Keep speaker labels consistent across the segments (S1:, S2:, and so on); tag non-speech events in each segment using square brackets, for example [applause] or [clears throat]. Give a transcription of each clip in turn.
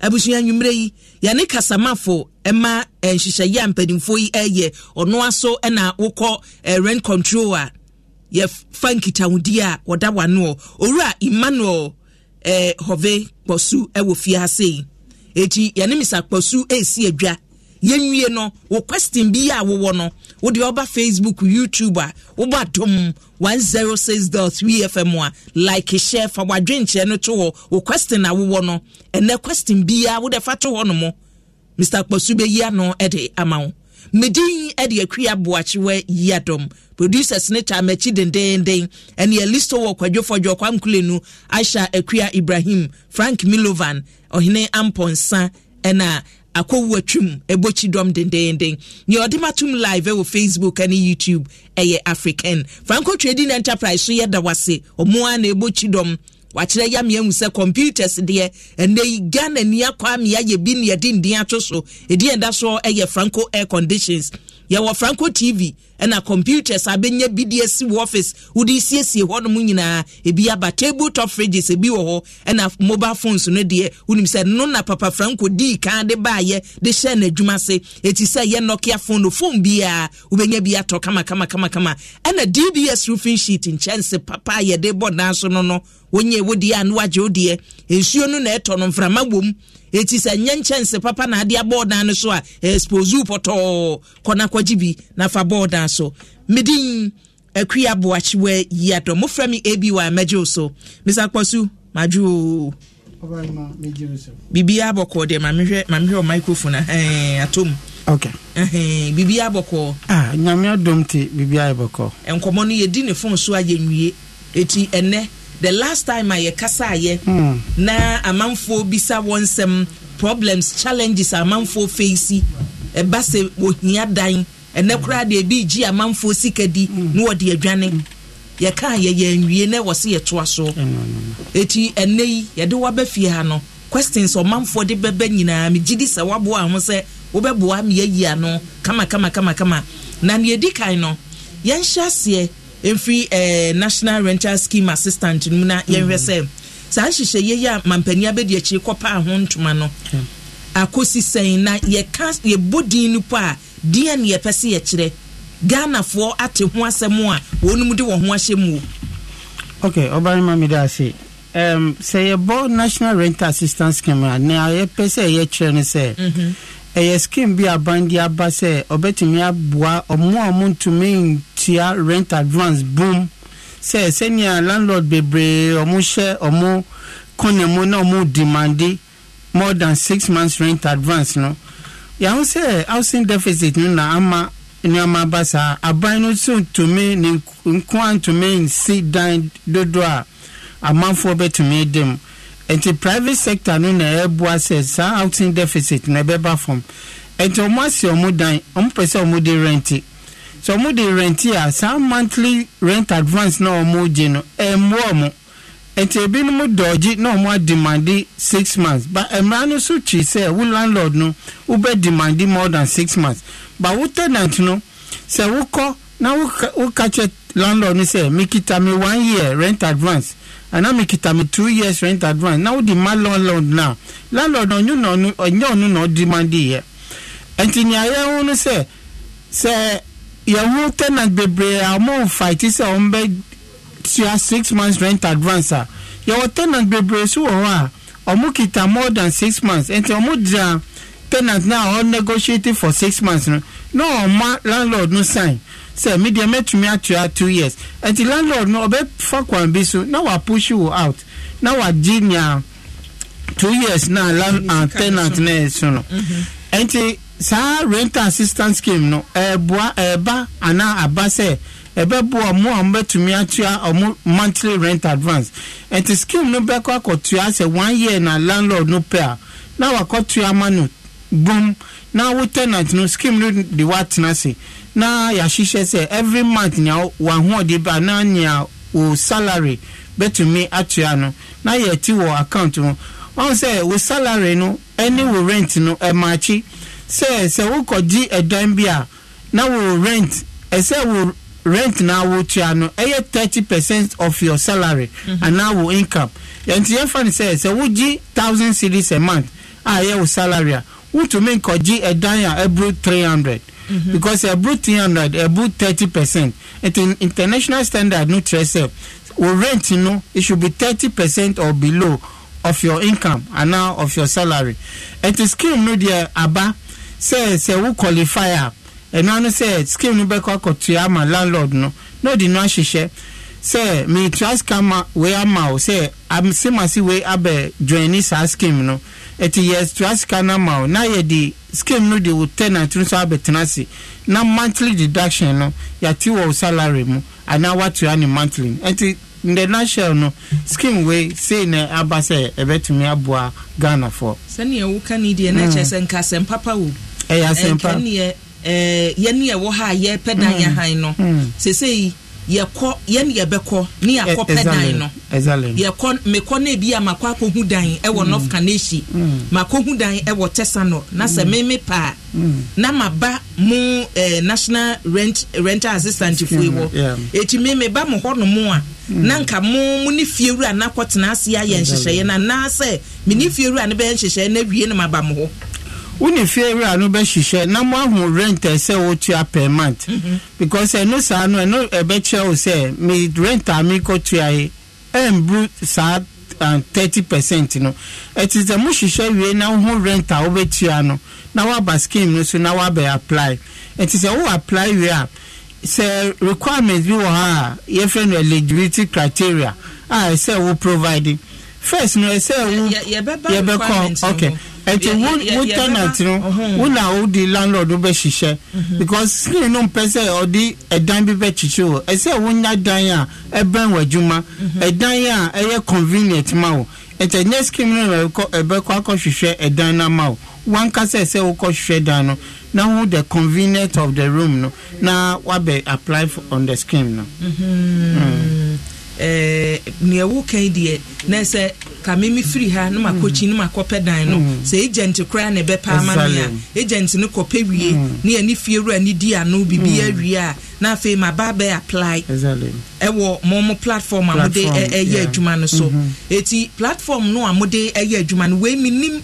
S1: abusua nwummerɛ yi yɛne kasamafo ma eh, nhyehyɛeɛ a mpanimfoɔ yi ɛyɛ ɔno aso na wokɔ eh, control a yɛfa nkitahodi a wɔda wanoɔ owura emmanuel eh, hove kpɔsu wɔ fiase yi eti yɛne misa kpɔsu ɛresi adwa yɛnwie no wo question bi a wowɔ no wode ɔba facebook youtube a wobɔ adom one zero six dot three fm a like share fa wadwenkyerɛ no to hɔ wo question a wowɔ no ɛnɛ question biara wode fa to hɔ no mo mr kpasu bɛyi ano e de ama wo medin e de akwi aboakyewa yi adɔm producers ne twa m'akyi dendenden ɛne alisto wɔ kwadwofɔ dwɔkwankulenu aisha akua ibrahim frank milovan ɔhene amponsa ɛna akɔwu atwam ɛbɔkyi dɔm dendenden nea ɔde ma tom live ɛwɔ facebook ne youtube ɛyɛ african franco trading enterprise so yɛda wase ɔmoa na ɛbɔkyi dɔm wakyerɛ ya mmienu sɛ computers deɛ ɛnna yi ghana ni akɔ amia yɛ bi ni ɛdi ndin ato so ɛdi ɛda soɔ ɛyɛ franco air conditions yɛwɔ franco tv ɛna computers abɛnya bidi asi wɔ office wode siesie hɔnom nyinaa ebi aba table top fridges ebi wɔ hɔ ɛna mobile phones no deɛ wonim sɛ no na papa franco dii kan de baayɛ de hyɛ n'adwuma se eti sɛ yɛ nokia phone no phone biara wobɛnya bi atɔ kama kama kama kama ɛna dbs roofing sheet nkyɛnse papa yɛde bɔ nan so no no wonyɛ wodi a no wagye wodeɛ nsuo no na ɛtɔ no mframa wɔ mu ɛti sɛ nyɛ nkyɛnse papa na ade abɔɔdan no so a exposu pɔtɔɔ kɔna kɔgye bi na fa bɔɔdan so medin akuya boakyewa yi adɔ mofrɛ me abi wɔ a mɛgye wo so mesa kpɔsu madwo biribiaa bɔkɔɔ deɛ mamehwɛ mamehwɛ wɔ microphone a atom okay. uh-huh. biribiaa
S2: ah, nyame adom te biribiaa bɔkɔɔ
S1: nkɔmmɔ no yɛdi ne fon so a yɛnwie ɛti ɛnɛ the last time a yɛkasa ayɛ hmm. na amanfoɔ bisa wɔn nsɛm problems challenges amanfoɔ feesi ɛba sɛ wɔhia dan ɛnɛ koraa deɛ ebi gye amanfoɔ sika di hmm. na wɔde adwane hmm. yɛka yɛ yɛn wie na wɔ se yɛtoa so eti ɛnɛ yi yɛde waba fie ha no questions ɔmanfoɔ de bɛbɛ nyinaa mi gyi di sɛ waboa ho sɛ wobɛboa mi yɛ yia no kama kama kama kama na nea edi kan no yɛn hyɛ aseɛ ɛmfiri eh, national rental scheme assistant no mu na yɛnhwɛ mm-hmm. sɛ saa nhyehyɛeɛ yi a mampani abɛdi akyiri kɔpaa ho ntoma no akɔsi sɛn na yɛka yɛbɔ din no po a din a ne yɛpɛ sɛ yɛkyerɛ ghanafoɔ ate ho asɛm a wɔnom de wɔn ho ahyɛ mu
S2: o ok ɔbane ma mede ase um, sɛ yɛbɔ national Rental assistance scheme a nea yɛpɛ sɛ yɛkyerɛ no sɛ mhm. ɛyɛ scheme bi aban de aba sɛ ɔbɛtumi aboa ɔmo a ɔmo ntumi tua rent advance boom sɛ sɛnea landlord bebree ɔmo hyɛ ɔmo kɔnɛ mu na demande more than six months rent advance no yàwó sɛ housing deficit no na ama nneɛma aba saa aban no so ntumi ne nkoa ntumi nsi dan dodo a amanfoɔ bɛtumi di mu nti private sector no na ɛreboa sɛ saa housing deficit na ɛbɛba fam nti wɔn asi wɔn dan wɔn pɛ sɛ wɔn de renti so ɔmo de rent a saa monthly rent advance na ɔmo gye no ɛmmoa e ɔmo nti e ebinom dɔɔgye na ɔmo adimandi six months ba e mmeran no so twi sɛ wo landlord no wobɛ dimandi more than six months ba wo tenant no sɛ wokɔ na woka kyɛ landlord no sɛ mekita me one year rent advance ana mekita me two years rent advance na wode ma landlord na landlord no ɔnyɛ ɔno na ɔdimandi yɛ nti nea yɛn ho no sɛ sɛ yɛwo tenant bebree a ɔmo fight sɛ ɔmo bɛ tua six months rent advance a yɛwɔ tenant bebree so wɔ hɔ a ɔmo kita more than six months nti ɔmo gyina tenant na a negotiating for six months no na ɔma landlord no sign sɛ mi deɛ mɛtumi atua two years nti landlord no ɔbɛfa kwan bi so na wa push you out na wa gyi nea two years na land and tenant na ɛso no nti saa rental assistance scheme no ɛɛboa ɛɛba anaa aba sɛ ɛbɛboa ɔmo a ɔmobɛtumi atua ɔmo monthly rent advance nti scheme no bɛkɔ akɔtua sɛ one year na landlord no pɛ a na wakɔtua ama no bom na wo tenant no scheme no de watena se na yɛahyehyɛ sɛ every month nea wahoɔde ba na nea wo salary bɛtumi atua no na yɛti wɔ account ho ɔn sɛ wo salary no ɛne wo rent no ɛmaakyi e sɛ sɛ wokɔgye ɛdan bi a na wo rent ɛsɛ wo rent na wotua no ɛyɛ thirty percent of your salary mm -hmm. anaa wo income yɛnti yɛfa no sɛ sɛ wogye thousand series a month a ɛyɛ wo salary a wotumi nkɔgye ɛdan a ɛburo three hundred mhm. because ɛburo three hundred ɛbu thirty percent It's an international standard no kyerɛ sɛ wo rent know, it should be thirty percent or below of your income and now of your salary ɛnti scheme no dear aba sɛ sɛ wo qualify a ɛno ano sɛ scheme no bɛkɔ akɔtua ama landlord no na ɔde no ahyehyɛ sɛ metua sika ma wei ama wo sɛ asemase wei abɛ joini saa scheme no ɛti yɛtua sika no ama wo na yɛde scheme no de wo tenant no so abɛtena ase na monthly deduction no yɛate wɔ wo salary mu anaa woatua ne monthly ɛnti ndɛ national no scheme wei sei na aba sɛ ɛbɛtumi aboa ghanafoɔ
S1: sɛneɛ woka ne deɛ na ɛkyɛ mm. sɛ nkasɛm papa wo
S2: ɛyɛ asɛm mm. mm. mm. pa nkɛneɛ
S1: ɛɛ yɛn ne yɛwɔ ha a yɛrepɛ dan yɛn han no sesei yɛkɔ yɛn ne yɛbɛkɔ ne yɛakɔ pɛ dan no kɔ mekɔ na ebi a makɔ akɔhu dan ɛwɔ north kaneshi makɔhu dan ɛwɔ tesano na sɛ meme paa na ma ba mu ɛɛ eh, national rent rental assistant foyi wɔ eti meme ba mo hɔ nom a na nka mu mu ne fiewura na kɔ tena ase ayɛ nhyehyɛeɛ na na anaasɛ me ne fiewura ne bɛyɛ nhyehyɛeɛ na wie no ma ba mo hɔ.
S2: wone fie wura no bɛhyehyɛ na mo ahu rent sɛ wotua per month mhm. because ɛno saa no ɛno ɛbɛkyerɛ wo sɛ me rent a mekɔtuae ɛmbru saa thirty percent no ɛti sɛ mo hyehyɛ wie na wo ho rent a wobɛtua no na woaba scheme no so na woabɛ apply ɛti sɛ wo apply wie a sɛ requirement bi wɔ ha a yɛfrɛ no eligibility criteria a ɛsɛ wo providing first no ɛsɛ wo yɛbɛkɔ ok ɛti wo tenant no wo na wo di landlord bɛhyehyɛ mhm. because skill no mpɛ sɛ ɔde ɛdan bi bɛkyekyere wo ɛsɛ mhm. wo nya dan a ɛbɛn wɔ adwuma ɛdan a ɛyɛ convenient ma wo ɛtɛ nyɛ skill no ɛbɛkɔ akɔhwehwɛ ɛdan na ma wo wankasa ɛsɛ wo kɔhwehwɛ dan no na ho the convenient of the room no na wabɛ apply on the scheme no.
S3: Mm -hmm.
S2: mm.
S1: Eh, nea ɛwo kan deɛ na sɛ ka mimi firi ha na makɔkyi mm. na makɔpɛ dan no mm. sɛ agent koraa na ɛbɛpɛ ama me a agent no kɔpɛ wie mm. ne yɛne fie wura ne di ano biribi awie a na afei maba bɛ apply ɛwɔ mo mo platform a mode ɛyɛ adwuma no so ɛti mm-hmm. platform no a mode ɛyɛ adwuma no wei menim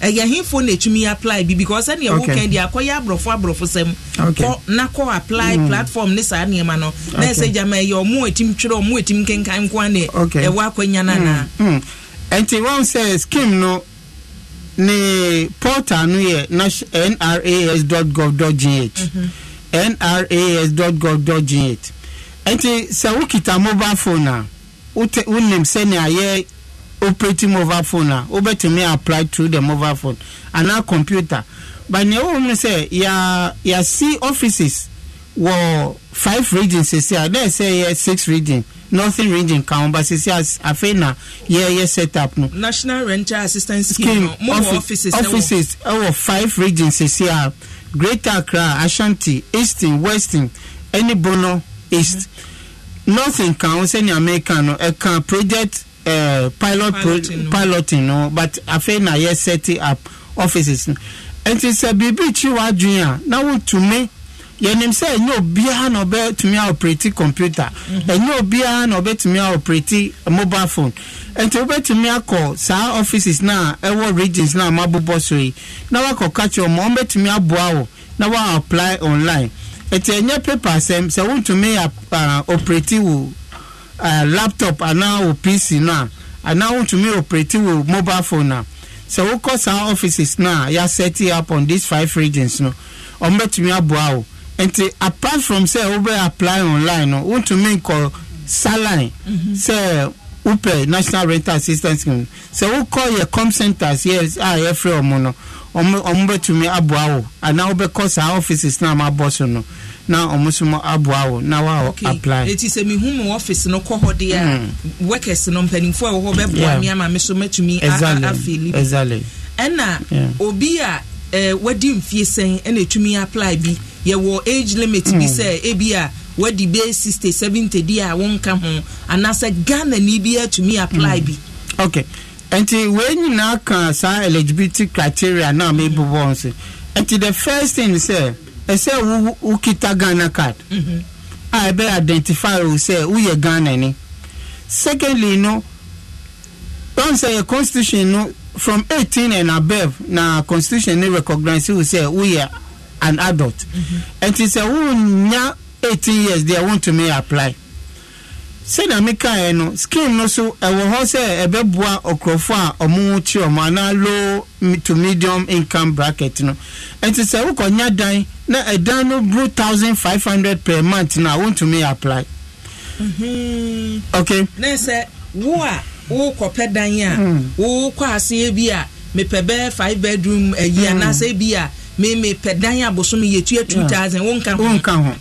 S1: ɛyɛ eh, hinfo na etumi apply bi because ɛni ɛwɔ kɛn deɛ akɔyɛ aborɔfo aborɔfo sɛm kɔ na kɔ apply mm. platform ne saa nneɛma no na ɛsɛ gyama ɛyɛ ɔmo etim twerɛ ɔmo etim kankan nkoa ne ɛwɔ akɔnya nana.
S2: ɛnti mm. mm. wɔn sɛ scheme no ne portal no yɛ nras.gov.gh mm-hmm. nras.gov.gh ɛnti sɛ wokita mobile phone a wonim sɛnea yɛ operating mobile phone a wobɛtumi apply through the mobile phone anaa computer but nea wɔwɔ mu sɛ yɛa yɛasi offices wɔ five regions sisi a dɛ sɛ yɛ six region northern region kan ba sisi afei na yɛ yɛ set up no. national rental assistance scheme mo wɔ offices ɛwɔ offices ɛwɔ five regions sisi a greater accra ashanti eastern western ɛne bono east mm -hmm. northern kan sɛnea mɛka no ɛka project. Eh, pilot piloting, no but afei na yɛ setting up offices no nti sɛ biribi kyi w'adwene a mm-hmm. na wotumi yɛnim sɛ ɛnyɛ obiara na ɔbɛtumi a ɔpreti computer ɛnyɛ obiara na ɔbɛtumi a ɔpreti mobile phone nti wobɛtumi akɔ saa offices na ɛwɔ regions na mabobɔ so yi na wakɔka kyerɛ ɔma ɔmbɛtumi aboa wo na wa apply online nti ɛnyɛ paper asɛm sɛ wontumi opreti wo uh, laptop anaa wo pc no a anaa wotumi operate wo mobile phone so sɛ wokɔ saa offices Ya set it up on these five regions no ɔmbɛtumi aboa wo nti apart from sɛ wobɛ apply online no wotumi nkɔ saline mm -hmm. sɛ wopɛ national rental assistance scheme sɛ wokɔ yɛ com centers yɛ a yɛfrɛ ɔmo no ɔmo bɛtumi aboa wo anaa wobɛkɔ saa offices no a mabɔ so no na ɔmo nso mo aboa wo na wa okay. apply.
S1: eti sɛ mi hu mu ɔfis no kɔ hɔ de a mm. workers no mpanyinfoɔ a ɛwɔ hɔ bɛboa mi ama mi so mɛtumi afeeli bi ɛna obi a eh, wadi mfie sɛn ɛna etumi apply bi yɛwɔ age limit bi mm. sɛ ebi a wadi bee sixty seventy di a wɔnka ho
S2: anaasɛ ghana ni bi atumi apply mm. bi. okay nti wee nyinaa kan saa eligibility criteria naa mi bɔ bɔ nso nti the first thing sɛ. Uh, ɛsɛ wo kita ghana card mm-hmm. a ɛbɛ identify o sɛ woyɛ ghana ni secondly no wọn sɛ yɛ constitution no from eighteen and above na constitution no recognize o sɛ woyɛ an adult ɛnti mm-hmm. sɛ wonya eighteen years deɛ wontumi apply. Mm -hmm sɛnea mekaeɛ no skim no so ɛwɔ hɔ sɛ ɛbɛboa ɔkurɔfoɔ a ɔmo te ɔmo anaa low to medium income bracket no ɛnti sɛ wokɔnya dan na ɛdan no bru thousand five hundred per month na wontumi apply.
S3: Mm -hmm.
S2: okay.
S1: ne sɛ wo a wokɔpɛ dan a mm. wokɔ aseɛ bi a mepɛ bɛɛ five bedroom ayi mm. anaasɛ bi a memepɛ dan a bosom yɛtua two thousand wonka ho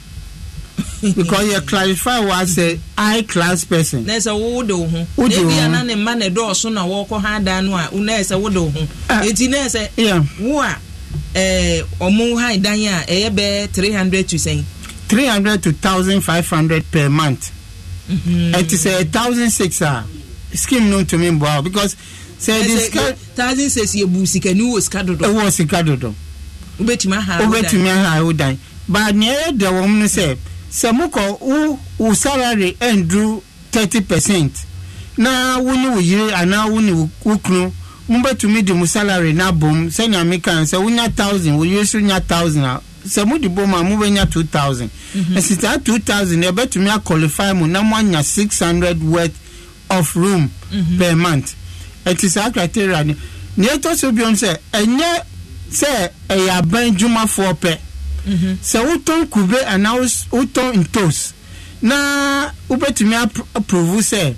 S1: because you clarify wa sɛ high class person. na ɛsɛ wo de o ho. o de o ho na ebi ana ne mma ne dɔɔso na wɔkɔ ha dan no a na ɛsɛ wo de o ah. eti na ɛsɛ wo a eh, ɔmo ha dan a ɛyɛ bɛɛ three
S2: hundred to sɛn. three hundred to thousand five hundred per month. ɛti mm-hmm. sɛ thousand six a scheme no ntumi bɔ a because sɛ ɛdi sika. thousand six yɛ bu sika ni wo sika dodo. ɛwɔ sika dodo.
S1: wobɛtumi aha awo dan. wobɛtumi
S2: aha awo dan but nea ɛyɛ dɛ wɔn no sɛ. Mm -hmm sɛ mokɔ wo wo salary ɛnduru thirty percent na wo ne wo yere anaa wo ne wo kunu mobɛtumi de mo salary no abom sɛnea meka sɛ wonya thousand wo yere so nya thousand a sɛ mode bom a mobɛnya two thousand ɛsi mhm. saa two thousand ɛbɛtumi aqualify mu na moanya six hundred worth of room mm -hmm. per month ɛti saa criteria ne nea ɛtɔ so biom sɛ ɛnyɛ sɛ ɛyɛ aban dwumafoɔ pɛ Mm-hmm. sɛ wotɔn kube anaa wotɔn ntos na wobɛtumi aprovu sɛ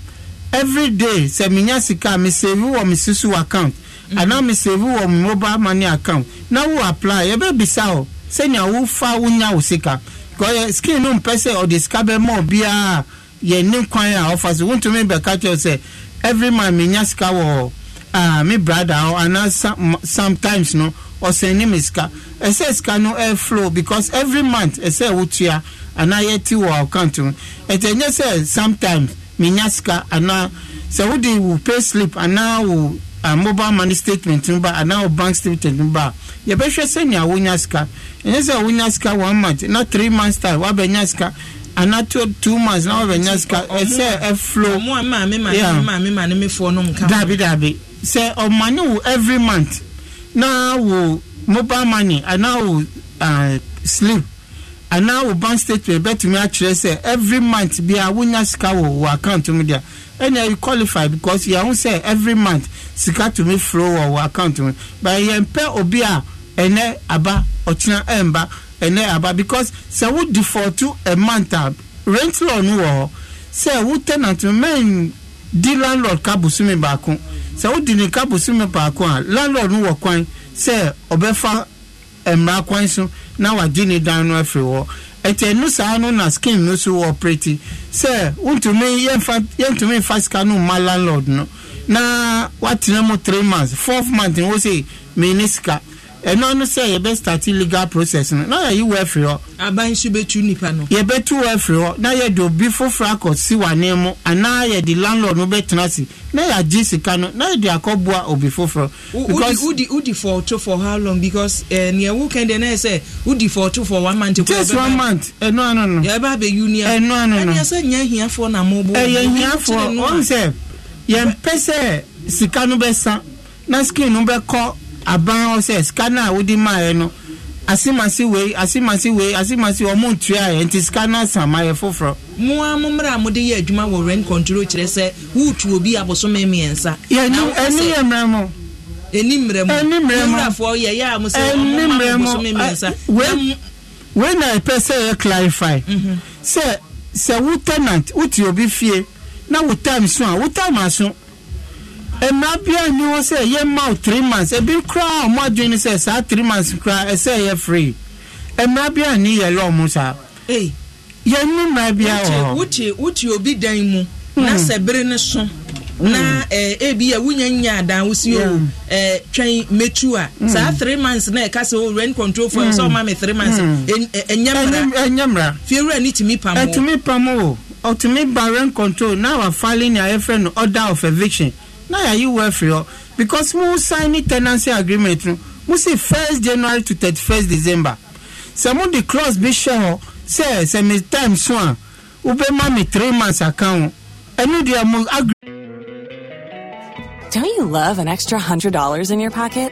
S2: everyday sɛ menya sika me save wɔ me susu account mm-hmm. anaa me wɔ me mobile money account na wo apply yɛbɛbisa o sɛnea wofa wonya wo sika kɔyɛ eh, skin no mpɛ sɛ ɔde sika bɛma obiara yɛ ne kwan a ɔfa so wontumi bɛka kyerɛ sɛ every man menya sika wɔ uh, me brother hɔ anaa sometimes no ɔsɛn ne mi sika ɛsɛ sika no ɛflow because every month ɛsɛ wotua anaa yɛti wɔ account mu ɛtɛ nye sɛ sometimes minya sika anaa sɛ wodi wo pay slip anaa wo uh, mobile money statement no ba anaa wo bank statement no ba yɛbɛhwɛ sɛnea wonya sika ɛnyɛ sɛ wonya sika one month na three months time wabɛnya sika ana two two months na wabɛnya sika ɛsɛ ɛflow. ɔmo a maame maame maame maame foɔ nom ka. dabi, daabi sɛ ɔmane wo every month. Now wo mobile money anaa now uh, slim anaa wo bank statement me akyerɛ sɛ every month be a winner. sika wɔ wɔ account mu deɛ ɛna you qualify because yɛn ho sɛ every month sika me flow wɔ wɔ account mu but yɛn pɛ obi a ɛnɛ aba ɔkyena ɛnba ɛnɛ aba because sɛ wo default to a month a uh, rent loan no wɔ hɔ sɛ wo tenant mɛn di landlord ka bosome baako sɛ wodi ne ka bosome baako a landlord no wɔ kwan sɛ ɔbɛfa mmara kwan so na wagye ne dan no afiri hɔ ɛtɛ no saa no na scheme no so wɔ preti sɛ wontumi yɛmfa yɛntumi mfa sika no mma landlord no na watena mu three months fourth month no wo se mene sika ɛno no sɛ yɛbɛstarte legal process no na yɛyi wo afiri hɔ aban so bɛtu nipa no yɛbɛtu wo afiri hɔ na yɛde obi foforɔ akɔ siwane mu anaa yɛde landlord no bɛtena si na yɛagye sika no na yɛde akɔboa obi foforɔ
S1: wodi fɔɔto for for how long because eh, neɛ wokɛn deɛ na ɛ sɛ wodi fɔɔto for one month just one month
S2: ɛno ano no yɛbɛ abɛyi nia ɛno ano no ɛneɛ sɛ
S1: nyɛ ahiafoɔ na mobɔ
S2: ɛyɛ ahiafoɔ ɔhu sɛ yɛmpɛ sɛ sika no bɛsa na skin no bɛkɔ aban ɔsɛ sika no a wode maaeɛ no asimasi wei asimasi wei asimasi ɔmo ntua yɛ nti sika no asan ma yɛ foforɔ.
S1: mo a mo mmerɛ a mo de yɛ adwuma wɔ rent control kyerɛ sɛ wutu obi abosome mmiɛnsa. yɛni ɛni yɛ mmerɛ mu. ɛni mmerɛ
S2: mu ɛni mmerɛ mu nwurafoɔ
S1: yɛ yɛ a mo sɛ ɔmo ma abosome mmiɛnsa.
S2: wei wei na ɛpɛ sɛ yɛ clarify. Mhm. sɛ sɛ wo tenant wutu obi fie na wo time so a wo time aso mmara bia ni wɔn sɛ yɛ ma three months ebi koraa ɔmo adwene sɛ saa three months koraa ɛsɛ yɛ free mmara bia ni yɛ lɛ ɔmo saa yɛn ni mmara bia wɔ hɔ wuti wuti obi dan mu na
S1: hmm. sɛ bere ne so hmm. na eh, ebi yɛ wunya nya adan wosi o eh, twɛn metu a hmm. saa three months na ɛka sɛ o oh, rent control for ɛsɛ ɔma mi three months eh, ɛnyɛ
S2: mmara fiewura ni tumi pam o ɛtumi pam o ɔtumi ba rent control na wa file ni a yɛ fɛ no order of eviction. are you wọ ẹfiri ọ because mo sign ní tenancy agreement no mo sì first january to thirty first december sẹ mo di clause bi hyẹ họ sẹ sẹ mi time so a ah. wo bẹ ma mi three months account ẹnu
S4: di ẹ mo Don't you love an extra hundred dollars in your pocket?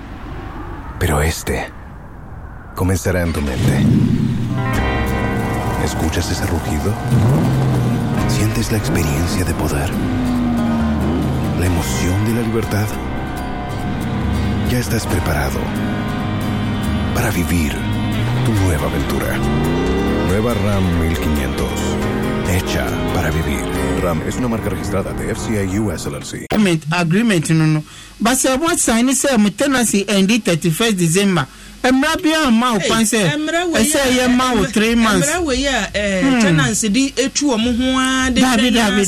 S5: Pero este comenzará en tu mente. ¿Escuchas ese rugido? ¿Sientes la experiencia de poder? ¿La emoción de la libertad? Ya estás preparado para vivir tu nueva aventura. Nueva RAM 1500. Hecha para vivir. RAM es una marca registrada de
S2: FCI US LLC. Agreement, agreement, no, no. But I want sign is a tenancy the 31st December. mmerɛ bi a ma wo kwan sɛ ɛsɛ yɛ ma wo three months. mmerɛ wei a eh, hmm. tenants
S1: de etu wɔn ho ara de fɛn yɛn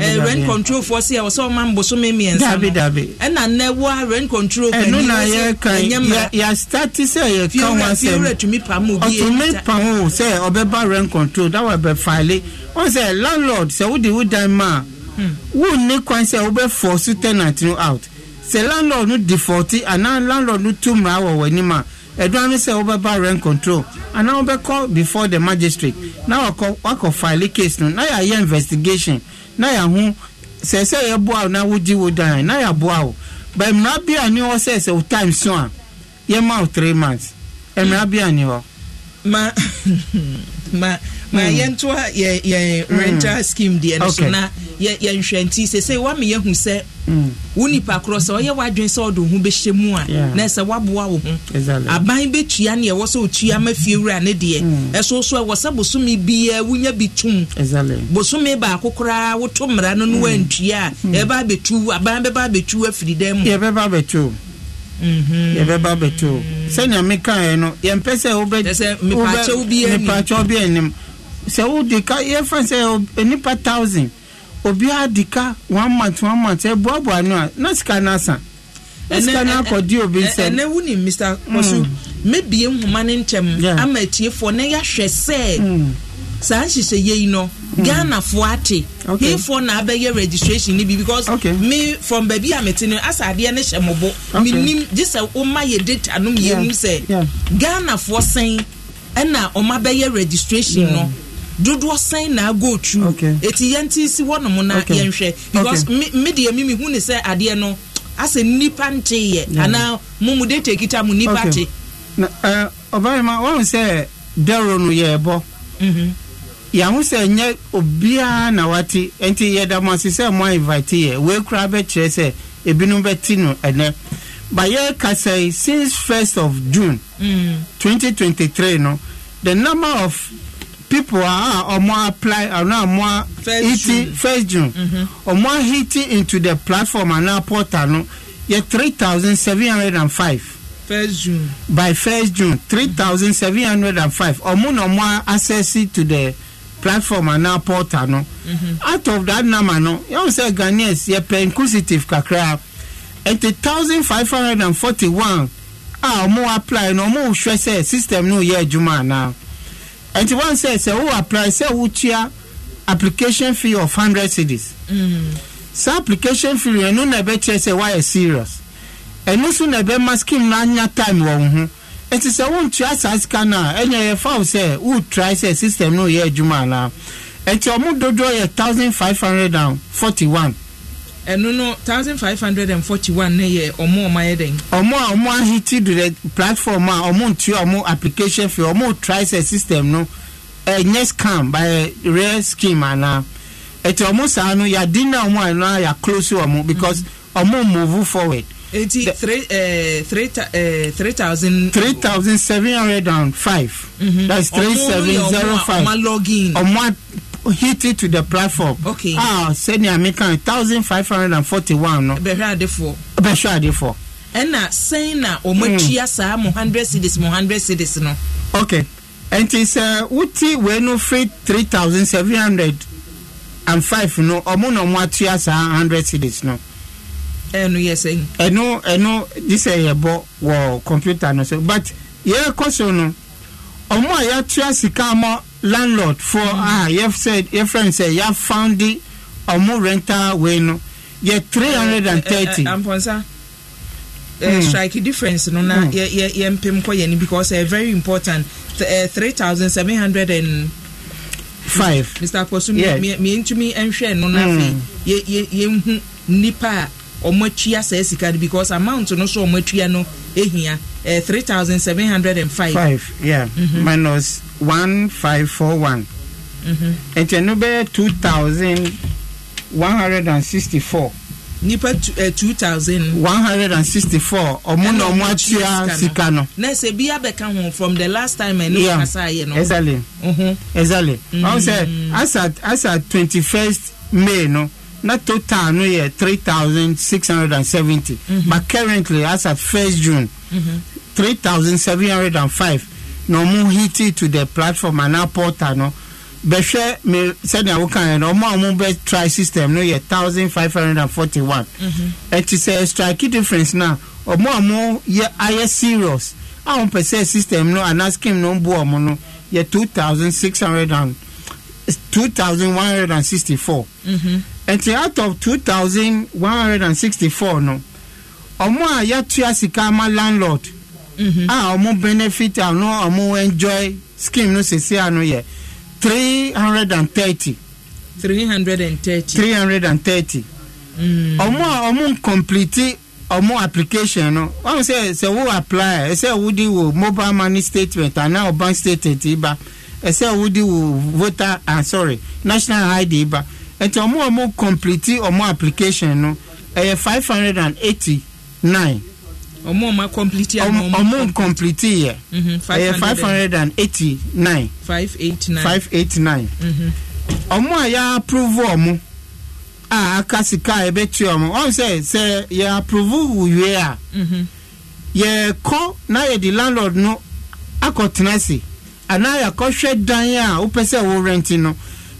S1: eh, sɛ rent control fɔ si a wɔsɛ ɔma mbosome mmiɛnsa no ɛna nɛ wɔ rent control kɛ ɛnu na yɛ kan yɛ
S2: start sɛ yɛ ka wɔn asɛm ɔtumi pam o sɛ ɔbɛba rent control dawa bɛ faale wɔn sɛ landlord sɛ wodi wo dan ma hmm. wo ne kwan sɛ wobɛ force tenant no out sɛ landlord no default anaa landlord no tu mmara wɔ wɔ ɛdwan no sɛ wobɛba rent control anaa wobɛkɔ before the magistrate na wakɔ wakɔ file case no na yɛayɛ investigation na yɛaho sɛ sɛ yɛboa wo na wogye wo dan na yɛaboa wo but mmara bi a ne hɔ sɛ sɛ wo time so a yɛma wo three months mmara bi a ne hɔ ma [laughs] ma
S1: na hmm. yɛntoa yɛ hmm. rental scheme deɛ no so na yɛnhwɛ nti sɛsɛ wama yɛhu sɛ hmm. wo nipa korɔ sɛ ɔyɛ w'adwene sɛ ɔde ho bɛhyɛ mu a na sɛ woaboa wo ho aban bɛtua ne ɛwɔ sɛ ɔtua ma fie wura ne deɛ ɛso so ɛwɔ sɛ bosome biaa wonya bi tom bosome baako koraa woto mmara no no woantua a
S2: ɛbɛba bɛtu aban bɛba bɛtu afiri dan mu yɛbɛba bɛtu mhm. yɛbɛba bɛtu sɛnea mekaeɛ no yɛmpɛ sɛ wobɛpakyɛw bi sɛ wode ka yɛfrɛ sɛ nipa thousand obiara de ka one month one month ɛboaboa e no a na sika no asa na sika no akɔdi obi nsɛm ɛnɛ wuni
S1: mr mm. kɔsu mebie nhoma ne ntɛm ama atiefoɔ na yɛahwɛ sɛ mm. saa nhyehyɛ yɛ yi Ghana mm. ghanafoɔ ate hefoɔ na abɛyɛ registration ni bi because okay. me from baabi a mete no asa adeɛ ne hyɛ mɔbɔ menim gye sɛ woma yɛ data nom yɛ mu sɛ ghanafoɔ sɛn ɛna ɔma bɛyɛ registration yeah. no dodoɔ sɛn na ago otu okay. eti yɛn ti si hɔ nom na yɛn hwɛ because okay. mi mi deɛ mi mi hu ne sɛ adeɛ no asɛ nipa nte yɛ yeah. anaa mu de te kita
S2: mu nipa te. na ɛɛ eh, ɔbɛrima wɔn sɛ dɛro no yɛ ɛbɔ mhm. yàhó sɛ nyɛ obiara na wate nti yɛda mo ase sɛ mo invite yɛ wee kura bɛkyerɛ sɛ ebinom bɛti no ɛnɛ bayɛ kasa yi since first of june mm. twenty twenty three no the number of people a ah, ọmọ apply ọ̀nà ah, ọmọ hiti first june mm-hmm. ọmọ hitting into the platform and àná portal no yẹ three thousand seven hundred and five. first june. by first june three thousand seven hundred and five ọmọ na ọmọ access to the platform and àná portal no. Mm -hmm. out of that number no yẹ́n sẹ́ ghanaians yẹ pẹ́ inclusive kakra eighty thousand five hundred and forty one a ah, ọmọ apply na ọmọ òṣùwẹ̀sẹ̀ system No yẹ ẹ̀dwuma àná nti wọn sɛ sɛ wo apply sɛ wotua application fee of hundred cedis mm. saa application fee ɛnu na ɛbɛkyerɛ sɛ wayɛ serious ɛnu nso na ɛbɛma scheme no anya time wɔ wo ho nti sɛ wontua saa sika no a ɛnyɛ yɛfa wo sɛ wotry sɛ system no yɛ adwuma anaa nti ɔmo dodoɔ yɛ thousand five hundred and forty one
S1: ɛno no thousand five hundred and forty one ne yɛ ɔmo ɔmo ayɛ dɛn.
S2: ɔmo a ɔmo ahiti do the platform a ɔmo ntua ɔmo application fee ɔmo try sɛ system no ɛnyɛ scam by real scheme ana ɛti ɔmo saa no yadi na ɔmo ana ya close ɔmo because mm-hmm. ɔmo move forward. eighty three three three thousand. three thousand seven hundred and five. Mm-hmm. that's three seven zero five ɔmo log in ɔmo hit it to the platform. okay ah sẹ́ni àmì kan thousand five hundred and forty one no. ready for. bẹ̀rẹ̀ àdéfọ́. ɛna sɛn na wɔn
S1: atua saa mo hundred cedis mo hundred cedis no.
S2: okay And nti sɛ wuti we no free three thousand seven hundred and five no ɔmo na ɔmo atua saa hundred cedis no. ɛnu yɛ sɛn. ɛnu ɛnu this yɛ bɔ wɔ computer no so but yeah question no ɔmo a yɛatua sika ama landlord foɔ a yɛfrɛ n found yɛafounde ɔmo rental wei no yɛ three hundred and thirty. amponsa strike
S1: difference no na yɛ yɛ mpem kɔ yɛ ni because ɛ very important three thousand seven hundred and. five mr akpɔsum yɛ mi ntumi nhwɛ no na afei yɛ yɛ nhu nipa a ɔmo atua saa sika no because amount no so ɔmo atua no ehia eh, three thousand seven hundred and five. five
S2: yeah mm-hmm. minus one five four one. Mhm. nti ɛnu bɛyɛ two thousand one hundred and sixty four. nipa eh, two thousand. one hundred and sixty four ɔmo na ɔmo atua sika no.
S1: na ɛsɛ bi ho from the last time ɛnu yeah. kasa ayɛ no. exactly mhm.
S2: mm exactly. ɔn sɛ asa asa twenty first may no na total no yɛ three thousand six hundred and seventy mhm. but currently as at first june mhm. three thousand seven hundred and five na ɔmo hiti to the platform ana portal no bɛhwɛ me sɛnea woka yɛ no ɔmo a ɔmo bɛ try system no yɛ thousand five hundred and forty one mhm. ɛti sɛ strike difference na ɔmo a ɔmo yɛ ayɛ serious a ɔmo pɛ sɛ system no ana scheme no bu ɔmo no yɛ two thousand six hundred and two thousand one hundred and sixty four nti out of two thousand one hundred and sixty-four no ɔmo a yɛtua sika ama landlord mm-hmm. a ɔmo benefit ano ɔmo enjoy scheme no sese ano yɛ three hundred and thirty. three hundred and thirty. three hundred and thirty. ɔmo mm. a ɔmo nkɔmplete ɔmo application no wɔn sɛ sɛ wo apply wo di wo mobile money statement anaa bank statement yi ba wo di wo voter ah sorry national id yi ba nti ɔmo a ɔmo complete application no ɛyɛ five hundred and eighty nine. ɔmo ɔmo complete yɛ ɔmo ɔmo complete yɛ
S1: ɛyɛ mhm, five hundred
S2: and eighty nine.
S1: five eight nine five
S2: eight nine. ɔmo mhm. a yɛ approve ɔmo a aka sika a ɛbɛtua ɔmo ɔmo sɛ sɛ yɛ approve wuwie a. Mhm. yɛ kɔ na yɛ di landlord no akɔtena se anaa yɛ akɔhwɛ dan a wopɛ sɛ wɔrenti no.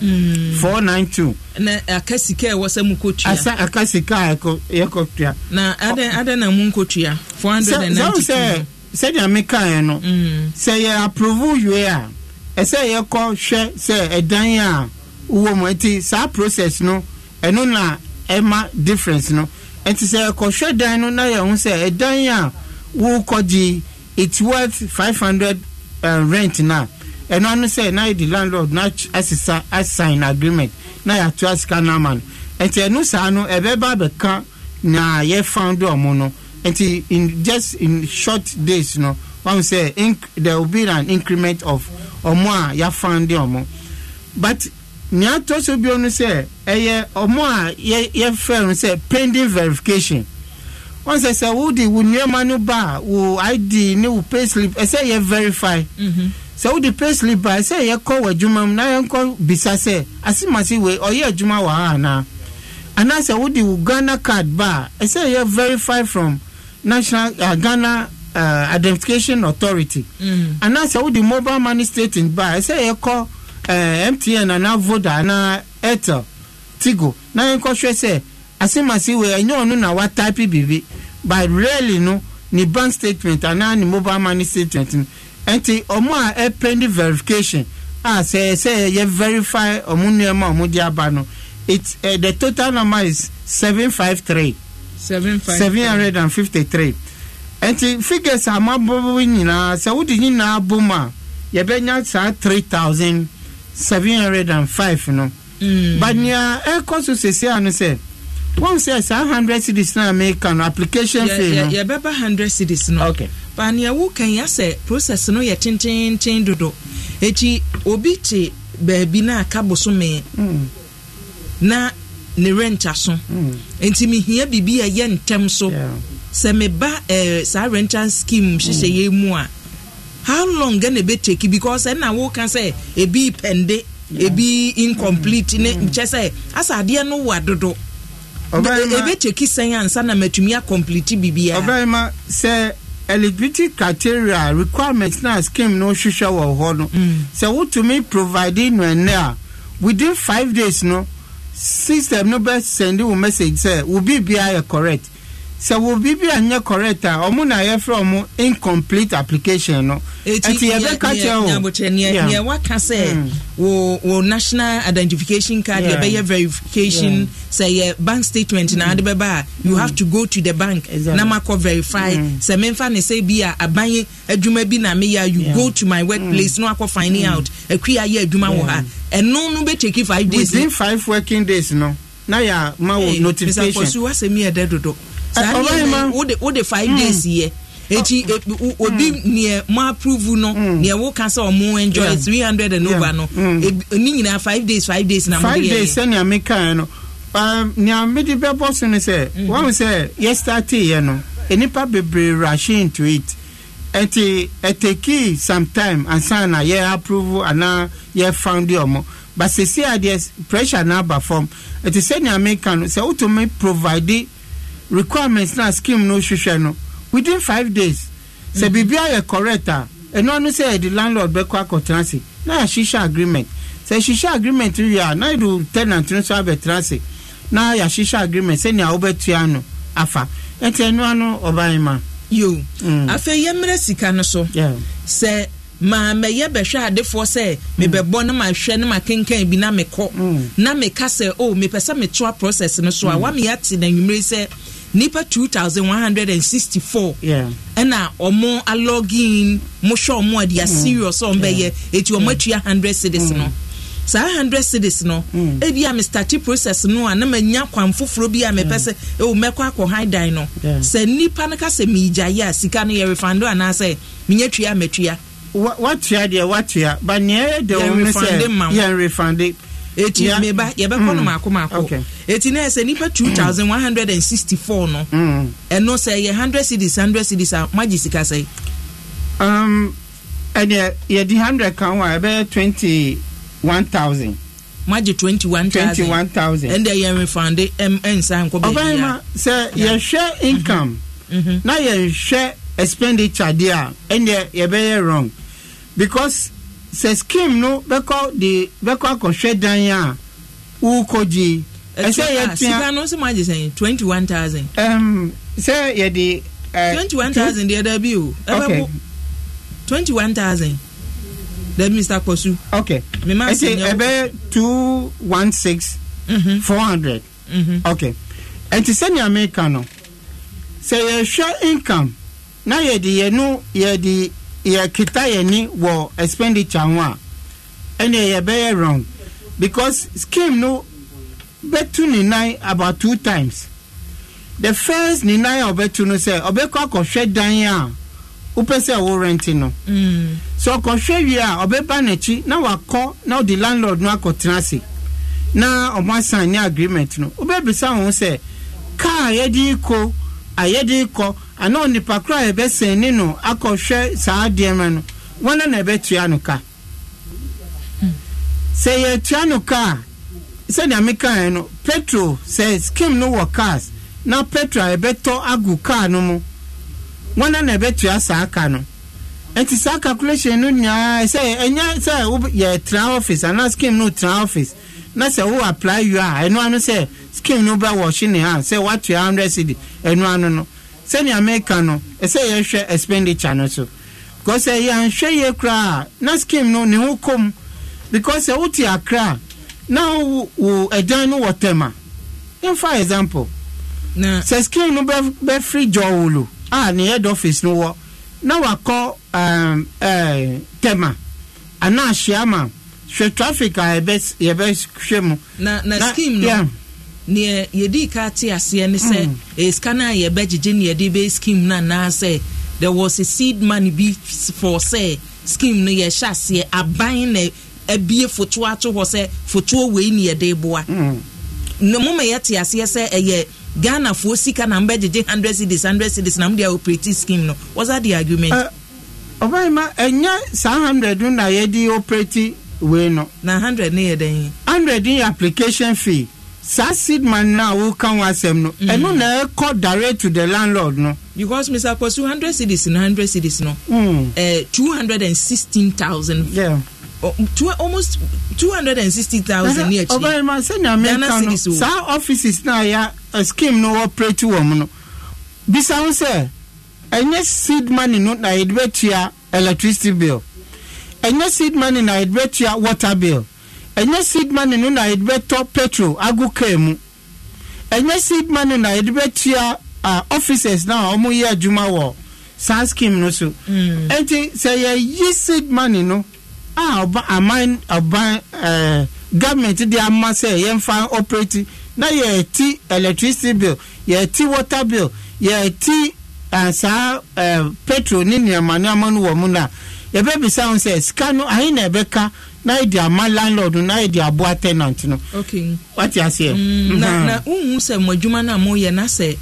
S2: Hmm. four nine two. na eh, aka sika ɛwɔ sɛ mu ko tua. asa aka sika ɛkɔ ɛkɔ tua.
S1: na ada ada na mu ko tua four hundred and ninety two. sɛ
S2: sɛdeɛ mi ka yɛn no. Hmm. sɛ yɛ approve yue a ɛsɛ yɛ kɔ hwɛ sɛ ɛdan a wɔ mu ɛti saa process no ɛno na ɛma difference no ɛti sɛ ɛkɔhwɛ dan no na yɛ ho sɛ ɛdan a wɔkɔ gye it's worth five hundred eh, rent na ɛno ano sɛ na yɛde landlord na asesa asign agreement na yɛato asika no ama no nti ɛno saa no ɛbɛba bɛka na yɛfound ɔmo no nti in just in short days no wɔn sɛ inc there will be an increment of ɔmo a yɛafound ɔmo but nea atɔ so bio no sɛ ɛyɛ ɔmo a yɛ yɛfrɛ no sɛ pending verification wọn sɛ sɛ wodi wo nneɛma no ba wo id ne wo payslip ɛsɛ yɛ verify. Mm -hmm sɛ wode payslip a sɛ yɛkɔ wɔ adwuma mu na yɛnkɔ bisa sɛ asemase wei ɔyɛ adwuma wɔ ha anaa anaasɛ wode wo ghana card ba a ɛsɛ yɛ verify from national uh, ghana uh, identification authority mm. anaasɛ wode mobile money statement ba a ɛsɛ yɛkɔ uh, mtn anaa voda anaa airtel tigo na yɛnkɔ hwɛ sɛ asemase wei ɛnyɛ ɔno na watype biribi but really no ne bank statement anaa ne mobile money statement no nti ɔmo a ɛpɛ verification a sɛ sɛ yɛ verify ɔmo nneɛma ɔmo de aba no it uh, the total number is seven five three.
S1: seven five seven
S2: hundred and fifty three nti figures a mo abɔ nyinaa sɛ wodi nyinaa bom a yɛbɛnya saa three thousand seven hundred and five no. Mm. but nea ɛkɔ so sese ano sɛ. Se, wọn sẹ saa hundred cities náà mi kan application fee no. yẹ bẹ bá hundred cities no. okay. bani ẹwọ kan
S1: yà sẹ process no yẹ tententen dodo eti obi te beebi náà ká bosome hmm. na ne rent aso hmm. nti mi hia biribi a yɛ ntɛm so yeah. sɛ ba eh, saa rental scheme hyehyɛ hmm. yɛ mu a how long ɛna ebe take because ɛna woka sɛ ebi pɛnde yeah. ebi incomplete mm. ne nkyɛ sɛ asa adeɛ no wɔ adodo ɛbɛkyɛki sɛn ansa na matumi akɔmplete biribiaa ɔbɛrima
S2: sɛ eligibility criteria requirement na scheme no hwehwɛ wɔ hɔ no mm. sɛ wotumi provide no ɛnɛ a within five days no system no bɛ send wo message sɛ wo biribiaa yɛ correct sɛ wo biribi a nyɛ correct a ah, ɔmo na yɛfrɛ ɔmo incomplete application no ɛti yɛbɛka kyerɛ woneɛ
S1: waka sɛ mm. wo wo national identification card yɛbɛyɛ yeah. verification yeah. sɛ yɛ bank statement na adi mm. bɛba ba, you have to go to the bank exactly. na makɔ verify mm. sɛ memfa ne sɛ bi a aban adwuma bi na meyɛ ya, you go to my workplace mm. na wakɔ finding mm. out akwi ayɛ adwuma yeah. wɔ ha ɛno no take five days within
S2: five working days no na yɛ
S1: ma wo notification mr kwasu wasɛ mi yɛ dɛ dodo wode five hmm. days yɛ eti hmm. obi hmm. nea mo approve no nea wo ka sɛ ɔmo enjoy three hundred and over no ne nyinaa five days five days na mo de yɛ five days
S2: sɛnea um, e mi kan no nea mi de bɛ bɔ so no sɛ wɔn sɛ yɛ yɛ no nipa bebree rahye into it ɛti ɛteki sometime ansan yɛ approve anaa yɛ found ɔmo but sisi adeɛ pressure na aba fam ɛti sɛnea mi kan no sɛ wotumi provide requirements na scheme no hwehwɛ no within five days sɛ mhm. biribi ayɛ correct a ɛno ano sɛ yɛde landlord bɛkɔ akɔtena ase na yɛahyehyɛ agreement sɛ yɛhyehyɛ agreement no wie a na yɛde tenant no so abɛtena ase na yɛahyehyɛ agreement sɛnea wobɛtua no afa ɛnti ɛno ano ɔban ma yo mm. afei yɛmmerɛ sika no so yeah.
S1: sɛ maamɛyɛ bɛhwɛ adefoɔ sɛ mm. mebɛbɔ no mahwɛ ma makenkan bi na mekɔ mm. na meka sɛ o oh, mepɛ sɛ metoa process no so a mi mm. wa meyɛate na nwummere sɛ nipa two thousand one hundred and sixty four ɛna ɔmo alogin mo hwɛ ɔmo a deɛ mm. serious ɔmo bɛyɛ eti ɔmo mm. atua hundred cities no mm. saa hundred cities no ebi a mr process no a na ma nya kwan foforɔ bi a mepɛ sɛ ewu mɛkɔ akɔ high dan no sɛ nipa no kasa mi gya yɛ a sika no yɛ refund anaasɛ minya tua
S2: mɛtua. watua deɛ watua ba nea ɛyɛ deɛ wɔn sɛ yɛn refund eti meba yɛbɛkɔ no mm. maako maako eti na ɛsɛ nipa two thousand one hundred and sixty four
S1: no mm. ɛno sɛ yɛ hundred cities hundred cities a magye sika sɛ. Um,
S2: ɛdeɛ yɛde hundred kan wa ɛbɛyɛ twenty one thousand. magye twenty one thousand twenty one thousand ɛnna
S1: yɛn refande ɛm ɛnsa nkɔ bɛyɛ. ɔbɛn ma
S2: sɛ yɛhwɛ income mm-hmm. Mm-hmm. na yɛhwɛ expenditure deɛ a ɛnna yɛbɛyɛ wrong because sɛ skim no bɛkɔ de bɛkɔ akɔhwɛ dan a wokɔgye ɛsɛ
S1: yɛtua twenty one thousand. Um, sɛ yɛde. Eh, twenty one thousand deɛ dabi o ɛbɛbo eh,
S2: twenty one thousand dabi mr kposu. okay ɛsɛ eh, ɛbɛ two one six. Mhm. four hundred. Mhm. okay ɛnti sɛnea meka no sɛ yɛhwɛ income na yɛde yɛn no yɛde yɛkita yɛni wɔ expenditure ho a ɛnna yɛbɛyɛ wrong because scheme no bɛtu ne nan about two times the first ne nan a ɔbɛtu no sɛ ɔbɛkɔ akɔhwɛ dan a wopɛ sɛ ɛwɔ rent no mm. so ɔkɔhwɛ wie a ɔbɛba n'akyi na wakɔ na ɔde landlord no akɔtena ase na ɔmo asan ne agreement no wobɛbisa wɔn sɛ kaa yɛde kɔ a yɛde kɔ ana onipa koro a yɛbɛsɛn ne no akɔhwɛ saa adeɛma no wɔn na yɛbɛtua no ka hmm. sɛ yɛtua no ka a sɛdeɛ mekaeɛ no petro sɛ skim no wɔ cars na petro a yɛbɛtɔ agu car no mu wɔn na yɛbɛtua saa ka no nti saa calculation no nyinaa sɛ ɛnya sɛ yɛtena office anaa skim no tena office na sɛ wo apply you a ɛno ano sɛ skim no bɛ wɔhye ne ha sɛ woatua hundred cedi ɛno ano no sɛnea meka no ɛsɛ yɛhwɛ expenditure no so because sɛ eh, yɛanhwɛ yie koraa na scheme no ne ho kom because sɛ eh, wote akra na wo ɛdan no wɔ tɛma yɛmfa example na sɛ scheme no bɛfiri jɔwolo a ne head office no wɔ na wakɔ um, uh, tɛma anaa hyiama hwɛ traffic a yɛbɛhwɛ mu na, na, na scheme no neɛ yɛdi ka te aseɛ ne sɛ
S1: ɛsika mm. eh, a yɛbɛgyegye ne yɛde bɛ scheme no anaasɛ there was a seed money bi for sɛ scheme no yɛhyɛ aseɛ aban na abie foto ato hɔ sɛ foto wei ne yɛde boa mm. na moma yɛte aseɛ sɛ ɛyɛ ghana foɔ sika na mbɛgyegye hundred cities hundred cities na mde a operate scheme no what's the argument eh, ɔbɛn ma
S2: ɛnyɛ saa hundred na yɛde operate wei no na hundred ne yɛ dɛn hundred yɛ application fee saa seedman na woka ho asɛm no mm. ɛno na ɛkɔ direct to the landlord no because mr posu hundred cities no hundred cities no
S1: two hundred and sixteen thousand oh, two almost two hundred and sixty thousand ní ẹkyí ọbẹ̀rẹ̀ ma sẹ́ni amẹ́ka no
S2: saa offices náà ya uh, scheme no operate wọ̀ mu no bisa ho sɛ ɛnyɛ seed money no na yɛde bɛtua electricity bill ɛnyɛ seed money na yɛde bɛtua water bill ɛnyɛ seed money no na yɛde bɛtɔ petrol agu kaa mu ɛnyɛ seed money na yɛde bɛtua uh, officers na wɔn yɛ adwuma wɔ saa scheme no so mm. ɛnti sɛ yɛyi seed money no a ɔba aman ɔban ɛɛ e, uh, government de ama sɛ yɛmfa operate na yɛti electricity bill yɛti water bill yɛti uh, saa uh, e, petrol ne nneɛma nneɛma no wɔ mu na yɛbɛbisa ho sɛ sika no ahe na ɛbɛka. na yɛ e de ama landlord na yɛ e de aboa tenant no okay wate aseɛ. Mm, na mm-hmm. na
S1: nhun sɛ mo adwuma na mo yɛ na sɛ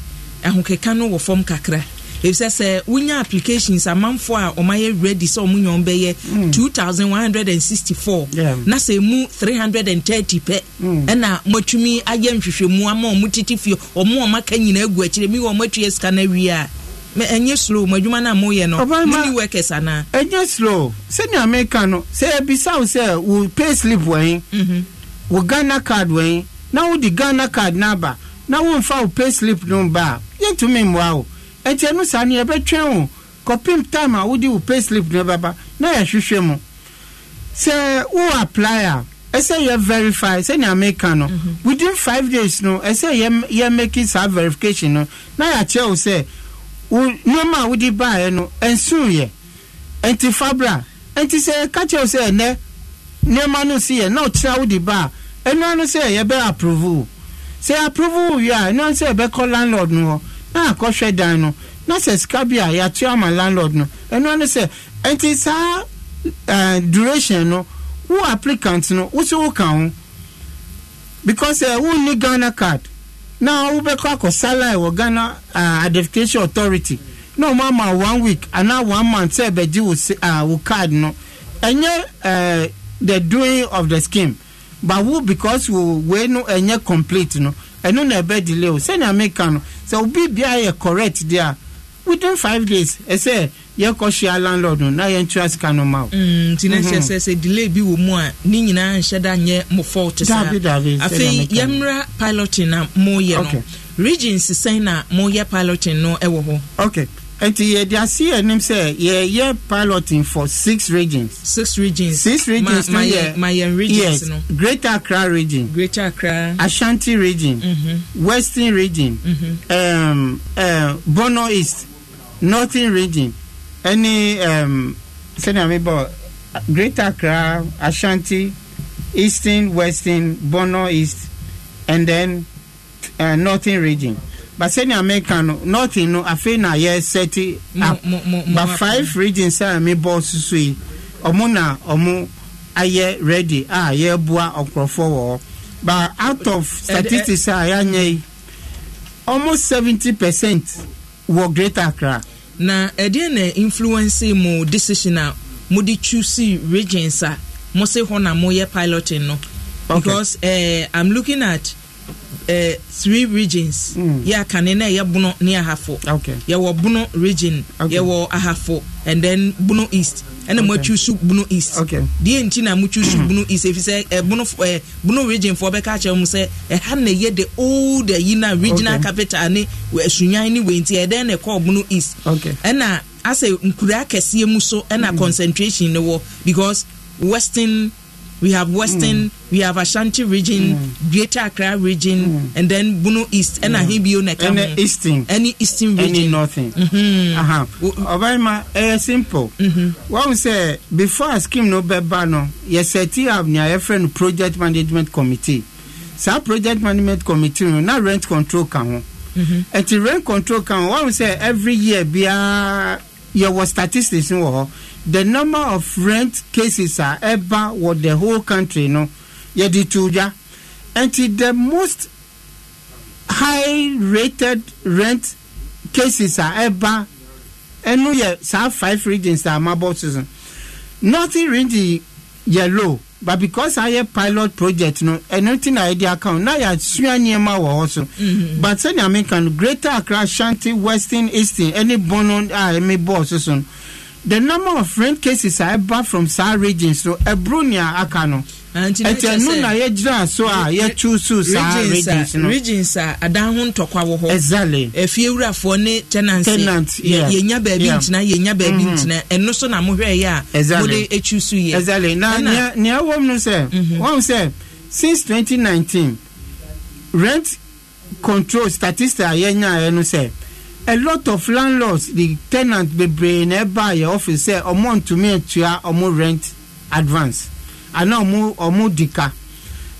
S1: ahokeka no wɔ fam kakra efisɛ sɛ wonya applications amanfo a ɔma yɛ ready sɛ ɔmo nyɔn bɛyɛ two thousand one hundred and sixty four na sɛ emu three hundred and thirty pɛ ɛna mm. e mɔtumi ayɛ nhwehwɛmu ama ɔmo titi fie ɔmo ɔmo aka nyinaa egu akyire mi wɔ ɔmo atu yɛ sika na wie a. ɛnyɛ slow mo adwuma no a moyɛ no mone workers anaa
S2: ɛnyɛ slow sɛnea meka no sɛ ɛbisa sɛ wo pay slip wɔi wo mm-hmm. ghana card wɔi na wode ghana card naba, aba na womfa wo pay slip no ba a yɛntumi mmoa wo ɛnti ɛno saa no yɛbɛtwɛn wo time a wode wo pay slip no bɛba na yɛhwehwɛ mu sɛ wo apply a ɛsɛ e yɛ verify sɛnea meka no mm-hmm. within five days no ɛsɛ e yɛ yɛ making saa verification no na yɛakyerɛ wo sɛ wo nneɛma a wode baeɛ no ɛnsoeɛ ɛnti fabra ɛnti sɛ ka kyerɛw sɛ ɛnɛ nneɛma no si yɛ na ɔkyerɛ wode ba a ɛnoa no sɛ yɛbɛ approvo sɛ approvo wie a ɛnoa no sɛ yɛbɛkɔ landlord no hɔ na akɔhwɛ dan no na sɛ sika bi a yɛato ama landlord no ɛnoa no sɛ ɛnti saa uh, duration no wo applicant no wo so woka ho because uh, eh, wonni ghana card Now na wobɛkɔ akɔsala ɛwɔ ghana uh, identification authority na ɔmo ama one week anaa one month sɛ ɛbɛgye wo se uh, wo card no ɛnyɛ uh, the doing of the scheme but wo because wo wei no ɛnyɛ complete no ɛno na ɛbɛ delay o sɛnea meka no sɛ obi bia yɛ correct there within five days ɛsɛ yɛkɔhyia landlord no na yɛntua sika no ma o. nti ne nkyɛn sɛ
S1: sɛ delay bi wɔ mu a ni nyinaa nhyɛ da nyɛ mo fault saa dabi dabi afei yɛmra piloting na mo yɛ no regions sɛn na mo yɛ piloting no ɛwɔ hɔ.
S2: okay nti yɛde ase anim sɛ yɛyɛ piloting for six regions. six regions six regions ma yɛ mayɛn regions yes, no yes greater accra region. greater accra ashanti region. Mm -hmm. western region. Mm -hmm. um, uh, Bono east northern region ẹni um, sẹ́ni àmì bọ̀ greater accra ashanti eastern western borno east and then uh, northern region but sẹ́ni àmì kan no northern no afei na yẹ sẹ́ti but five regions sẹ́ni àmì bọ̀ soso yìí ọmọ na ọmọ ayẹ ready a ah, yẹ bua ọkọ̀ọ̀fọ̀ wọ̀ but out of eh, statistics a yà nyẹ yìí almost seventy
S1: percent wọ greater accra na ɛdeɛ na influence mu decision a mode choose regions a mo se hɔ na moyɛ piloting no okay. because uh, i'm looking at uh, three regions mm. yɛ akane na ɛyɛ bono ne ahafo okay. yɛwɔ bono region okay. yɛwɔ ahafo and then bono east ɛna mo atwi so bunu east deɛ nti na mo hmm. atwi so bunu east efi sɛ bunu bunu region foɔ bɛka akyerɛ mo sɛ ɛha na ɛyɛ the old ayi na regional capital ne sunyan ne wei nti ɛdɛn na ɛkɔɔ bunu east ɛna asɛ nkuraa kɛseɛ mu so ɛna concentration ne wɔ because western we have Western, mm. we have Ashanti region, mm. Greater Accra region, mm. and then Bono East, and hmm. Ahibio Nekamo. Any Eastern.
S2: Any Eastern region. Any Northern. Mm-hmm. uh simple. Mm-hmm. What we say, before I scheme no beba no, yes, I have near friend project management committee. Sa project management committee no, na rent control ka ho. Ɛti mm-hmm. eh, rent control ka ho, what we say, every year biara, yɛwɔ statistics wɔ hɔ the number of rent cases are ever wɔ the whole country no yɛde tu and nti the most high rated rent cases a ɛba ɛno yɛ saa five regions a mabɔ so so nothing really yɛ low but because ayɛ pilot project no ɛno ti na yɛde account na yɛasua nneɛma wɔ hɔ so but sɛnea meka no greater accra shanti western eastern ɛne bono a ɛmi bɔɔ so so no the number of rent cases a ɛba from saa region so ɛburo nea aka no ɛti ɛnu na yɛgyina so a ah, yɛtu so saa regions no
S1: regions a adan ho ntɔkwa wɔ hɔ exactly efie wurafoɔ ne tenants tenant yeah yɛnya baabi ntina yɛnya baabi mm-hmm. ntina ɛno so na mohwɛ yɛ a exactly mo de etu so yɛ exactly na nea
S2: nea ɛwɔ mu no sɛ mm-hmm. wɔn sɛ since 2019, rent control statistics a yɛnya yɛ no sɛ a lot of landlords the tenant bebree na ɛba yɛ office sɛ ɔmo ntumi atua ɔmo rent advance ana ɔmo ɔmo dika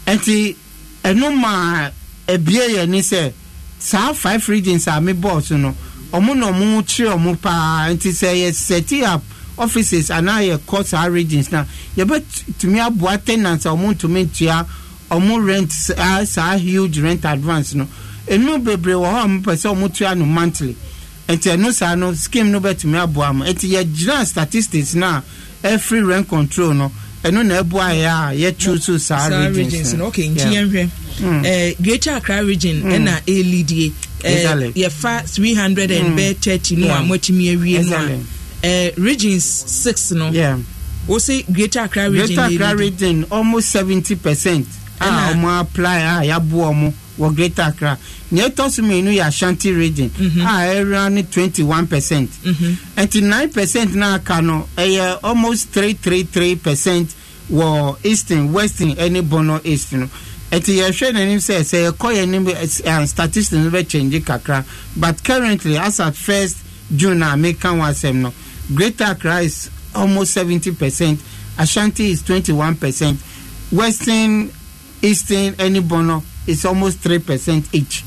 S2: nti ɛno ma ebie yɛ ni sɛ saa five readings a mi bɔɔso no ɔmo na ɔmo kyerɛ ɔmo paa nti sɛ yɛ sɛti up offices ana yɛ kɔ saa readings na yɛbɛ tumi aboa tenants a ɔmo ntumi atua ɔmo rent saa saa huge rent advance no enu bebree wɔ hɔ a mopɛ sɛ ɔmotua no monthly nti ɛno saa no scheme no bɛtumi aboa mo nti yɛgyina statistics na a e ɛfiri rent control no ɛno na ɛboa e yɛ a yɛtu so saa regions no ok nti yɛnhwɛ
S1: ɛɛ mm. eh,
S2: greater accra region ɛna ɛlidie ɛɛ yɛfa
S1: three hundred and mm. bɛɛ thirty no a mɔtumi awie no a ɛɛ regions six no
S2: wosi greater accra region greater accra region almost seventy percent a wɔn ah, apply a yɛaboa wɔn wɔ greater accra nea ɛtɔ so mmienu yɛ ashanti region mhm. a ah, ɛra ne twenty one percent nti mhm. nine percent na aka no ɛyɛ almost three three three percent wɔ eastern western ɛne bono east no ɛti yɛhwɛ n'anim sɛ sɛ yɛkɔ yɛn anim statistics no bɛ change kakra but currently as at first june a meka wɔn asɛm no greater accra is almost seventy percent ashanti is twenty one percent western eastern ɛne bono is almost three percent each.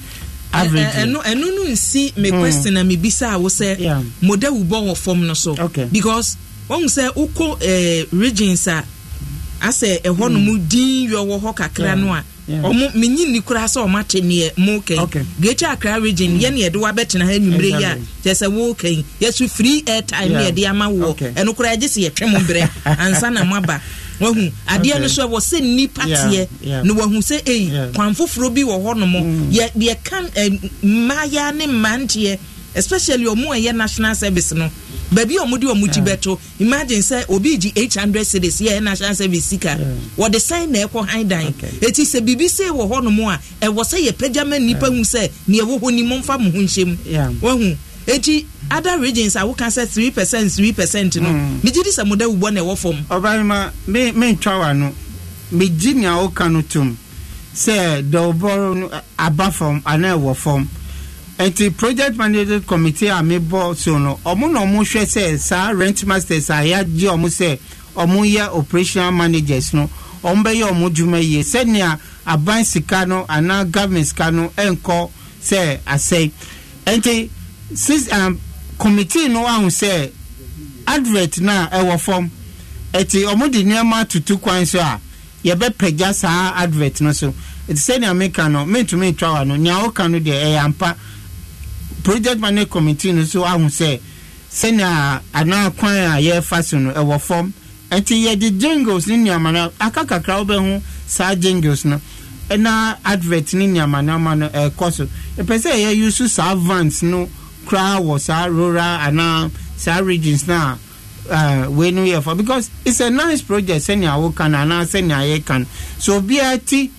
S2: ɛno eh, ɛno
S1: eh, eh, no nsi me hmm. question na mebisa a wo sɛ moda wobɔ wɔ fam no so because wahu sɛ wokɔ regions a asɛ ɛhɔ no hmm. mu din yɛ wɔ hɔ kakra no a ɔmo menyi ni koraa sɛ ɔmo akyɛnneɛ mo kɛn greater accra region yɛn hmm. yɛde wa bɛtena ha enyimire yi a kyɛ sɛ wo kɛn yɛsu free airtime yɛde ama wo ɛno koraa yɛgye sɛ yɛtwɛn mo brɛ ansa na mo aba wahu adeɛ no so ɛwɔ sɛ nnipa teɛ na wahu sɛ ei kwan foforɔ bi wɔ hɔ nom mm. yɛka eh, mmaayaa ne mmanteɛ especially ɔmo a ɛyɛ national service no baabi a ɔmo de ɔmo gyi bɛto imagine sɛ obi gyi eight hundred series yɛ national service sika wɔde sign na ɛkɔ han dan eti sɛ biribi se wɔ hɔ nom a ɛwɔ sɛ yɛpɛgya ma nnipa hu sɛ nea ɛwɔ hɔ ni mo nfa mo ho nhyɛ mu wahu eti other regions a woka sɛ three percent three percent no megye di sɛ mo da
S2: wubɔ na ɛwɔ fam. ɔbarima me me ntwa wa no megye nea woka no tom sɛ dɔwbɔrɔ no aba fam anaa ɛwɔ fam nti project management committee a mebɔ so no ɔmo na ɔmo hwɛ sɛ saa rent masters a yɛagye ɔmo sɛ ɔmo yɛ operational managers no ɔmo bɛyɛ ɔmo dwuma yie sɛnea aban sika no anaa government sika no ɛnkɔ sɛ asɛe nti. six um, committee no ahụ sị advert na ɛwɔ fam ɛti wɔn de nneɛma tutu kwan so a yɛbɛpagya saa advert no so ɛti sɛnea meka no mentumi ntwa wa no nea ɔka no deɛ ɛyɛ ampa project management committee no so ahụ sɛ sɛnea anaa kwan a yɛrefa so no ɛwɔ fam ɛti yɛde jingles ne nneɛma no aka kakra wobɛho saa jingles no ɛna advert ne nneɛma nneɛma no ɛrekɔ so ɛpɛ sɛ yɛyusu saa vans no. koraa wɔ saa rural anaa uh, saa regions na uh, wei no yɛ fa because it's a nice project sɛnea woka no anaa sɛnea yɛka no so obiara ti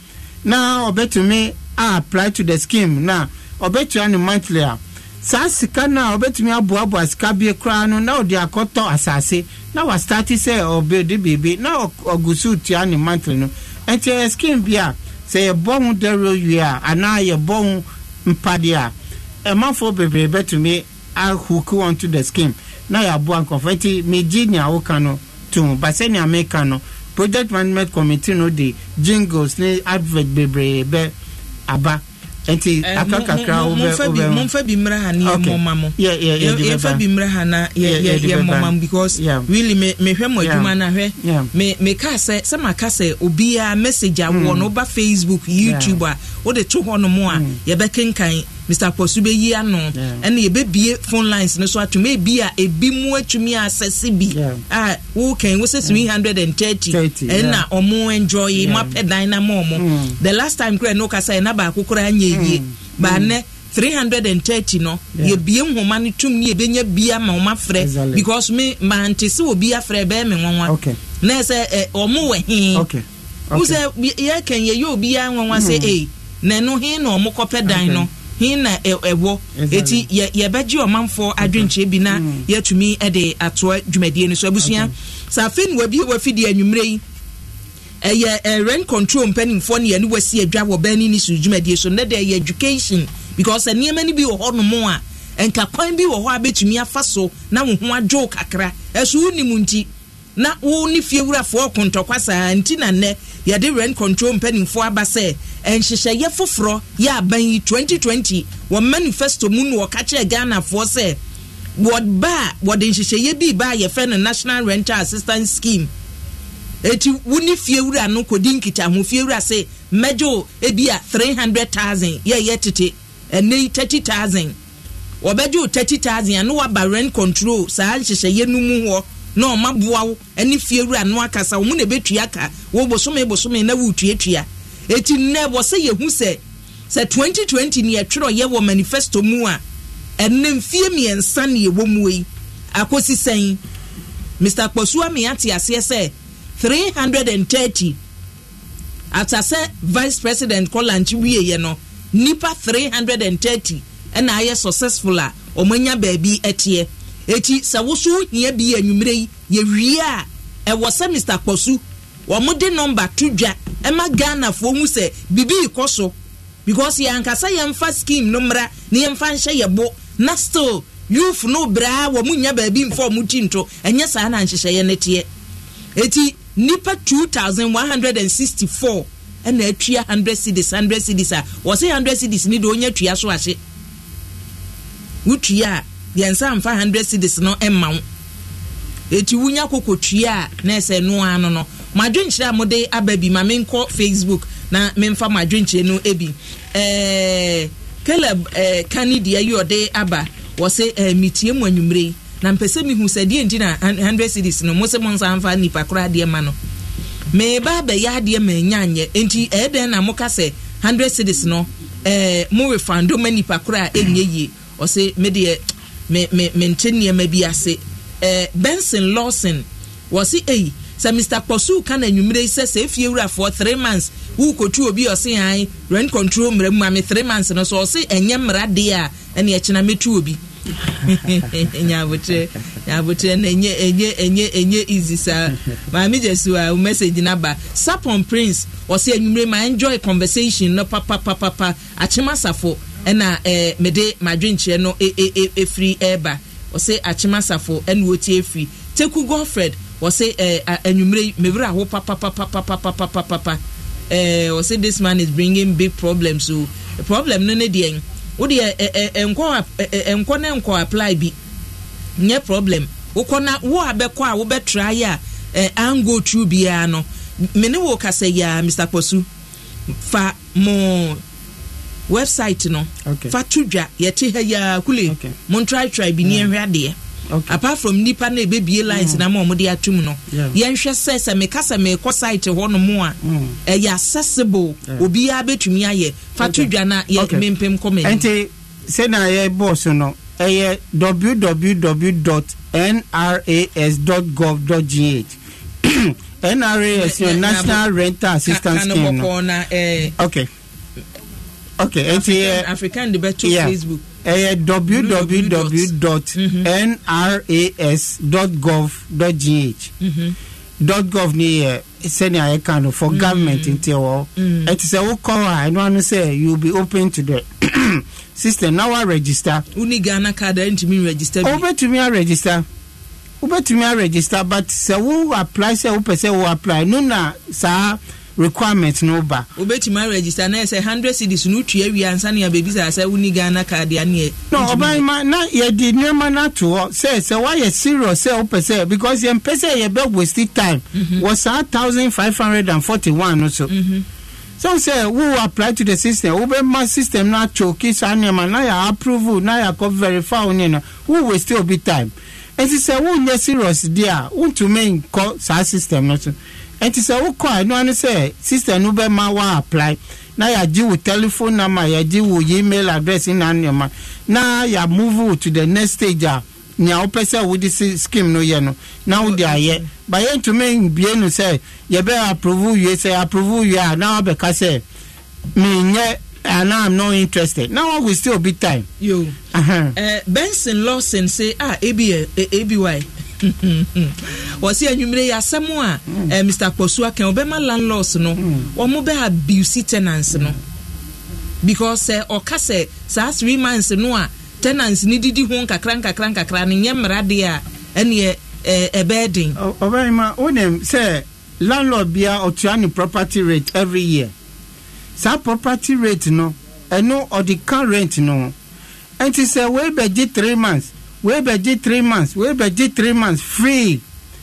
S2: na ɔbɛtumi a apply to the scheme na ɔbɛtua ne monthly a saa sika no a ɔbɛtumi aboaboa sika bie koraa no na ɔde akɔtɔ asase na wastate sɛ ɔbɛde biribi na ɔgu so tua ne monthly no ɛnti ɛyɛ scheme bi a sɛ yɛbɔ ho dɛrɛ wie a anaa yɛbɔ ho mpadeɛ a ɛmanfoɔ bebree bɛtumi ahook onto the scheme na yɛaboa nkɔfɔ nti megye nea woka no tom ba sɛnea meka no project management committee no de jingles ne advert bebree bɛ aba nti eh, aka kakra wobɛ momfa
S1: bi mmerɛ ha ne yɛmmɔma mo yɛfa bi mmerɛ ha na yɛmmɔma mo because yeah. really mehwɛ mo adwuma no ahwɛ meka sɛ sɛ maka sɛ obiaa message a wɔ hmm. no woba facebook youtube a wode to hɔ no mu a hmm. yɛbɛkenkan mr kwasu bɛyi ano ɛna yɛbɛbie phone lines no so atwuma ebi a ebi mu atwumi asɛse bi a wokan wo sɛ hmm. hmm. hmm. three hundred and thirty ɛna ɔmo enjoy mo apɛ dan na mo ɔmo the last time kura ɛna okasa ɛna baako kura anya yie baanɛ. 330 no yeah. yɛbie nhoma no tum ne yɛbɛnya bia ma wɔma frɛ exactly. because me mante sɛ obi afrɛ bɛɛ me nwanwa okay. na sɛ ɔmo wɔ hee okay. okay. wo sɛ yɛkɛn yɛyɛ obiaa nwanwa mm. sɛ ei na ɛno hee na ɔmo kɔpɛ dan okay. no hin na ɛwɔ eti yɛbɛgye ɔmanfoɔ adwenkyerɛ bi na mm. yɛtumi de atoa dwumadie no so abusua sɛ afei na wabie wafidie anwummerɛ yi ɛyɛ rent control mpanimfoɔ ne yɛne wasi adwa wɔ bɛni ne so dwumadie so ne deɛ yɛ education because nneɛma no bi wɔ hɔnom a nka kwan bi wɔ hɔ a bɛtumi afa so na wo ho adwo kakra ɛso wonim nti na wo ne fiewurafoɔ kontɔkwa saa nti na nnɛ yɛde rent control mpanimfoɔ aba sɛ nhyehyɛeɛ foforɔ yɛ aban yi 2020 wɔ manifesto mu no wɔka kyerɛ ghanafoɔ sɛ wɔba a wɔde nhyehyɛeɛ bi ba a no national rental assistance scheme eti wuni fiewura no kodi nkitaho fiewura se mɛgyo ebi a 300000 yɛyɛ tete ɛnɛ 30000 wɔbɛgyo 30000 ano waba rent control saa nhyehyɛeɛ no mu hɔ na ɔma boawo ɛne fiewura no akasa wɔn na ebɛtua ka wɔ bosome bosome na wɔretuatua eti nnɛ wɔ sɛ yɛhu sɛ sɛ 2020 ni yɛtwerɛ yɛ wɔ manifesto mu a ɛnna mfie mmiɛnsa ne yɛwɔ mu yi akosi sɛn mr kpɔsua miate aseɛ sɛ 330 ata sɛ vice president kɔlanche wieɛ no nipa 330 ɛna ayɛ successful a wɔn anya baabi ɛteɛ eti sɛ woso hia bi anwummerɛ yi yɛwie a ɛwɔ sɛ mr kpɔsu wɔn de nɔmba to dwa ma ghanafoɔ hu sɛ biribi rekɔ so because yɛn ankasa yɛn fa scheme no mmra na yɛn fa nhyɛ yɛ bo na still youth no braa wɔn nya baabi nfa wɔn ti nto ɛnyɛ saa na nhyehyɛeɛ no teɛ eti nipa two thousand one hundred and sixty four ɛna atua hundred cities hundred cedis a wɔsɛ hundred cities ni de onye tua so ahye wotua a yɛn nsa nfa hundred cities no ɛma wo eti wunya koko tua a na ɛsɛ noa no no madwenkyerɛ a mode aba bi ma menkɔ facebook na memfa madwenkyerɛ no bi eh, caleb eh, kane deɛ yi ɔde aba wɔ se eh, metie mu anwummerɛ na mpɛ sɛ mehu sɛ deɛ nti na 100 cities no mo sɛ mo nsa mfa nnipa kora adeɛ ma no meba abɛyɛ adeɛ manya anyɛ enti ɛɛdɛn na moka sɛ 100 cities no eh, mo refando ma nnipa kora a ɛnyɛ yie ɔse medeɛ mente nneɛma bi ase benson lawson wɔ se ei sɛ mr kpɔsu ka na anwummerɛ yi sɛ sɛ efie wurafoɔ three months wukɔtu obi ɔse han rent control mmerɛ mu ame three months no so ɔse ɛnyɛ mmara deɛ a ɛne ɛkyena mɛtu obi nyabotrɛ [laughs] nyabotrɛ na ɛnyɛ ɛnyɛ ɛnyɛ ɛnyɛ easy saa maame jesu a o message na sapon prince ɔsɛ enyimire ma enjoy conversation no papapapapa akyemasafo ɛna ɛɛ mede madwenkyerɛ no e e e efiri ɛɛba ɔsɛ akyemasafo ɛna wotie efiri teku godfred wɔse anwummerɛ mewerɛ aho papapapapapapapa wɔse this man is bringing big problems so problem no ne deɛ wodeɛ nkɔ ne nkɔ apply bi nyɛ problem wokɔ na wo a bɛkɔ a wobɛtra yɛ a ango tru biara no mene wo kasa yi mr kpɔsu fa mo website no okay. fa to dwa yɛte ha yi a kule okay. montratrai bi ne ɛhwɛ adeɛ okay. apart from nipa na ebebie lines mm. na ma ɔmo de atum no yeah. yɛnhwɛ sɛ sɛ meka sɛ mekɔ site hɔ nom a mm. ɛyɛ mm. accessible yeah. obiara betumi ayɛ fatu dwa na yɛ okay. mempem kɔmɛ. ɛnti
S2: sɛ na yɛ bɔɔso no ɛyɛ www.nras.gov.gh nras yɛ national rental assistance scheme no eh. okay okay eti ẹ eh, african de bẹ to facebook. ẹ yẹ www.nras.gov.gh dot gov ni yẹ eh, sẹni ayẹ kan no for mm-hmm. government nti wọ mm-hmm. ẹ ti sẹ wọ kọ a ẹnu anu sẹ you be open to the [coughs] system na wa register. o ní ghana card ẹ ntumi register bi. o bẹ tumi a register o bẹ mi a register but sẹ wo apply sẹ wo pẹ sẹ apply no na saa requirement no ba.
S1: obetuma register na ɛsɛ hundred cedis no tue wi ansa ne abebisa sɛ wuni ghana card ani yɛ.
S2: na ɔban ma na yɛde nneɛma n'ato hɔ sɛ sɛ wayɛ serious sɛ ɔpɛ sɛ because yɛn pɛ sɛ yɛbɛ waste time mhm. wɔ saa thousand five hundred and forty one no so. Mm-hmm. so sɛ wo apply to the system wo bɛ ma system na atwo ki saa nneɛma na yɛ approval na yɛ akɔ verify wo ne no wo waste obi time eti sɛ wo nyɛ serious deɛ a wo ntumi nkɔ saa system no so nti sɛ wokɔ a ɛno ano sɛ sista no bɛma wa apply na yagye wo telephone number yagye wo email address na nneɛma na ya move wo to the next stage a nea wopɛ sɛ wode si scheme no yɛ no na wode ayɛ ba yɛntumi bie no sɛ yɛbɛ approve wie sɛ approve wie a na wabɛka sɛ menyɛ and i'm not interested now i will still be time. yo uh -huh. uh,
S1: benson lawson say ah ebi ebi why wɔsi anwumire yɛ asɛm a ɛɛ mr kpɔsua kan ɔbɛma landlords no mm. wɔn bɛ abuse tenants no because sɛ ɔka sɛ saa three months no a tenants ni didi ho nkakra nkakra nkakra ne nyɛ mmara deɛ a
S2: ɛneɛ ɛɛ ɛbɛɛ den. ɔbɛn ma o nem sɛ landlord bia ɔtua ne property rate every year saa property rate no ɛno ɔde ka rent no nti sɛ wɔbɛgye three months wee bɛgye three months wee bɛgye three months free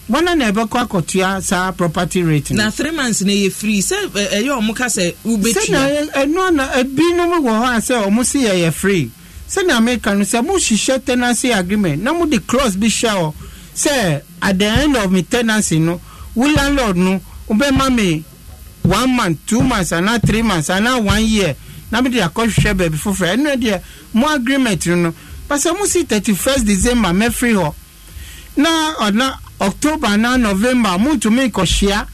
S2: wọn na ɛbɛkɔ akɔtua saa property rate
S1: na three months na yɛ free sɛ ɛyɛ ɔmo ka sɛ wobɛtua. sɛnea
S2: ɛnu na ebinom wɔ hɔ a sɛ ɔmo si yɛ free sɛnea meka no sɛ mo hyehyɛ tenancy agreement na mo de clause bi hyɛ hɔ sɛ at the end of mi tenancy no wo landlord no wobɛma mi one month two months ana three months ana one year na mi de akɔhwehwɛ baabi foforɔ ɛnu deɛ mo agreement no pàṣẹ mu si thirty first december mẹ́fìrì hɔ na ɔna uh, october na november mu ntumi nkɔhyia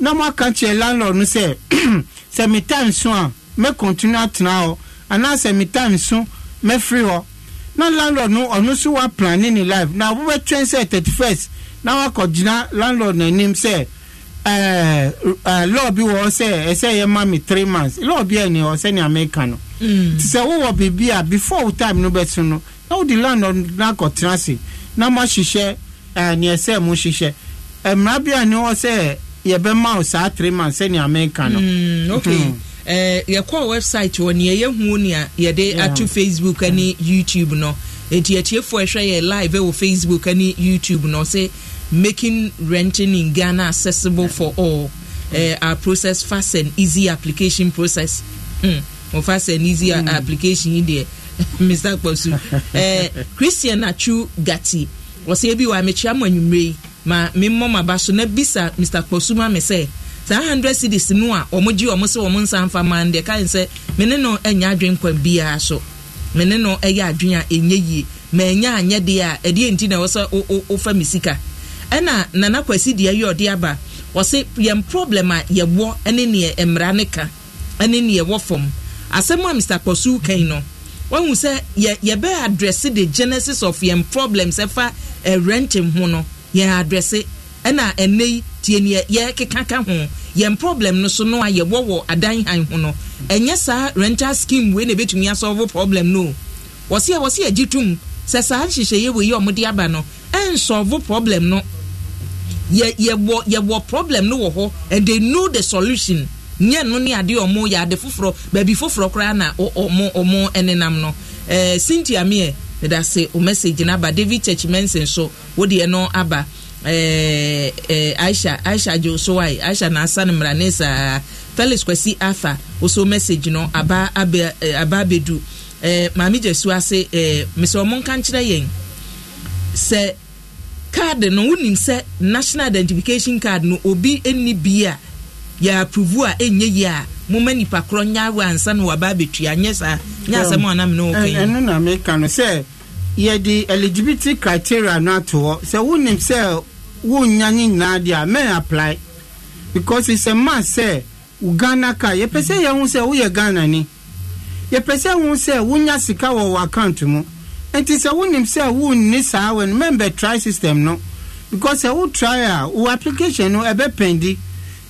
S2: na mu aka kyerɛ landlord no sɛ [clears throat] sɛ mi time so a mɛ continue atena hɔ anaa sɛ time so mɛfiri hɔ na landlord no ɔno nso wa plan ne ne life na wɔbɛtwɛn sɛ thirty first na wakɔ gyina landlord n'anim sɛ ɛɛ eh, ɛɛ eh, law bi wɔ hɔ sɛ ɛsɛ yɛ mi three months law bi ɛni hɔ sɛ ni america no. Mm. ti sɛ wowɔ biribi a before wo time no bɛso no na wode land na akɔtena ase na moahyehyɛ neɛ sɛ mo hyehyɛ mmara bi a ne wɔ sɛ yɛbɛma wo saa tre ma sɛnea meka no okay. Uh,
S1: yɛkɔ website wɔ neɛ yɛhu nea yɛde ato facebook ne hmm. youtube no nti atiefoɔ ɛhwɛ yɛ live wɔ facebook ne youtube no sɛ making renting in ghana accessible yeah. for all mm. uh, our process fast and easy application process mm. fast and easy mm. application yi deɛ [laughs] mr kposu eh, christian achu gati wɔsɛ ebi wɔ amekyia mu anwummerɛ yi ma memmɔ maba so na bisa mr kposu ma me sɛ saa hundred cedis no a wɔn gye wɔn sɛ wɔn nsa nfa maa deɛ kan sɛ me ne no nya adwene kwan biara so me ne no yɛ adwene a ɛnyɛ yie ma ɛnya anyɛ deɛ a ɛdeɛ nti na ɛwɔ sɛ wofa me sika ɛna nana kwasi deɛ yɛ ɔde aba wɔsɛ yɛn problem a yɛwɔ ne neɛ mmara ne ka ne neɛ ɛwɔ fam asɛm a mr kposu kan no wɔn sɛ yɛ yɛbɛ address the genesis of yɛn problems ɛfa ɛrɛntin ho no yɛn address ɛna ɛnɛ yi tie nea yɛkekaka ho yɛn problem no so no a yɛwɔ wɔ adan han ho no ɛnyɛ saa rental scheme wei na ebetumi asɔrɔ problem no wɔsi a wɔsi agyi tum sɛ saa nhyehyɛeɛ wei a wɔde aba no ɛnsɔrɔ problem no yɛ yɛwɔ yɛwɔ problem no wɔ hɔ and they know the solution nyɛ no ne adeɛ ɔmo yɛ ade foforɔ baabi foforɔ koraa na ɔmo ɔmo nenam no ɛɛ eh, cynthia miɛ meda se o message naba aba david church mensa nso wodeɛ no aba ɛɛ eh, ɛɛ eh, aisha aisha jo so wae aisha na asa ne mmara ne saa felix kwesi arthur woso message no aba abɛ ɛɛ eh, aba abɛdu ɛɛ maame jesu ase ɛɛ mesɛ ɔmo nka nkyerɛ yɛn sɛ kaadi no wonim sɛ national identification card no obi ɛnni bi yɛaprovu a ɛnyɛ yi a moma nipa korɔ nyɛ awo ansa no waba abɛtua nyɛ saa nyɛ asɛm a nam ne wokɛɛno
S2: na meka no sɛ yɛde eligibility criteria no ato hɔ sɛ wonim sɛ wonnya ne nyinaa deɛ a mɛn apply because it's a must sɛ ghana ka yɛpɛ sɛ yɛho sɛ woyɛ ghana ni yɛpɛ sɛ ho sɛ wonya sika wɔ wɔ account mu nti sɛ wonim sɛ wonni saa wɔ no mɛn bɛ try system no because sɛ wo try a wo application no ɛbɛ pɛndi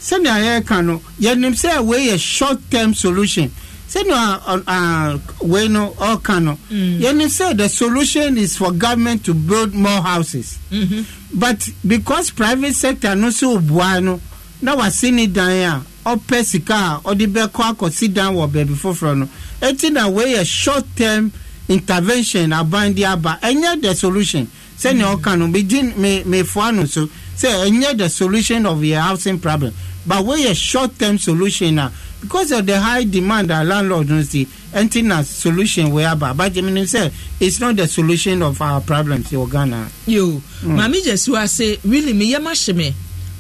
S2: sɛnea yɛreka no yɛnim sɛ wei yɛ short term solution sɛnea uh, uh, wei no ɔka no mm. yɛnim sɛ the solution is for government to build more houses mm -hmm. but because private sector no so bua no na wase ne dan a ɔpɛ sika a ɔde bɛkɔ akɔsi dan wɔ baabi foforɔ no ɛti na wei yɛ short term intervention aban de aba ɛnyɛ the solution sɛnea ɔka no megye mefoa no so sɛ ɛnyɛ the solution of your housing problem but wey a short term solution na because of the high demand our landlord don see enti na solution wey aba abajemi nim sef it's not the solution of our problems in ghana.
S1: yo mm. maame jesuwa say really mi yẹ ma ṣe mi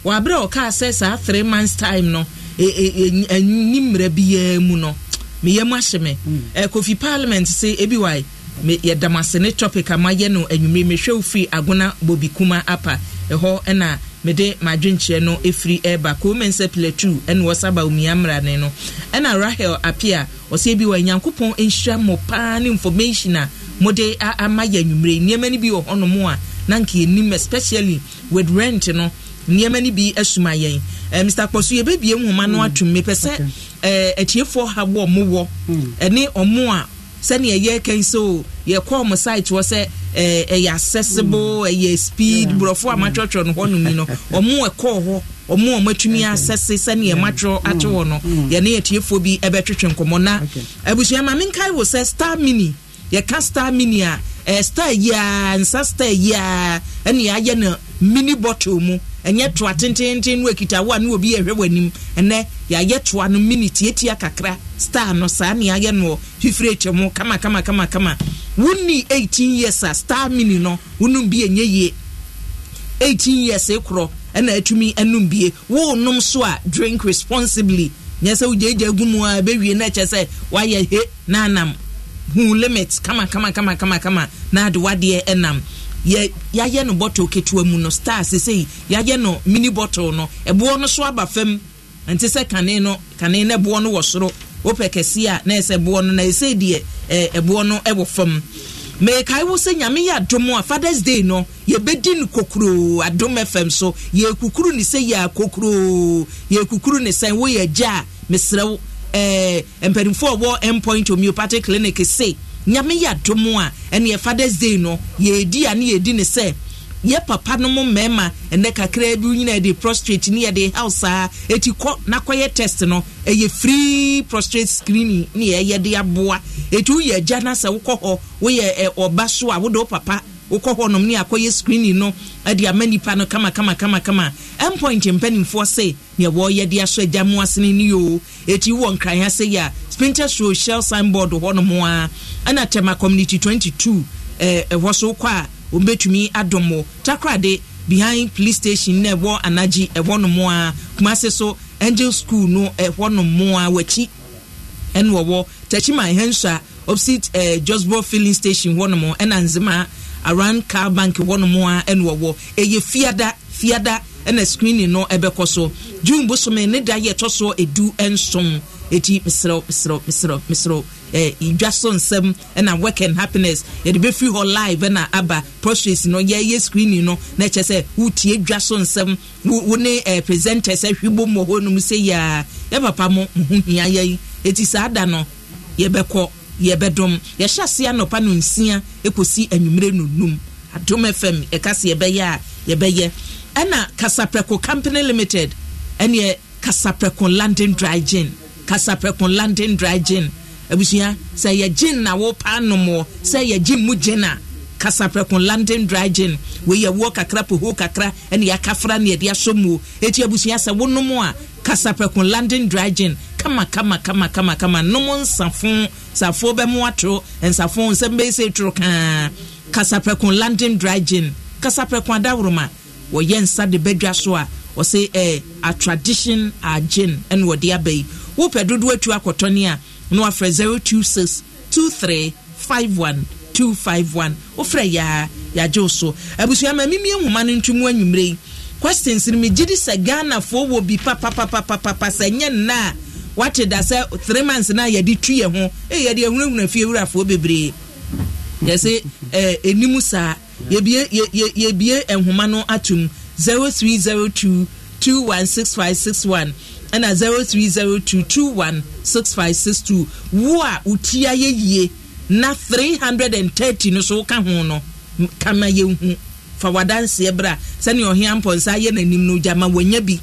S1: wà á bẹ̀rẹ̀ ọ̀ka ṣe three months time no ẹni e, e, e, mìíràn bi yẹ mu no mi yẹ ma ṣe mi hmm. eh, kofi parliament say ebi wáyé yɛ damasene topic a mayɛ no anwummere mehwɛ wo firi agona bobi kuma apa ɛhɔ ɛna mede madwenkyerɛ no ɛfiri ɛreba koome nsɛ pilatu ɛne wɔsaba omia mmrane no ɛna rahel apia ɔsɛ bi wɔ nyankopɔn nhyira mo paa ne information a mode ama yɛ anwummerɛ nneɛma no bi wɔ hɔnom a na nka yɛnim especially with rent no nneɛma no bi asuma yɛn eh, mr kpɔso yɛbɛbie nwoma no mm. atom mepɛ sɛ eh, atiefoɔ ha wɔ ɔmowɔ mm. ɛne ɔmo a sɛnea ɛyɛ ka yi sɛ yɛkɔɔ mo site wɔ sɛ ɛyɛ accessible mm. ɛyɛ speed borɔfo a mm. matwerɛtwerɛ no hɔ nom yi no [laughs] ɔmo ɛkɔɔ hɔ ɔmo a matumi asɛse sɛnea matwerɛ ate hɔ no mm. yɛne yɛtiefoɔ bi ɛbɛtwetwe nkɔmmɔ na abusua ma menkae wo sɛ star mini yɛka star mini a ɛɛ star yiaa nsa star yiaa ɛne yɛayɛ no mini bottle mu ɛnyɛ toa tententen no akitawo a ne obi yɛhwɛ w'anim ɛnɛ yɛayɛ toa no minute etia kakra star no saa ne ayɛ no fifiri akyɛ mu kama kama kama kama wonni 18 years a star mini no wonom bi ɛnyɛ yie 18 years korɔ ɛna atumi anom bie wonom so a drink responsibly nyɛ sɛ wogyagya gu mu a bɛwie no ɛkyɛ sɛ wayɛ he na hu limit kama kama kama kama kama na ade wadeɛ ɛnam yɛayɛ no bottle ketewa mu no star sesei yɛayɛ no mini bottle no ɛboɔ no so aba fam nti sɛ kane no kane no ɛboɔ no wɔ soro wopɛ kɛseɛ a na ɛsɛ ɛboɔ no na ɛsɛ deɛ ɛboɔ no ɛwɔ fam mɛkae wo sɛ nyame yɛ adom a fathers day no yɛbɛdi no kokuroo adom fm so yɛkukuru ne sɛ yɛ akokuroo yɛkukuru ne sɛn woyɛ agya a mesrɛ wo eh, mpanimfoɔ wɔ mpoint homeopathic clinic se nyame yɛ adom a ɛne yɛfada zei no yɛdi a ne yɛdi ne sɛ yɛ papa no mo mmarima ɛnɛ kakra bi nyina yɛde prostrate ne yɛde house a ɛti kɔ nakɔyɛ test no ɛyɛ free prostrate screening ne yɛyɛ de aboa ɛti woyɛ agya no sɛ wokɔ hɔ woyɛ ɔba so a wode wo papa wokɔ hɔnom ne akɔyɛ screening no de ama nipa no kama mpoint mpanimfoɔ se neɛ wɔreyɛ de aso agya mu asene ne yoo ɛti wɔ nkran ase yi a sprinter show shell signboard hɔnom a ɛna tema community 22 eh, ɛhɔ so kɔ a wɔbɛtumi adom wo takorade behind police station na ɛwɔ anagye ɛhɔnom a kumase so angel school no ɛhɔnom a wɔakyi ɛna wɔwɔ tɛkyima ɛhɛnso a opposite ɛɛ eh, josbo filling station hɔnom ɛna nzema around car bank wɔnom a ɛna wɔwɔ ɛyɛ fiada fiada ɛna screening no ɛbɛkɔ so june bosome ne da yɛ ɛtɔ so edu nson eti mesrɛw mesrɛw mesrɛw mesrɛw ɛɛ idwa so nsɛm ɛna work and happiness yɛde bɛfiri hɔ live ɛna aba prostrate no yɛyɛ screening no na ɛkyɛ sɛ wotie dwa so nsɛm wo ne ɛɛ presenters ɛhwi bom wɔ hɔnom sɛ yaa yɛ papa mo mo ho hia yɛn eti saa da no yɛbɛkɔ yɛbɛdom yɛhyɛ ase anɔpa no nsia ɛkɔsi anwummerɛ nonum adom fm ɛka se yɛbɛyɛ a yɛbɛyɛ ɛna kasaprɛko company limited ɛneɛ kasaprɛko london dry gin kasaprɛko london dry gin abusua sɛ yɛ gin na wɔpaa nomɔ sɛ yɛ gin mu gin a kasaprɛko london dry gin wei yɛwoɔ kakra poho kakra ɛne yɛakafra ne yɛde ahyɛ muo ɛti abusua sɛ wonom a kasaprɛko london dry gin kama kama kama kama kama nom nsafo nsafo bɛmo atoro nsafo nsɛm bɛyɛ se ɛtoro kaa kasaprɛko london dry gin kasaprɛko adaworoma wɔyɛ nsa de bɛdwa so a wɔsɛ eh, a tradition a gin ɛne wɔde aba yi wopɛ dodoɔ atu akɔtɔne a na two three five one. 0251 wofrɛ yɛa yɛagye wo so abusua ma memie nwoma no ntom anwummerɛ yi questions no megye di sɛ ghanafoɔ wɔ bi papapapapapa sɛ nyɛ nna a wate da sɛ three months no a yɛde tu yɛ ho e yɛde ahunahuna fie wurafoɔ bebree yɛsɛ eh, ɛnim saa yɛbie nhoma no atom 0302 216561 ɛna 0302 216562 wo a wotia yɛ yie na 330 no so woka ho no kama yɛhu fa wadanseɛ berɛ a sɛnea ɔhea mpɔnsa yɛ n'anim no gya wanya bi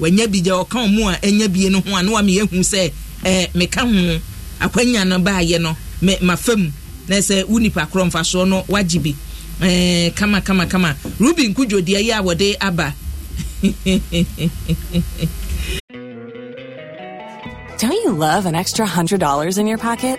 S1: wanya bi gya ɔka ɔmo a ɛnya bie no ho a na wa sɛ ɛɛ meka ho akwanya no baayɛ no me mafa mu na sɛ wo nipa korɔ mfasoɔ no wagye bi ɛɛ kama kama kama ruby nkudwo deɛ yi a wɔde aba
S4: Don't you love an extra $100 in your pocket?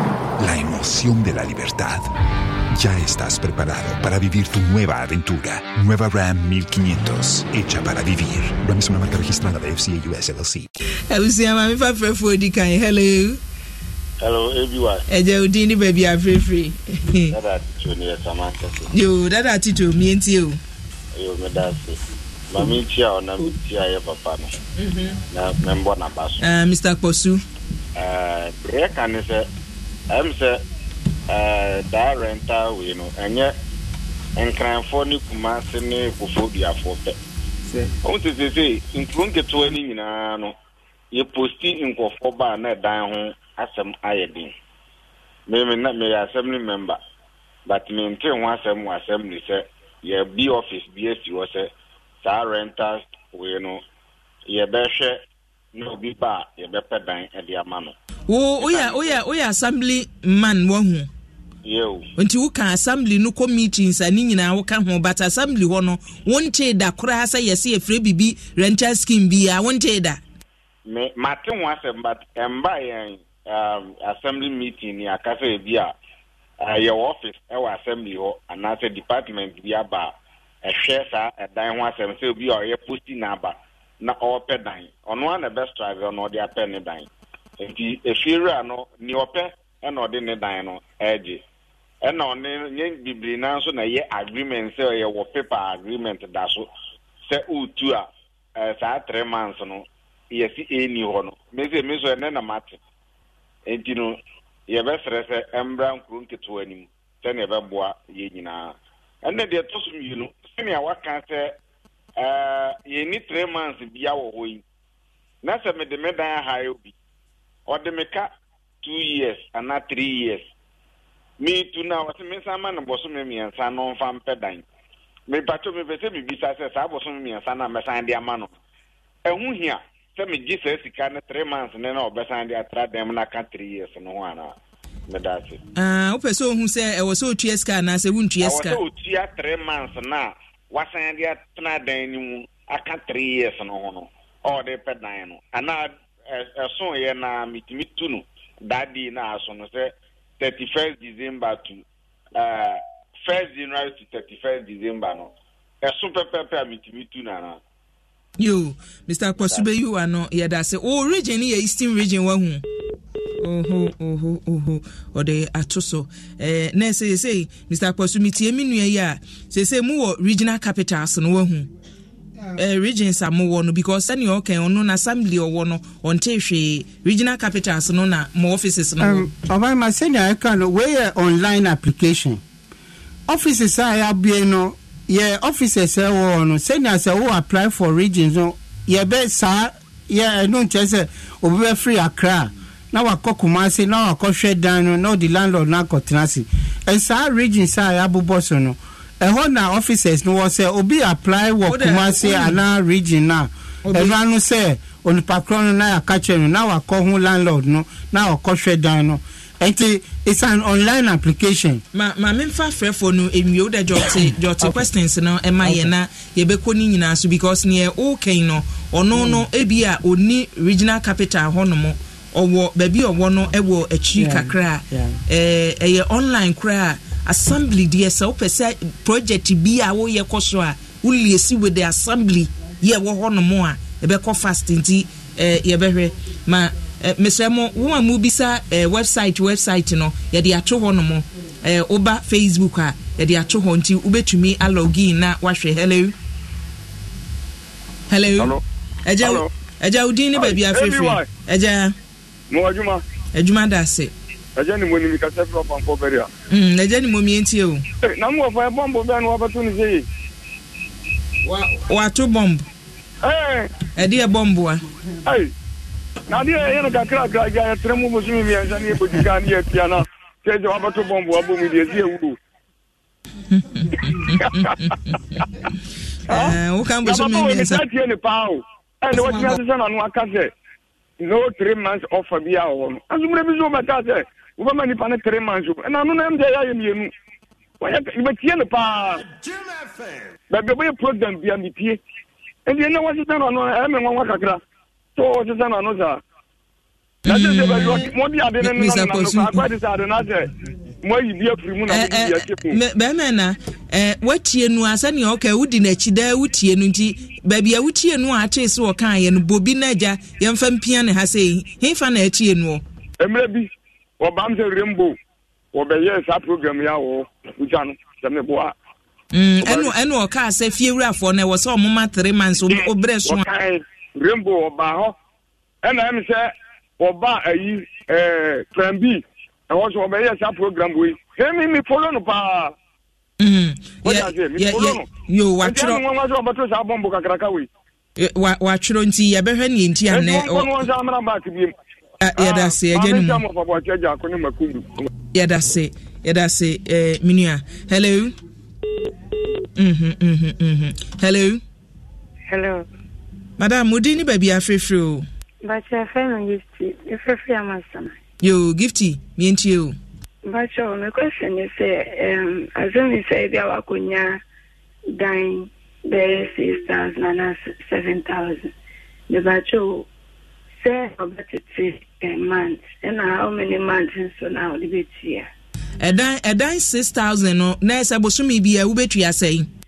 S5: la emoción de la libertad. Ya estás preparado para vivir tu nueva aventura. Nueva Ram 1500, hecha para vivir. Ram es una marca registrada de FCA US LLC.
S1: Abusiama, mi papá fue Hello.
S6: Hello, everyone.
S1: Ẹ̀jẹ̀ òdin ní bẹ̀bí free.
S5: Dada
S6: àtijọ́ ni ẹ̀sán me ń tẹ̀sí.
S1: Yòò, dada àtijọ́ mi ń o.
S6: Ayọ̀ mi dá sí. Màmí ń tí a ọ̀nà mi tí a mhm. Na mẹ́ ń bọ̀ nàbà
S1: so. Mr. Kpọ̀sù.
S6: ɛm sɛ daa renta wei no ɛnyɛ nkranfoɔ ne kumase ne kofoduafoɔ pɛ ɔmo te sesei nkuro nketewa no nyinaa no yɛposti nkɔfoɔ baa na ɛdan ho asɛm ayɛ den meme na meyɛ assembly member but mente ho asɛm wɔ assembly sɛ yɛbi office bi asi hɔ sɛ saa renters wei no yɛbɛhwɛ na obi ba a yɛbɛpɛ dan de ama no.
S3: wo woyɛ
S1: woyɛ woyɛ assembly man wahu. yew. nti woka assembly no kɔ meetings a ne nyinaa woka ho but assembly hɔ no wontee da koraa sɛ yɛsɛ yɛfrɛ bibi rental scheme bi a wontee da.
S6: me mate ho asɛm but mba yɛn um, assembly meeting ni akasa ebi a yɛwɔ office wɔ assembly hɔ anaasɛ department bi aba a ɛhwɛ saa ɛdan ho asɛm sɛ obi a ɔyɛ posti na na ɔrepɛ dan ɔno a na ɛbɛ struggle na ɔde apɛ ne dan nti efiewura no ni ɔpɛ ɛna ɔde ne dan no ɛregye ɛna ɔne nye bibiri nan nso na ɛyɛ agreement sɛ ɔyɛ wɔ paper agreement da so sɛ ɔretu a ɛɛ saa three months no yɛsi ɛni hɔ no mesi emi nso ɛnɛ na ma te nti no yɛbɛsrɛ sɛ ɛmbra nkuro nketewa anim sɛnea ɛbɛboa yɛ nyinaa ɛnna deɛ ɛtɔ so mmienu sɛnea waka sɛ Eh, yɛni three months bia wɔ hɔ yi na sɛ mede me dan ahaeɛ bi ɔde me ka two years anaa three years meetu no a ɔse mensan ma no bɔsome mmiɛnsa no mfa mpɛ dan mepatwo mepɛ sɛ mebisa sɛ saa bɔsome mmiɛnsa no a mɛsan de ama no ɛho hia sɛ megye saa sika no three months ne na ɔbɛsan de atra dan mu no aka three years no ho anaa meda ase
S1: ah, wopɛ sɛ ɔhu sɛ ɛwɔ sɛ ɔtua sika anaasɛ wontua sika ɛwɔ sɛ
S6: ɔtua three months no a wasan de atena dan no mu aka three years no ho oh, no ɔde pɛ dan no anaa ɛso yɛ na mitumi tu no daadi na aso no sɛ thirty first december to ɛɛ first january to thirty first december no ɛso eh, pɛpɛpɛ a mitumi tu na na.
S3: yo
S1: mr kwasube yiwa no yɛda ase o region no eastern region wahu oho oho oho ɔde ato so ɛɛ eh, na seesei mr kwasube tie mi nua yi a seesei mu wọ regional capitals no wahu ɛɛ eh, regions a mo wɔ no because sɛnea ɔkɛn ɔno na assembly ɔwɔ no ɔnte hwee regional capitals no na mo offices
S2: no um, wɔ. ɔbɛn ma sɛnea ɛka no wei yɛ online application offices ah, a yɛ abue no. yɛ officers ɛwɔ no sɛnea sɛ wo apply for regions no yɛbɛ saa yɛ ɛno nkyɛn sɛ obi bɛ firi akra na wakɔ kumase na wakɔhwɛ dan no na ɔde landlord no akɔtena ase ɛsaa regions a yɛabobɔ so no ɛhɔ na officers no wɔ sɛ obi apply wɔ kumase anaa region na ɛno ano sɛ onipakorɔ no na yɛaka kyerɛ no na wakɔ ho landlord no na wakɔhwɛ dan no nti it's an online application.
S1: ma maame nfa afrɛfo no ewie o da jɔte jɔte questions no ɛma yɛn na yɛbɛkɔ ne nyinaa so because neɛ ɔɔkɛn no ɔno mm. no ebi a ɔni regional capital hɔnom ɔwɔ baabi ɔwɔ no ɛwɔ akyiri kakra ɛɛ ɛyɛ online koraa assembly deɛ sɛ wopɛ sɛ project bi a woyɛ kɔ so a wolie si with the assembly yɛ wɔ hɔnom a ɛbɛkɔ fast nti ɛɛ yɛbɛhwɛ ma. Eh, mesrɛ wo a mubisa eh, website website no yɛde ato hɔ no mo eh, woba facebook a yɛde ato hɔ nti wobɛtumi alogin na wahwɛ hello hello
S7: ɛgya wodin ne baabi afeefee ɛgya adwuma da ase ɛgya ne mmɔnim kasɛ fɛ ɔpampɔ bɛre a
S1: ɛgya hmm, ne ntie o
S7: na ɛbɔmbo wabɛto no sɛ ye wato ɛde na eh, deɛ ɛyɛ no kakrakra gya yɛtrɛ mu bosome mmiɛnsa ne yɛbɔdi ka ne yɛpia no sɛ sɛ wabɛto bɔmbo abɔ mu deɛ ɛsi awuro wokambosomeɛsatie n'i paa o n'i watumi asesɛ no ano aka sɛ no three months offer ah, bi a ɔwɔ oh, no ah, asommerɛ bi three months o n'i paa program eh, eh, kakra tó o ti sẹ́ nà nù sà. na mo yi bi ẹkẹ fún. Bẹ́ẹ̀mẹ̀ na
S1: eh, eh, eh, w'etie nu asẹ́ni ọkẹ́ wudi n'ekyi dẹ́ nti beebi a wutie a akyere sị no bobi n'agya yẹn fẹ́ mpia ne ha sẹ́yìn hínfa na etie nu ọ.
S7: bi ọba m sẹ saa program ya wọ ọjà no sẹmi bọ a.
S1: ẹnu mm, ọka fiewurafoɔ na ɛwɔ sɛ ɔmoma three months obere so
S7: rainbow ɔbaa hɔ ɛna ɛm sɛ ɔba ayi ɛɛ plan b ɛwɔ so ɔbɛyɛ saa program wei emi mi folo no paa. Mm. yo watwerɛ watwerɛ nti yɛbɛhwɛ ne yɛnti anɛ yɛda se agya no ah, mu
S1: yɛda se menua hello mm -hmm, mm -hmm, mm -hmm. hello hello madam mo din ni baabi afirifiri o.
S8: bàtà ẹfẹ mi gifti efirifiri amasam.
S1: yoo gifti mientie o.
S8: bàtà ọ mẹkọsẹ ni sẹ ẹm azumi sẹ ebi awakonya dan bẹẹ six thousand ana seven thousand de bàtà o sẹ ọba tètè ẹ month ẹna how many months nso na ọdẹ bẹ tia.
S1: ɛdan ɛdan six thousand no na ɛsɛ bosomi bi a wobɛtua sɛn.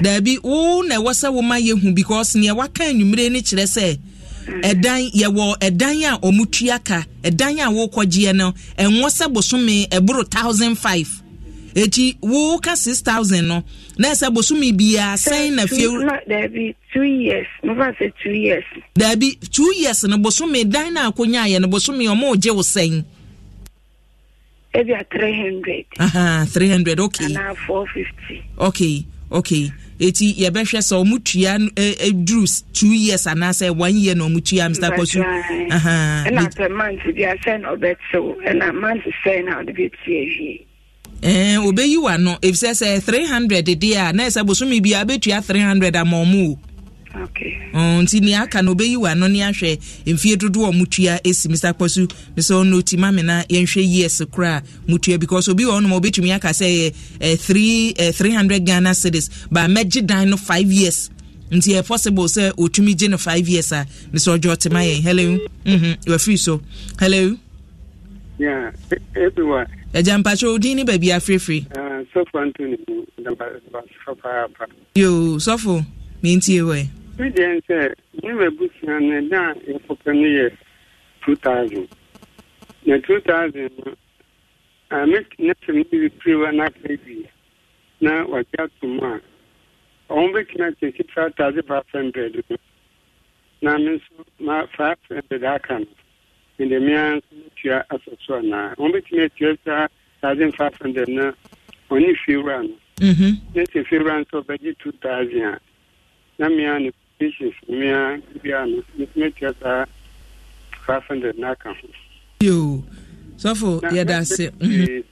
S1: daabi wo na ɛwɔ sɛ woma yɛhu because nea waka anwummere no kyerɛ sɛ mm. ɛdan yɛwɔ ɛdan a ɔmo tua ka ɛdan a wokɔgyeɛ no ɛnwɔ sɛ bosome ɛboro thousand five eti ka six thousand no na ɛsɛ bosome biara sɛn na fie.
S8: daabi two
S1: years mofa sɛ two years. daabi two years no bosome dan na akonnwa yɛ no bosome ɔmo gye wo sɛn.
S8: ebi a three hundred.
S1: aha three hundred okay. ana four fifty. okay okay eti yɛbɛhwɛ sɛ ɔmo tua eduru e, two years anaasɛ one year na ɔmo tua mr kɔsu. ɛna
S8: pɛ month bi asɛn na ɔbɛtew ɛna month sɛn na ɔde bi tia wie.
S1: ɛɛ obɛyi wa no efisɛ sɛ three hundred de a na ɛsɛ bosomi bi a abɛtua three hundred ama ɔmo o. Mm, nti nea aka na obɛyi wa no ne ahwɛ mfie dodoɔ mutua ɛsi mr kpɔsu mesɛ ɔno ti ma me na yɛnhwɛ years koraa mutua because obi wɔ ɔnom obɛtumi aka sɛ yɛ eh, eh, three eh, three hundred ghana cities ba mɛgye dan no five years nti yɛ possible sɛ ɔtumi gye no five years a mesɛ ɔgye ɔtema yɛn hello wafiri mm-hmm. so hello e-, agya mpakyɛ odin ne baabi afirifiri uh, yo sɔfo mentie wɔ
S9: me deɛ sɛ me mabusua no da a yɛfopɛ no yɛ two thousand na two thousand no ame ne sɛ mede pirewa no aka wie na wɔde ato mu a ɔmo bɛtumi akyɛsi five thousand five hundred no na me nso ma five hundred aka no mede mea nso metua asɔ so anaa ɔmo bɛtumi atua saa thousand five hundred na ɔne fiewura no
S3: ne
S9: sɛ fiewura nso ɔbɛgye two thousand a na miya ne fishes miya biya no mɛtumi atua saa five hundred n'aka ho.
S1: sɔfo yɛda ase.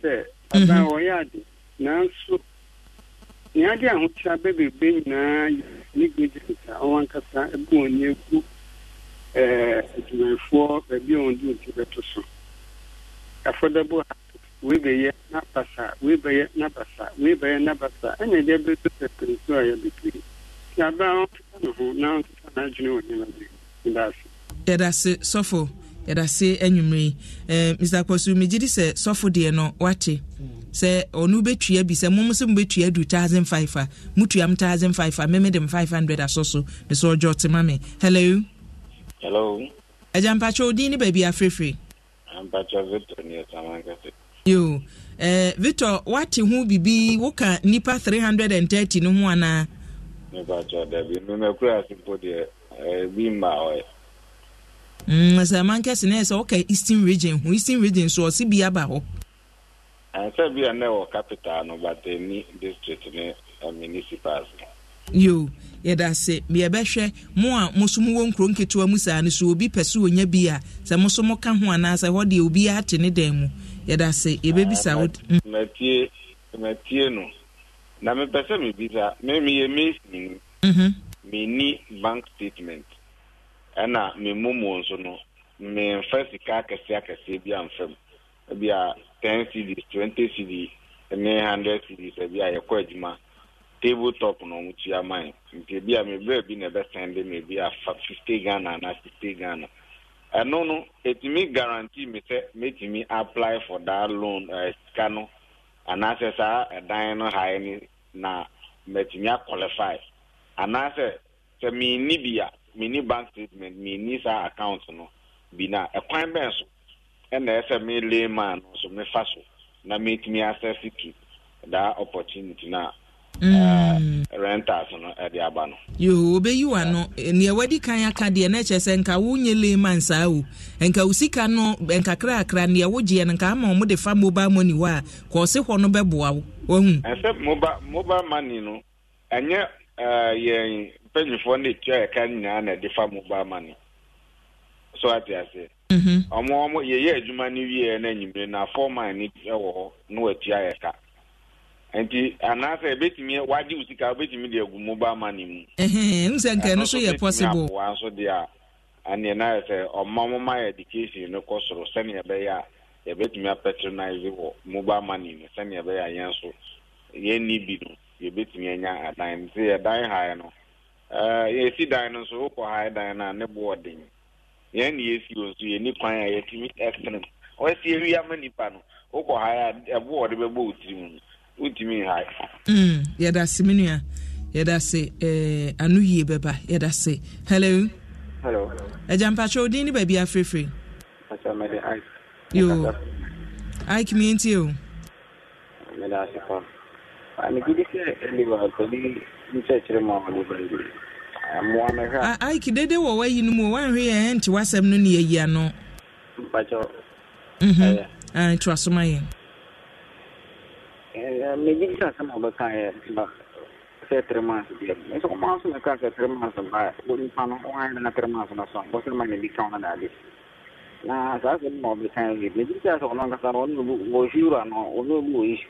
S1: sɛ aban
S9: wɔyɛ ade nanso nea ade ahokyerɛ abɛbɛbɛ nyinaa ne gbegyegye a ɔwɔ ankasa ebi wɔn ani adwumayɛfoɔ baabi a wɔn de bɛto so affordable n'abasa n'abasa n'abasa sɛ a yɛ bebree. yɛda
S1: se sɔfo yɛda se anwummere eh, mr kwasu megye di sɛ sɔfo deɛ no wate sɛ ɔno bɛtua bi sɛ mom sɛ mobɛtua du 1005 a motua m 1005 a meme dem 500 asɔ so me sɛ ɔgya ɔtema me hello hello agya mpakyɛ odin ne baabi afrɛfrɛ yo eh, victor wate ho bibi woka nnipa 330 no ho anaa
S6: mepatọ dabi mmemmekura ebi mma
S1: sɛ woka eastern region ho eastern region so ɔse bi aba hɔ
S6: bia capital no district ne municipals
S1: yo yɛda se mo a mo mowɔ nkuro nketewa mu saa no so obi pɛ sɛ ɔnya bi a sɛ mo moka ho anaasɛ hɔ deɛ ne dan mu yɛda se yɛbɛbisa wo
S6: mm. no na mepɛ me mebisa me meyɛ mesini no mm-hmm. menni bank statement ɛna me momuo nso no memfa sika akɛseɛ akɛseɛ bi amfam bi a ten cds twenty cd ne hundred cds bi a yɛkɔ adwuma table top na ɔmo tua man nti ebi a mebrɛ bi na ɛbɛsɛn de me bi a fifty ghana na sixty ghana ɛno no etumi guarantee me sɛ metumi apply for that loan ɛɛ eh, sika no anaasɛ saa ɛdan no ha ne na mɛtumi akɔlifai anaasɛ sɛ miini bi a miini bank statement miini saa account no bi na ɛkwan bɛn so ɛna ɛsɛ mi layman no so mi fa so na mitumi access to that opportunity na. Mm. Eh, renters no ɛde aba no.
S1: yoo obeyi wa no nea wadi kan aka deɛ na kyerɛ sɛ nka wonye layman saa o nka o sika no nkakra akra nea wogyeɛ no nka ama wɔn de fa mobile money wa a hɔ no bɛboa wo wɔhu
S6: ɛsɛ moba moba mani no ɛnyɛ yɛn mpanyinfoɔ ne tua yɛka nyinaa na ɛde fa moba mani so ate ase mhm. ɔmo ɔmo yɛyɛ adwuma no wie na enyimire na fɔɔma ni ɛwɔ hɔ na wɔatua yɛka nti anaasɛ ebetumi wagye osika obetumi de egu moba mani mu
S1: ɛhɛn nsɛ nkɛ so yɛ possible ɛnso betumi
S6: aboa nso deɛ a ɛnneɛ na yɛ sɛ ɔmo ɔmo ma yɛ education no kɔ soro sɛnea ɛbɛyɛ a yɛbɛtumi apɛtronize wɔ mobile money no sɛnea ɛbɛyɛ a yɛn so yɛnni bi no yɛbɛtumi anya adan nti yɛdan hae no eh, yɛsi dan no nso wokɔ hae dan no a ne boɔ den yɛn ne yɛsi wɔ nso yɛni kwan a yɛtumi ɛsenem ɔsi ewi ama nipa no wokɔ hae a ɛboɔ ɔde bɛbɔ wo tiri mu no wotumi hae.
S1: Hmm, yɛda ase mi nua yɛda ase ɛɛ eh, yie bɛba yɛda ase hello. hello. ɛgya mpatsɛ odin ne baabi afirifiri.
S8: mpatsɛ ice
S1: yo ike mi n ti o.
S8: mẹ́ta ṣe pa àmì gidi sẹ́ ẹ lè wà pẹ̀lú iṣẹ́ ìṣẹ́rẹ́ mọ́ àwọn ọmọ ìlú àmọ́ amẹ́ka.
S1: ike dédé wọ̀ wẹ́yìn ni mo wá ń rí ẹ̀ ẹ̀ ń tí wàásẹ̀ mi ní ẹ̀yí àná.
S8: mpàjọ. ẹ̀
S1: tó asọ́mọ́ yẹn.
S8: mɛ gidi sɛ asɛm a wɔbɛka yɛ ba sɛ tre months deɛ nso ɔma so mɛka sɛ tre months ba nipa no ɔayɛ na tre months no so a bɔsɛ ma ne bi ka wo no na sasa ni mobil kan gi ni jinta so non ka saron go shiura no ono go ish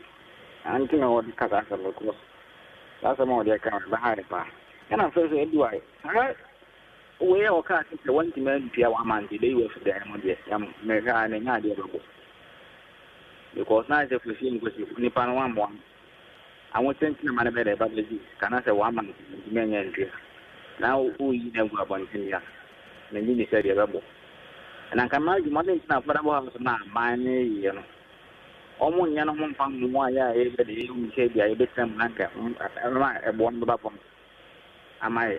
S8: an tina wadi ka ka sa ko sasa mo dia kan ba hare pa kana so so edu ai ha we o ka ti te wanti men pia wa man di dei we fu dai mo dia yam me ka ne nya dia ko because na je fu sin ko si ni pan wa mo àwọn tẹ́ǹtì náà máa ń bẹ̀rẹ̀ bá lẹ́jì kàná sẹ̀ wàá màá ní mẹ́yẹn ń bíyà náà ó na nka ma adwuma ne ntina afɔda bɔ ha so na aman ne yie no ɔmo nyɛ no ho mfa mu a yɛ a yɛbɛ de yɛwu nkyɛ bi a yɛbɛtena mu na nka ɛma ɛboɔ no bɛba fam ama yɛ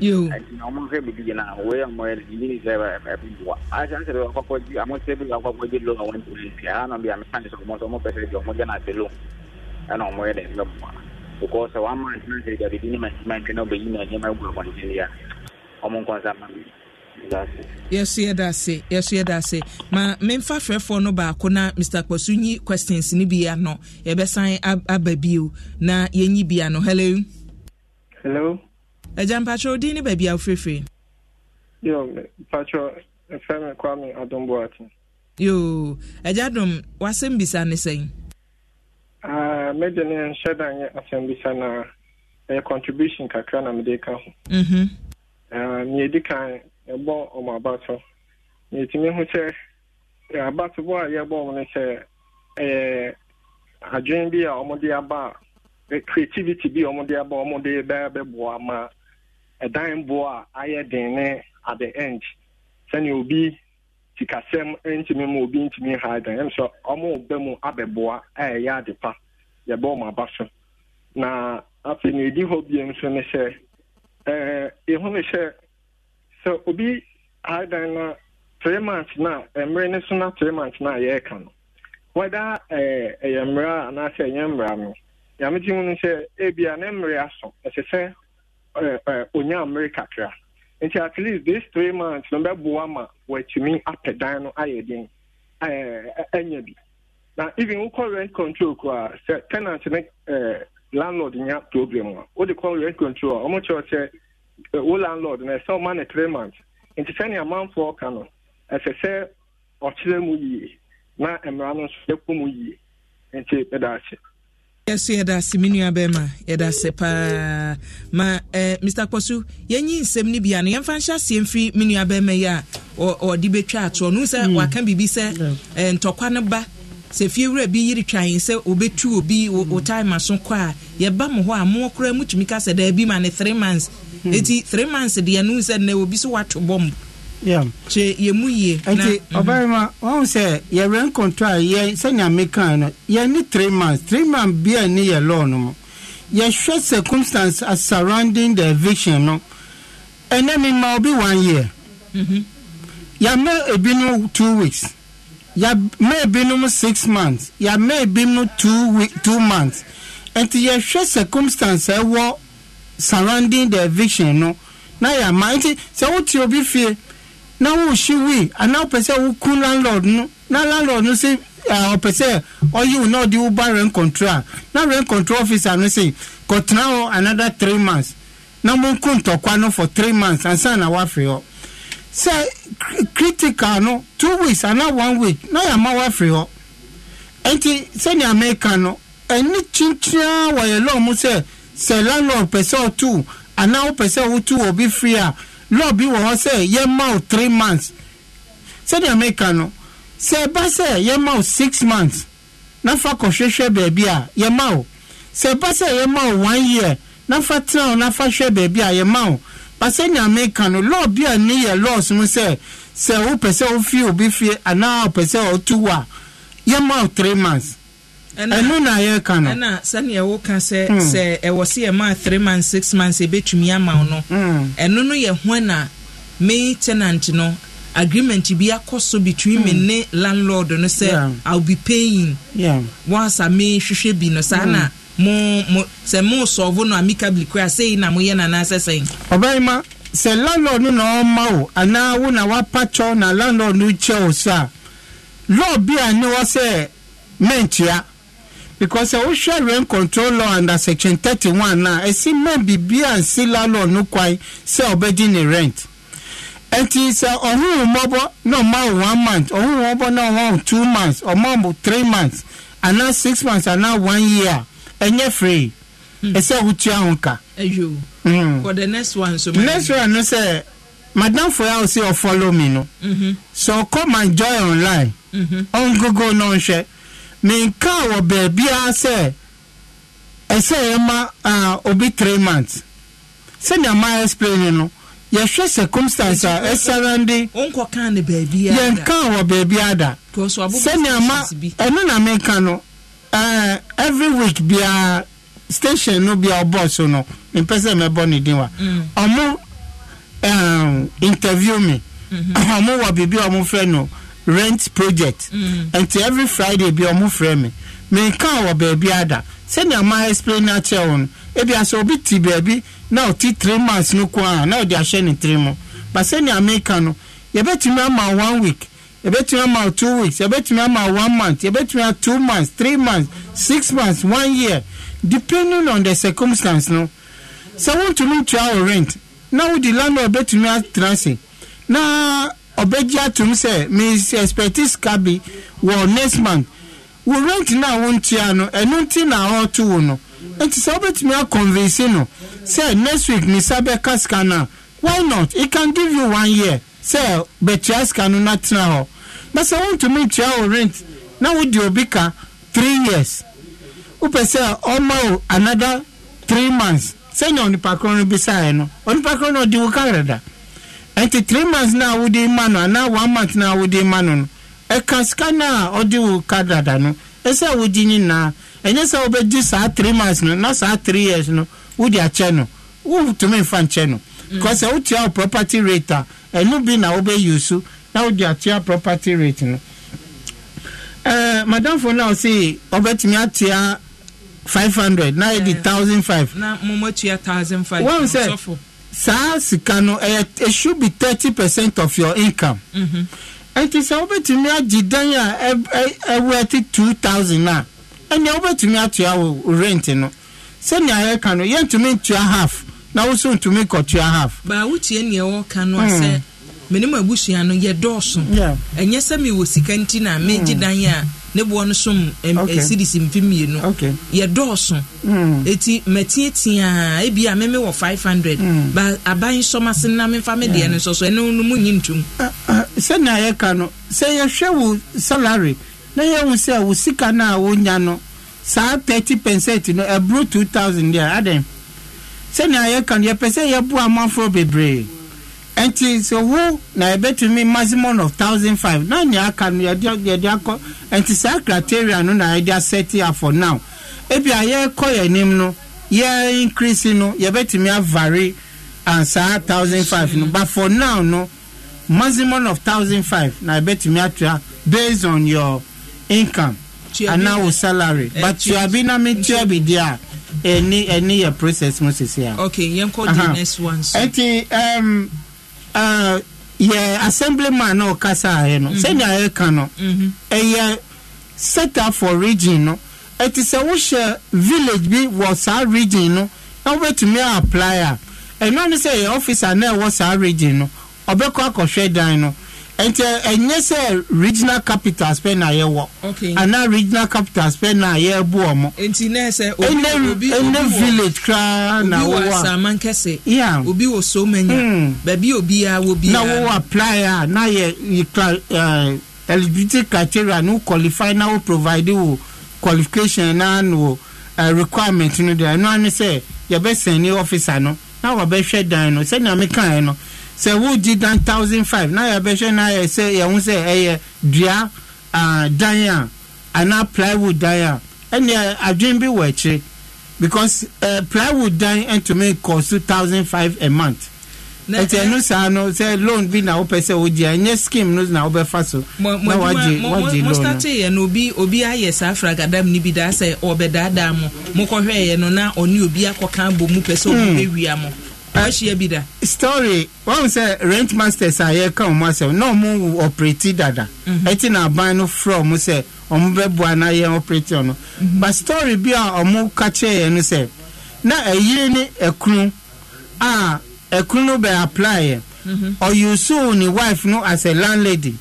S8: yoo ɛnti na ɔmo nhwɛ bibi gyina wei a ɔmo yɛ no yiri sɛ ɛbi boa ahyɛ nsɛ bi akɔkɔ gyi amo sɛ bi akɔkɔ gyi loan a wɔn ntoma nsia ɛna bi a mefa ne sɛ ɔmo sɛ ɔmo pɛ sɛ bi ɔmo gya na ase loan ɛna ɔmo yɛ dɛ ɛbɛ boa because wɔn ama ntoma nsia bibi ne ma ntoma ntwa na ɔbɛyi na ɛnyɛma egu abɔnten yi a ɔmo nkɔnsa ma bi.
S1: yɛso yɛda ase yɛso yɛda ase ma memfa frɛfoɔ no baako na mr kpasu nyi questions no bia no yɛbɛsan aba bio na yɛnyi bia no hello hello agya mpatwerɛ din ne baabi a wofirifiri
S10: yo mpatwerɛ ɛfrɛ me kwame adomboate
S1: yo agya dom wasɛm bisa ne sɛn
S10: uh, ne nhyɛ dan yɛ asɛm bisa na ɛyɛ contribution kakra na mede ka ho meyɛdi mhm. ah, kan ɛbɔ ɔmo abato yɛtumi ho sɛ abatobɔ a yɛbɔ ɔmo no sɛ adwene bi a ɔmo de aba a creativity bi a aba ɔmo de bɛboa ma ɛdan a ayɛ den ne at the end sɛnea obi sikasɛm ntumi ma obi ntumi ha dan ɛm sɛ ɔmo ba mu a ɛyɛ ade pa yɛbɔ ɔmo na afei na sɛ obi adan na three months na eh, mmerɛ ne so na three months na yɛreka no wada eh, ɛyɛ mmerɛ anaasɛ ɛnyɛ mmerɛ no nyamegye mu no sɛ ebia eh, ne mmerɛ aso ɛsɛ sɛ onya mmere kakra nti at least this three months no bɛboa ma wɔatumi apɛ dan no ayɛ den ɛnya bi na even wokɔ rent control koraa sɛ tenant ne landlord nya problem a wode kɔ rent control a ɔmokyerɛ sɛ wo landlord na ɛsɛ ɔma no three months nti sɛnea amanfoɔ ka no ɛsɛ sɛ ɔkyerɛ mu yie na mmara no nso yɛkɔ mu yie nti meda ase
S1: yɛso yɛda ase me nua bɛma yɛda ase paa ma eh, mr kpɔso yɛnyi nsɛm no bia no yɛmfa nhyɛ aseɛ mfiri me nua bɛma yi a ɔde bɛtwa atoɔ no sɛ hmm. waka biribi sɛ eh, ntɔkwa no ba sɛ fie wura bi yiri twa sɛ obetu obi o time aso kɔ a yɛba mo hɔ a mo kora mu ka sɛ daabi ma ne three months hmm. eti three months deɛ no sɛ na obi so wato bɔm. sɛ yɛ mu yie.
S2: nti mhm. ɔbarima wɔn sɛ yɛwɛ nkɔntɔ a yɛ sɛnea mekan no yɛ three months three months bia ne yɛ lɔɔ no mu yɛhwɛ circumstance as surrounding the eviction no ɛnɛ mi ma obi one year. Mm -hmm. yɛama two weeks. Ya yɛmɛ binom six months Ya yɛmɛ binom two week two months nti yɛhwɛ circumstance ɛwɔ eh, surrounding the eviction no na yɛama nti sɛ wote obi fie na wohye wi anaa wopɛ sɛ woku landlord no na landlord no sɛ ɔpɛ sɛ ɔyi wo na ɔde wo ba rent control a na rent control officer no sɛ kɔtena hɔ another three months na monku ntɔkwa no for three months ansa na woafei hɔ sɛ critical no two weeks anaa one week na yɛ ama wafiri hɔ nti sɛnea meka no ɛni kyinkyin a wɔyɛ lɔɔ mu sɛ sɛ landlord pɛ sɛ ɔtu anaa wopɛ sɛ wotu obi firi a lɔɔ bi wɔ hɔ sɛ yɛma o three months sɛnea meka no sɛ ɛba sɛ yɛma o six months na fa kɔhwehwɛ baabi a yɛma o sɛ ɛba sɛ yɛma o one year na fa tena o na fa hwɛ baabi a yɛma o basɛ nyame ka no lɔɔ bi a ne yɛ lɔɔs no sɛ sɛ wopɛ sɛ wofie obi fie anaa wopɛ sɛ ɔto wo a yɛma wo three months ɛno na sani no
S1: ɛna sɛneɛ woka sɛ hmm. sɛ ɛwɔ sɛ yɛma three months six months ɛbɛtumi ama wo no hmm. ɛno no yɛ hwan a me tenant no agreement bi akɔ so between mm. me hmm. ne landlord no sɛ yeah. i'll be paying yeah. once a May hwehwɛ bi no saa na mm. mo mo sɛ mo sɔɔvo no amicably kura sei na mo yɛ na anaasɛ sɛn.
S2: ɔbɛnima sɛ landlord no na ɔma o anaa wo na wapakyɔ na landlord no kyɛ o so a law bi a ne wɔ sɛ mɛnkyia because sɛ wohwɛ rent control law under section thirty one na ɛsi mɛ bibi a si landlord no kwan sɛ ɔbɛdi ne rent ɛnti sɛ ɔhun mɔbɔ na ɔma o one month ɔhun mɔbɔ na ɔma o two months ɔma o three months six months one year. ɛnyɛ free ɛsɛ wotua ho ka next one no sɛ madamfoɔ a ɔsi ɔfollow me no sɛ ɔkɔ my joy online ɔngogo mm-hmm. na ɔnhwɛ menkaa wɔ baabiara sɛ ɛsɛ yɛma e obi three months sɛnea ma explain e, no yɛhwɛ circumstance a ɛsarande yɛnkaa wɔ baabiara da
S1: sɛnea ma
S2: ɛno na meka no Eh, every week biara station no bia ɔbɔ so no mpɛ sɛ mɛbɔ ne din wa mm. ɔmo um, interview me mm-hmm. ɔmo wɔ biribi a ɔmo no rent project mm. nti every friday bi ɔmo frɛ mi mìkan wɔ baabi ada sɛnea maa explain na akyɛ wɔn ebi asɛ obi ti baabi na ɔti three months no kwan na ɔde ahyɛ ne tiri mu ba sɛnea mìkan no yɛbɛtumi ama one week yɛbɛtumi ama two weeks yɛbɛtumi ama one month yɛbɛtumi ama two months three months six months one year depending on the circumstance no sɛ wontumi ntua wo rent na wode landlord bɛtumi atena se na ɔbɛgye atom sɛ mis expect sika bi wɔ next month wo rent na wontua no ɛno nti na ɔreto wo no nti sɛ wobɛtumi aconvince no sɛ next week ne sa bɛka sika no a why not it can give you one year sɛ bɛtua sika no na tena hɔ na sɛ wontumi ntua wo rent na wode obi ka three years wopɛ sɛ ɔma o another three months sɛnea onipa korɔ no bisaeɛ no onipa korɔ no ɔde wo ka reda ɛnti three months na wode ma no anaa one month na wode ma no no ɛka sika no a ɔde wo ka dada no ɛsɛ wode nyinaa ɛnyɛ sɛ wobɛgye saa three months no na saa three years no wode akyɛ no wotumi mfa nkyɛ no kɔsɛ mm. wotua wo property rate a ɛnu bi na wobɛyi so na wode atua property rate no ɛɛ madamfo na ɔsi ɔbɛtumi atua five hundred na yɛdi thousand five.
S1: na mo mo tua thousand five. wɔn sɛ
S2: saa sika no ɛyɛ it should be thirty percent of your income. ɛnti mhm. sɛ wobɛtumi agye dan a ɛwɔ ɛti two thousand na ɛnna wobɛtumi atua rent no sɛnea yɛka no yɛntumi ntua half na woso ntumi kɔtua half.
S1: baawu tie nea ɔka no asɛ hmm. menimu abusua no yɛ dɔɔso ɛnyɛ sɛ mi wɔ sika nti na megye hmm. dan a ne boɔ no som ɛsidisi eh, mfe mmienu yɛ dɔɔso hmm. eti mɛtiatia ebi a mɛmɛ wɔ five hundred ba aban sɔmase na mɛfa mɛ deɛ no sɔsɔ ɛno no mu nyi ntum.
S2: Ah, ah, sɛnea yɛka no sɛ yɛhwɛ wo salary na yɛhu sɛ wo sika no a wonya no saa thirty percent no ɛburo two thousand deɛ adan sɛnea yɛka no yɛpɛ sɛ yɛboa amanfoɔ bebree nti sɛ wo na yɛbɛtumi maximum of thousand five na nea aka no yɛde yɛde akɔ nti saa criteria no na yɛde asɛte afɔ now ebi a yɛrekɔ yɛn anim no yɛ increase no yɛbɛtumi avare and ah, saa thousand five no but for now no maximum of thousand five na yɛbɛtumi atoa based on your income anaa wo salary eh, but tuabi na mi tuabi deɛ a ɛni ɛni yɛ process mu sisi a.
S1: okay yɛn kɔ di next
S2: one so. ɛti um, uh, yɛ assemblyman na ɔkasa ayɛ no sɛni ayɛ ka no ɛyɛ set up for region no ɛti sɛ wohyɛ village bi wɔ saa region no na wobɛtumi apply a ɛnua ni sɛ yɛ officer na ɛwɔ saa region no ɔbɛkɔ akɔhwɛ dan no nti ɛnyɛ sɛ regional capitals pɛ na yɛ wɔ anaa regional capitals pɛ na yɛ bu ɔmo
S1: nti nɛ sɛ obi ɛnɛ village
S2: koraa na wɔwɔ obi wɔ asaman kɛse yeah obi wɔ somanya hmm. baabi obiara wɔ biara na wɔwɔ apply a na yɛ yɛ eh, eligibility criteria no qualify na wɔ provide wɔ qualification na wɔ ɛɛ eh, requirement no deɛ ɛno ano sɛ yɛbɛ sɛn ne officer no na wɔbɛhwɛ dan no sɛnea meka yɛ no sɛ wogye dan thousand five na yɛbɛhwɛ na yɛ sɛ yɛn ho sɛ ɛyɛ dua uh, dan a anaa plywood dan a ɛnna adwene bi wɔ akyire because uh, plywood dan ntumi cost two thousand five a month ɛti ɛnu saa no sɛ loan bi na wopɛ sɛ wogye a ɛnyɛ scheme no na wobɛfa so na wagye wagye loan no. mo starte
S1: yɛ no obi obi ayɛ saa fragadam ni bi da sɛ ɔbɛdaadaa mo mo kɔhwɛ yɛ no na ɔne obi akɔka abɔ mu pɛ sɛ ɔmo hmm. bɛwia mo. wahyia bi da.
S2: story wọn sɛ rent masters a yɛka wɔn asɛm na wɔn wɔ ɔpireti dada ɛti na aban no fura wɔn sɛ wɔn bɛ bu ana yɛn ɔpireti ɔno but story bi a wɔn ka kyerɛ yɛn no sɛ na ɛyere ne ɛkunu a ɛkunu no bɛ apply yɛ ɔyusu ne wife no as a landlady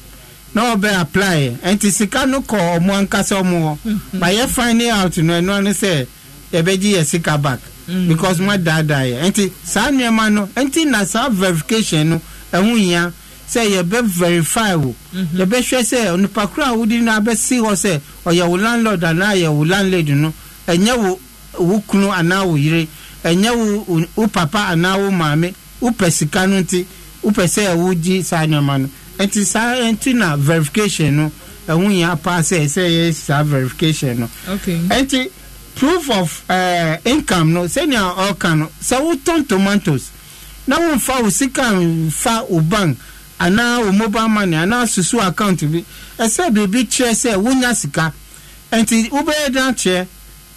S2: na ɔbɛ apply yɛ ɛnti sika no kɔ wɔn ankasa wɔn hɔ mm-hmm. but yɛ finding out no ɛno ano sɛ yɛbɛgye yɛ sika back. Mm. because mo daadaa yɛ nti saa nneɛma no nti na saa verification no ɛho hia sɛ yɛbɛ verify wo yɛbɛhwɛ sɛ nipa koro a wodi na abɛsi hɔ sɛ ɔyɛ wo landlord anaa yɛ wo landlady no ɛnyɛ wo wo kunu anaa wo yere ɛnyɛ wo wo papa anaa wo maame wopɛ sika no nti wopɛ sɛ wogye saa nneɛma no nti saa nti na verification no ɛho hia paa sɛ sɛ yɛ saa verification no. okay nti proof of uh, income no sɛnea ɔka no sɛ wotɔn tomatoes na womfa wo sika fa wo bank anaa wo mobile money anaa susu account bi ɛsɛ biribi kyerɛ sɛ wonya sika nti wobɛyɛ dan kyerɛ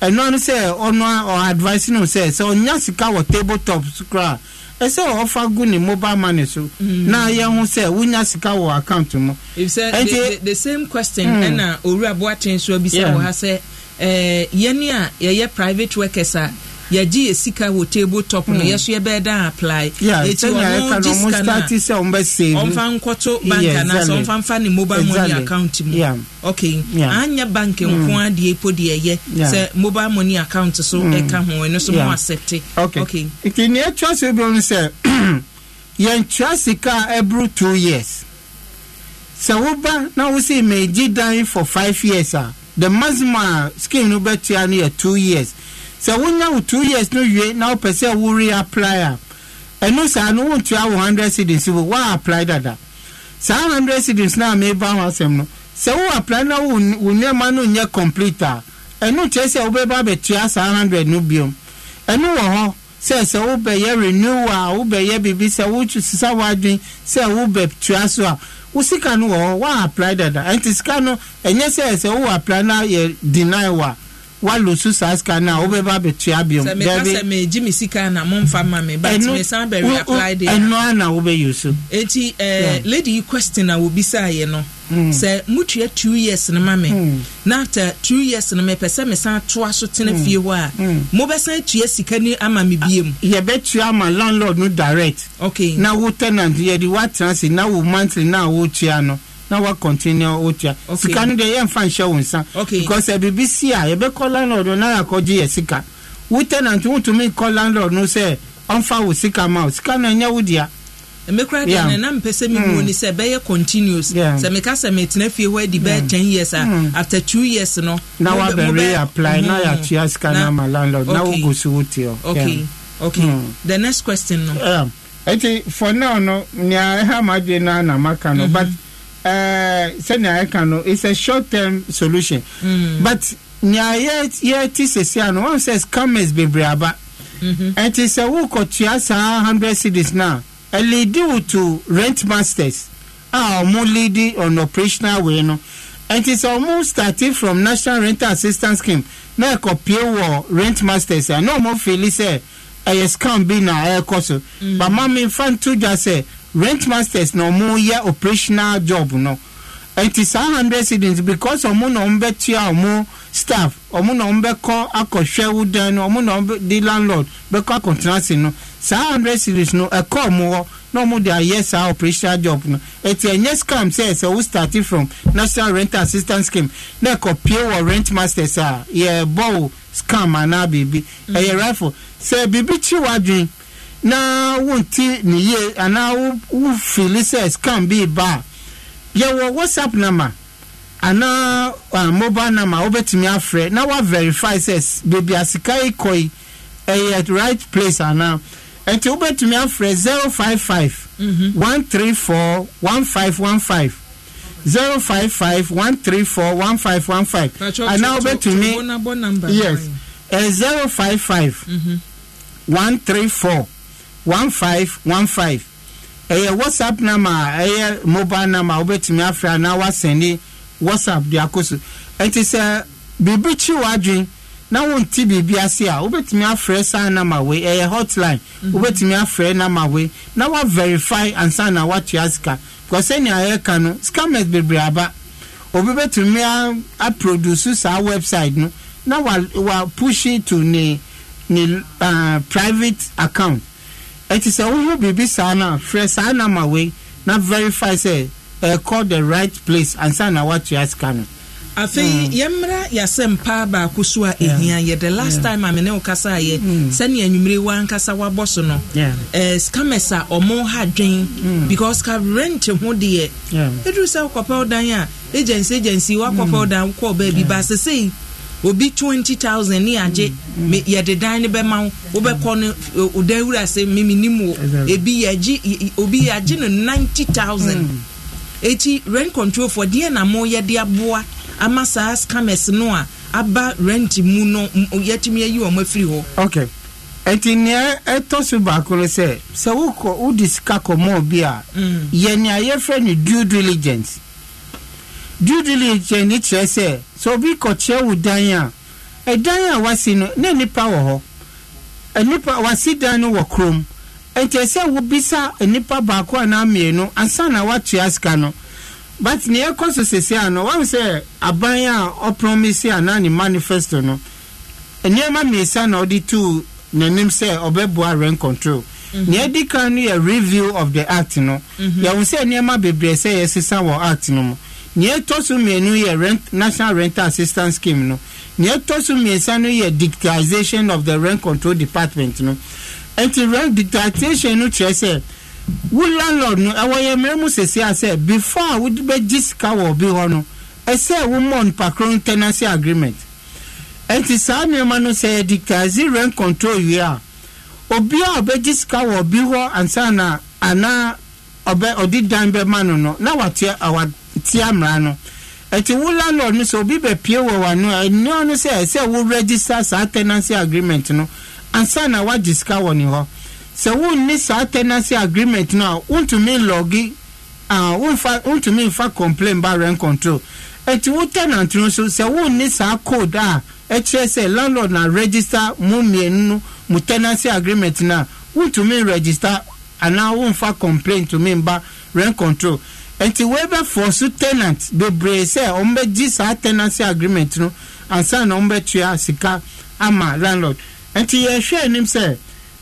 S2: ɛnoa no sɛ ɔnoa ɔadvice no sɛ sɛ ɔnya sika wɔ table top koraa ɛsɛ ɔfa gu ne mobile money so na yɛ ho sɛ wonya sika wɔ account mu. efisɛ
S1: the, the, the same question ɛna mm. owura boaten so bisa yeah. wɔ ha sɛ ɛɛ eh, yɛn a yɛyɛ private workers a yɛgye yɛ sika wɔ table top no hmm. yɛso yɛbɛyɛ dan apply eti ɔno gye sika no a ɔmfa nkɔto bank anaasɛ ɔmfa mfa ne mobile money account mu okay Anya bank hmm. nko adeɛ po deɛ ɛyɛ sɛ mobile money account
S2: so hmm. ɛka ho ɛno so mo accept okay nti nea ɛtwa so bi ɔno sɛ [clears throat] yɛntua sika ɛburu two years sɛ woba na wosi mɛ gye dan for five years a. Uh, the maximum scheme no bɛtua no yɛ two years sɛ wonya wo two years no wie na wopɛ sɛ wo reapply a ɛno saa no wontua wo hundred cedins wo wa apply dada saa hundred cedins no a meba ho asɛm no sɛ wo apply na wo nneɛma no nyɛ complete a ɛno kyerɛ sɛ wobɛba abɛtua saa hundred no biom ɛno wɔ hɔ sɛ sɛ wobɛyɛ renewal a wobɛyɛ biribi sɛ wotu sisa wadwen sɛ wobɛtua so a wo sika no wɔ hɔ woapply dada ɛnti sika no ɛnyɛ sɛ sɛ wowɔ apply no yɛ deny wɔ a walo so saa sika no a wobɛba bɛtua biom ɛno a na wobɛyɛ so
S1: ɛnti eh, yeah. lady question a wɔbisaeɛ no Mm. sɛ mutua two years no ma me mm. na after two years no mepɛ sɛ mesan toa so tena mm. fie hɔ a hmm.
S2: mobɛsan tua sika ni ama me bie mu ah, yɛbɛtua ama landlord no direct okay. na wo tenant yɛde woatena se na wo monthly na a wotua no na wa continue otua sika no deɛ yɛmfa nhyɛ wo nsa because biribi si a yɛbɛkɔ landlord na yɛakɔgye yɛ sika wo tenant wotumi kɔ landlord no sɛ ɔmfa wo sika ma wo sika no ɛnyɛ wo dea mmekura deɛ ne nam
S1: pɛ sɛ mimu ni sɛ bɛyɛ continuous sɛ meka sɛ metena fie hɔ adi bɛyɛ ten years a mm. after two years no na wabɛ reapply na yɛatua
S2: mm. sika no ama landlord na wogu so wo teɛ okay okay mm. the next question no ɛnti for now no nea ɛha madwe no anamaka mm-hmm. no but sɛnea ɛka no it's a short term solution mm. but nea yɛte sese ano wɔn sɛ scammers bebree aba ɛnti mm-hmm. sɛ wokɔtua saa hundred cities na ɛlidi wo to rent masters a wɔn lidi on operational way no ɛnti sɛ wɔn starting from national rental assistance scheme na ɛkɔpie wɔ rent masters a na wɔn fili sɛ ɛyɛ scam bi na ɛrekɔ so but maame fan nto dwa sɛ rent masters na ɔmo yɛ operational job no nti saa hundred students because ɔmo na ɔmo bɛtua ɔmo staff ɔmo na ɔmo bɛkɔ akɔhwɛ wo dan no ɔmo na ɔmo de landlord bɛkɔ akɔntena se no saa hundred students no ɛkɔ ɔmo hɔ na ɔmo de ayɛ saa operational job no eti ɛnyɛ scam sɛ ɛsɛ wo start from national rent assistance scheme na ɛkɔ pie wɔ rent masters a yɛ bɔ o scam anaa biribi ɛyɛ rifle sɛ biribi kyi wa dwen na wonte ne yie anaa wofili sɛ scam bi ba a yɛwɔ whatsapp number anaa uh, mobile number wobɛtumi afrɛ na waverify sɛ baabi a sika yi kɔ yi ɛyɛ right place anaa nti wobɛtumi afrɛ 055 134 1515 055 134 1515 to me. yes 055 134 one five one five ɛyɛ whatsapp number a ɛyɛ mobile number a wobɛtumi afra na wasɛnni whatsapp de akɔ so ɛnti sɛ biribi kyi wadwin na wonti biribi ase a wobɛtumi afrɛ saa nama wei ɛyɛ hotline wobɛtumi mhm. afrɛ nama wei na verify ansa na watua sika because sɛnea yɛka no scammers bebree aba obi bɛtumi aproduce saa website no na wa wa push to ne ne uh, private account ɛti sɛ wohu biribi saa no a frɛ saa nama wei na verify sɛ ɛkɔ uh, the right place ansa na woatua sika no afei hmm. yɛmmra yɛasɛm paa baako so a ɛhia
S1: yɛ the last yeah. time a mene wo kasa yɛ mm. sɛnea anwummere wankasa wabɔ so no yeah. Eh, a ɔmo ha dwen hmm. because ka rent ho deɛ ɛduru yeah. sɛ wokɔpɛ wo dan a agency agency woakɔpɛ wo hmm. dan wokɔɔ baabi yeah. ba sesei obi twenty thousand ni agye mm. yɛde dan ne bɛma wo wobɛkɔ no odan eh, wura se mimi nim wo ebi yɛgye obi yɛagye no ninety thousand mm. eti rent control for deɛ na mo yɛde aboa ama saa scammers no a aba rent mu no
S2: yɛtumi ayi wɔn afiri hɔ. okay ɛti nea ɛtɔ so baako no sɛ sɛ wokɔ wode sika kɔmɔɔ bi a mm. yɛ nea yɛfrɛ no due diligence due diligence ne kyerɛ sɛ sɛ obi kɔkyerɛ wo dan a ɛdan a wasi no na nipa wɔ hɔ nipa wasi dan no wɔ kurom nti sɛ wobisa nipa baako anaa mmienu ansa na watua sika no but ni ɛkɔ so sese ano wɔn sɛ aban a ɔpromise anaa ne manifesto no nneɛma mmiɛnsa na ɔde tu n'anim sɛ ɔbɛboa rent control mhm. nea ɛdi kan no yɛ review of the act no mhm. sɛ nneɛma bebree sɛ yɛsesa wɔ act no mu. Mm -hmm. nea ɛtɔ so mmienu yɛ rent national rental assistance scheme no nea ɛtɔ so mmiɛnsa no yɛ digitalization of the rent control department no nti rent digitalization no kyerɛ sɛ wo landlord no ɛwɔ yɛ mmerɛ mu sese a before a wode bɛgye sika wɔ bi hɔ no ɛsɛ e womɔ nipakoro no tenancy agreement nti saa nneɛma no sɛ digitalize rent control wie a obi a ɔbɛgye sika wɔ bi hɔ ansa na ɔbɛ ɔde dan bɛma no no na wate awa tie amara no ɛti wo landlord no sɛ obi bɛpie wɔ wano ɛne ɔno sɛ ɛsɛ wo register saa tenancy agreement no ansa na wagye sika wɔ ne hɔ sɛ wonni saa tenancy agreement no a wontumi lɔgi a wontumi nfa complain ba rent control ɛti wo tenant no nso sɛ wonni saa code a ɛkyerɛ sɛ landlord na register mu mmienu no mu tenancy agreement no a wontumi register anaa womfa complain tumi mba rent control. nti wɔbɛfɔ so tenant bebree sɛ wɔn bɛgye saa tenancy agreement no ansa na wɔn bɛtua sika ama landlord nti yɛhwɛ anim sɛ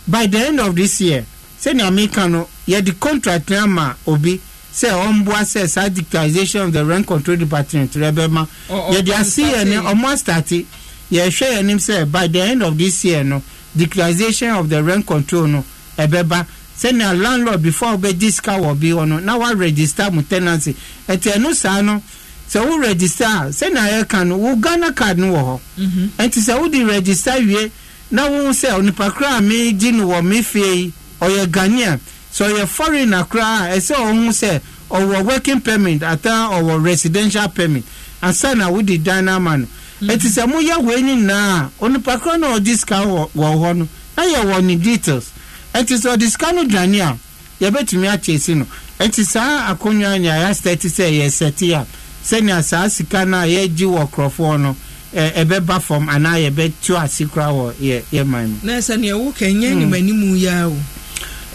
S2: by the end of this year sɛnea meka no yɛde contract no ama obi sɛ ɔmboa sɛ saa digitalization of the rent control department rɛ bɛma yɛde ase yɛn ni ɔmo astate yɛhwɛ anim sɛ by the end of this year no digitalization of the rent control no ɛbɛba. E sɛnea landlord before wobɛgye sika wɔ bi hɔ no na woaregister mu tenancy ɛti ɛno saa no sɛ wo register a sɛnea yɛka no wo ghana card no wɔ hɔ ɛnti sɛ wode register wie na wo sɛ onipa koraa megye no wɔ me fie yi ɔyɛ ghanaian sɛ ɔyɛ foreigner koraa a ɛsɛ ɔho sɛ ɔwɔ working permit ata ɔwɔ residential permit ansa mm-hmm. na wode dan no ama no ɛti sɛ moyɛ hɔ ani nyinaa a onipa koraa na ɔgye sika wɔ hɔ no na yɛwɔ ne details ɛti sɛ ɔde sika no dwane a yɛbɛtumi akyɛ si no ɛti saa akonnwa nea yɛasɛte sɛ yɛsɛte a sɛnea saa sika no a yɛagye wɔ kurɔfoɔ no ɛbɛba fam anaa yɛbɛtu ase kora wɔ yɛ yɛ man mu.
S1: na sɛ nea ɛwɔ kɛnyɛ nim hmm. anim ya o.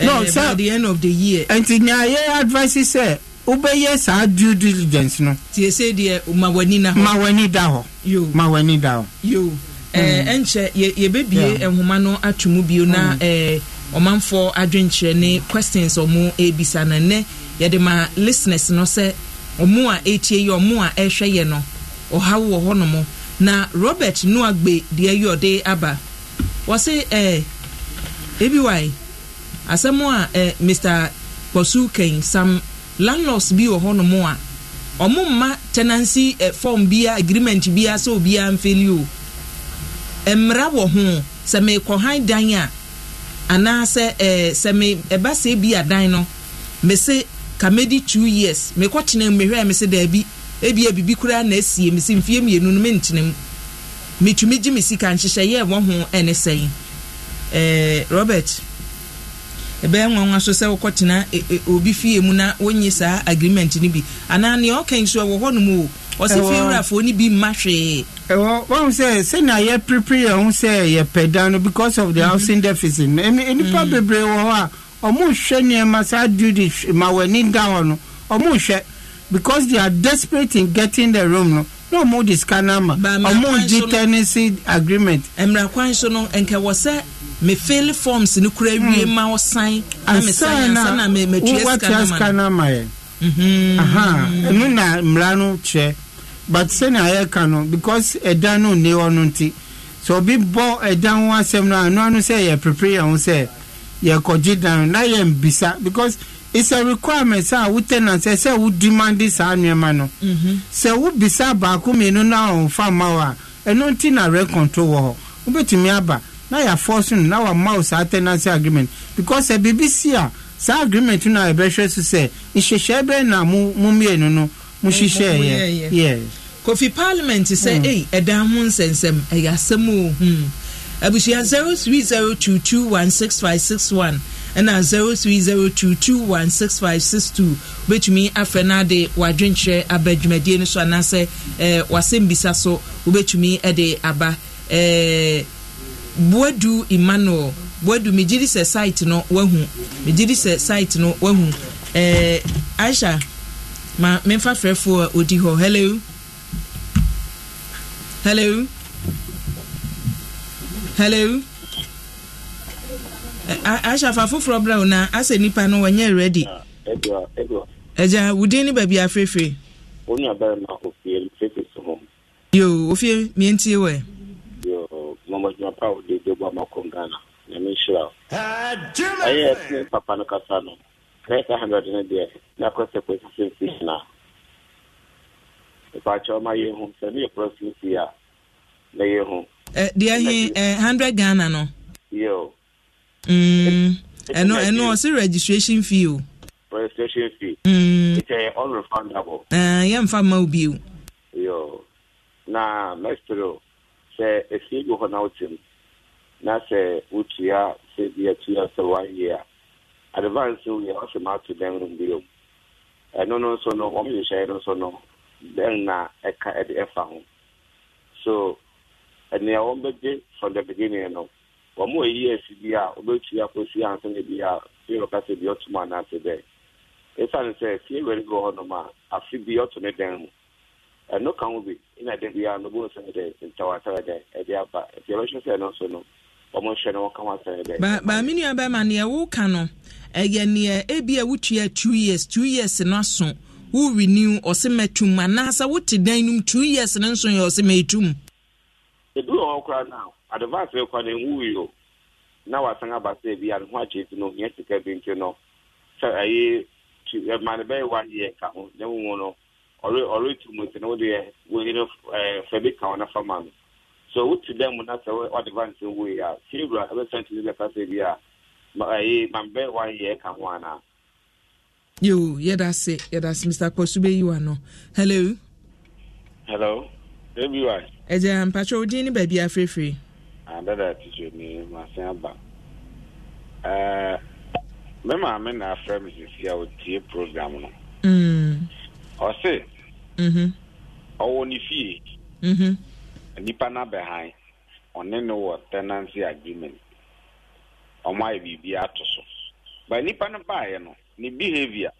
S1: no sɛ by
S2: the end of the year. nti nea yɛ advice sɛ wobɛyɛ saa due diligence no. tie
S1: se deɛ ma w'ani na hɔ. ma w'ani
S2: da hɔ. yoo ma w'ani da hɔ.
S1: yoo ɛɛ hmm. ɛnkyɛ yɛ yɛbɛbie nhoma no ato mu bio na ɛɛ. Hmm ɔmanfoɔ adwenkyerɛ ne questions ɔmo ebisa na nnɛ yɛde ma listeners no sɛ ɔmo a etie yi ɔmo a ɛhwɛ yɛ no ɔhaw wɔ hɔnom na robert nuagbe deɛ yi ɔde aba wɔsi ɛɛ eh, ebi wae asɛm a ɛɛ eh, mr kpɔsu kɛn sam landlords bi wɔ hɔnom a ɔmo mma tenancy ɛ eh, form bia agreement bia sɛ obiara nfɛli o mmara wɔ ho sɛ mɛkɔ han dan a anaasɛ ɛɛ eh, sɛ me ɛba sɛ ebi adan no mese kamedi two years mekɔtena mu mehwɛ mese daabi ebi ebibi koraa na esie mese mfie mmienu no mentena mu metumi gye me sika nhyehyɛ yɛ wɔn ho ɛne sɛn ɛɛ eh, robert ɛbɛyɛ nwanwa so sɛ wokɔtena e, e, obi fie mu na wonyi saa agreement no bi anaa neɛ ɔka nso ɛwɔ hɔ nom o ɔsɛ fie wurafoɔ no bi mma hwee
S2: ɛwɔ wɔn sɛ sɛnea yɛpirepire yɛn ho sɛ yɛpɛ dan no because of the mhm. housing deficit no nipa bebree wɔ hɔ a ɔmo hwɛ nneɛma saa duty ma wɔn ani da hɔ no ɔmo hwɛ because they are desperate in getting the room no no ɔmo di scanner ma ɔmo di tenancy agreement.
S1: mmerakwan so no nkɛwɔ sɛ me fail forms no kura awie hmm. ma ɔsan na me san ansa na me matua sika
S2: no ma mhm. no ɛno na mmara no kyerɛ but sɛnea yɛka no because ɛdan no nne hɔ no nti sɛ obi bɔ ɛdan ho asɛm no a ɛno ano sɛ yɛprepare yɛn ho sɛ yɛkɔgye dan na yɛmbisa because it's a requirement sɛ a wo tenant sɛ sɛ wo demande saa nneɛma no mhm. sɛ wo bisa baako mmienu no a ɔmfa mma wo a ɛno na rɛ control wɔ hɔ wobɛtumi aba na yɛafɔ so na wama wo saa tenancy agreement because sɛ eh, biribi si a ah, saa agreement no a yɛbɛhwɛ so sɛ nhyehyɛe bɛn na mo mmienu no mohyehyɛeɛ
S1: yɛ kofi parliament sɛ ei ɛdan ho nsɛnsɛm ɛyɛ asɛm o hmm. abusua 0302216561 ɛna 0302216562 wobɛtumi afrɛ no ade wadwenkyerɛ aba dwumadie no so anaasɛ eh, wasɛm bisa so wobɛtumi eh, de aba eh, buadu emmanuel buadu megye sɛ site no wahu megye sɛ site no wahu ɛɛ eh, aisha ma mefa frɛfoɔ a odi hɔ hello hello hello ɛ eh, aisha fa foforɔ bra na asɛ nipa no wɔnyɛ ready ah, ɛgya wudin ne baabi afeefee.
S6: onye abɛrɛ na ofie fefe so hɔ. yoo
S1: ofie mmiɛntie wɛ.
S6: adwuma pa wo de na ɛsɛ hundred no deɛ na kɔ sɛ position fish na ɛpakyɛ ɔma yɛhu sɛ ne yɛ position a na yɛhu
S1: deɛ he hundred ghana no yo ɛno ɛno ɔse registration fee o oh.
S6: registration fee ɛkyɛ mm. unrefundable
S1: eh, yɛmfa ma wo bio oh.
S6: yo na mɛstro sɛ efi bi hɔ na wote e, na sɛ wotua sɛ bi atua sɛ wayɛ a advance woyɛ ɔsɛ maato dɛn no bio ɛno no nso no wɔn no nso no dɛn na ɛka ɛde ɛfa ho so nea wɔn from the beginning no wɔn bi a na a bi dɛ sɛ hɔ ɛno ka ho bi ɛna da biara no bohu sɛ de ntawatara dɛ ɛde aba ɛti ɛbɛhwɛ sɛ ɛno so no ɔmo hwɛ no wɔka ho asɛe dɛ
S1: maame nua bɛma neɛ woka no ɛyɛ ebi a wotua two years two years no aso wo renew ɔsɛ mɛtum anaasɛ wote dan no two years no nso yɛ ɔsɛ
S6: ebi wɔ hɔ advance yɛ na yi o na wasan aba bi nti no sɛ ɛyɛ bɛyɛ ɔretu mu nti na wodeɛ wei no fa bi ka ɔnafa ma no so wote dɛn mu na sɛ ɔde va nsɛm wei a fiewura ɛbɛsɛnte no bɛka sɛ bi a ɛyi mambɛ wayɛ ka ho anaa
S1: yo yɛda se yɛda se mr kɔso bɛyi wa no hello
S6: hello ebi wa
S1: ɛgya mpatwɛ wodin ne baabi afirifiri
S6: adada tisɛ ni masen aba me maame na afrɛ me sisi a otie program no mm. ɔse ɔwɔ ne fie nnipa no abɛhan ɔne no wɔ tenancy agreement ɔmo ayɛ biribi ato so but nnipa no baeɛ no ne behavior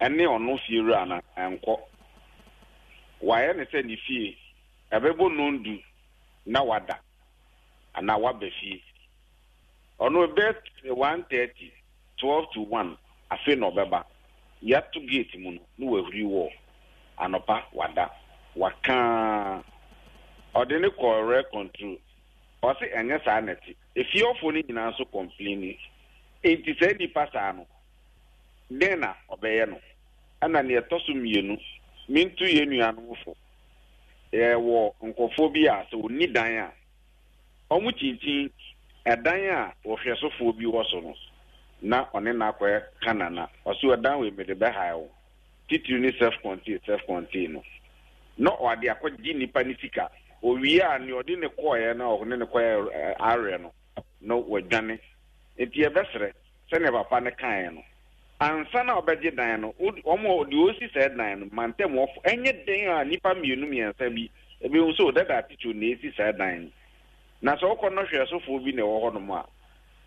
S6: ɛne ɔno fie wura no ɛnkɔ wayɛ ne sɛ ne fie ɛbɛbɔ na wada anaa waba fie ɔno ɛbɛ one thirty twelve to one afei na ɔbɛba yɛato gate mu no na wahuri wɔ anɔpa wada wakaa ɔde ne kɔɔ rɛ control ɔse ɛnyɛ saa nɛte efiefoɔ no nyinaa nso complaini enti saa nnipa saa no dɛn na ɔbɛyɛ no ɛna neɛ ɛtɔ so mmienu mentu yɛ nuanomfo yɛwɔ nkɔfoɔ bi a sɛ ɔnni dan a ɔmo kyinkyini ɛdan a wɔhwɛsofoɔ bi wɔ so no na ɔne n'akɔyɛ kanana ɔso ɛdan wɔ emede bɛha ɛwɔ titiri ne self contain self contain no na ɔde akɔgye nipa ne sika owie a nea ɔde ne kɔɔɛ na ɔne ne kɔɔɛ awerɛ no na wɔdwane nti yɛbɛsrɛ sɛnea papa ne kaeɛ no ansa na ɔbɛgye dan no wɔn deɛ osi sɛ dan no mantam wɔfo ɛnyɛ dan a nipa mmienu mmiɛnsa bi ebi nso dada atitiri na esi sɛ dan na sɛ ɔkɔ no hwɛ bi na ɛwɔ a.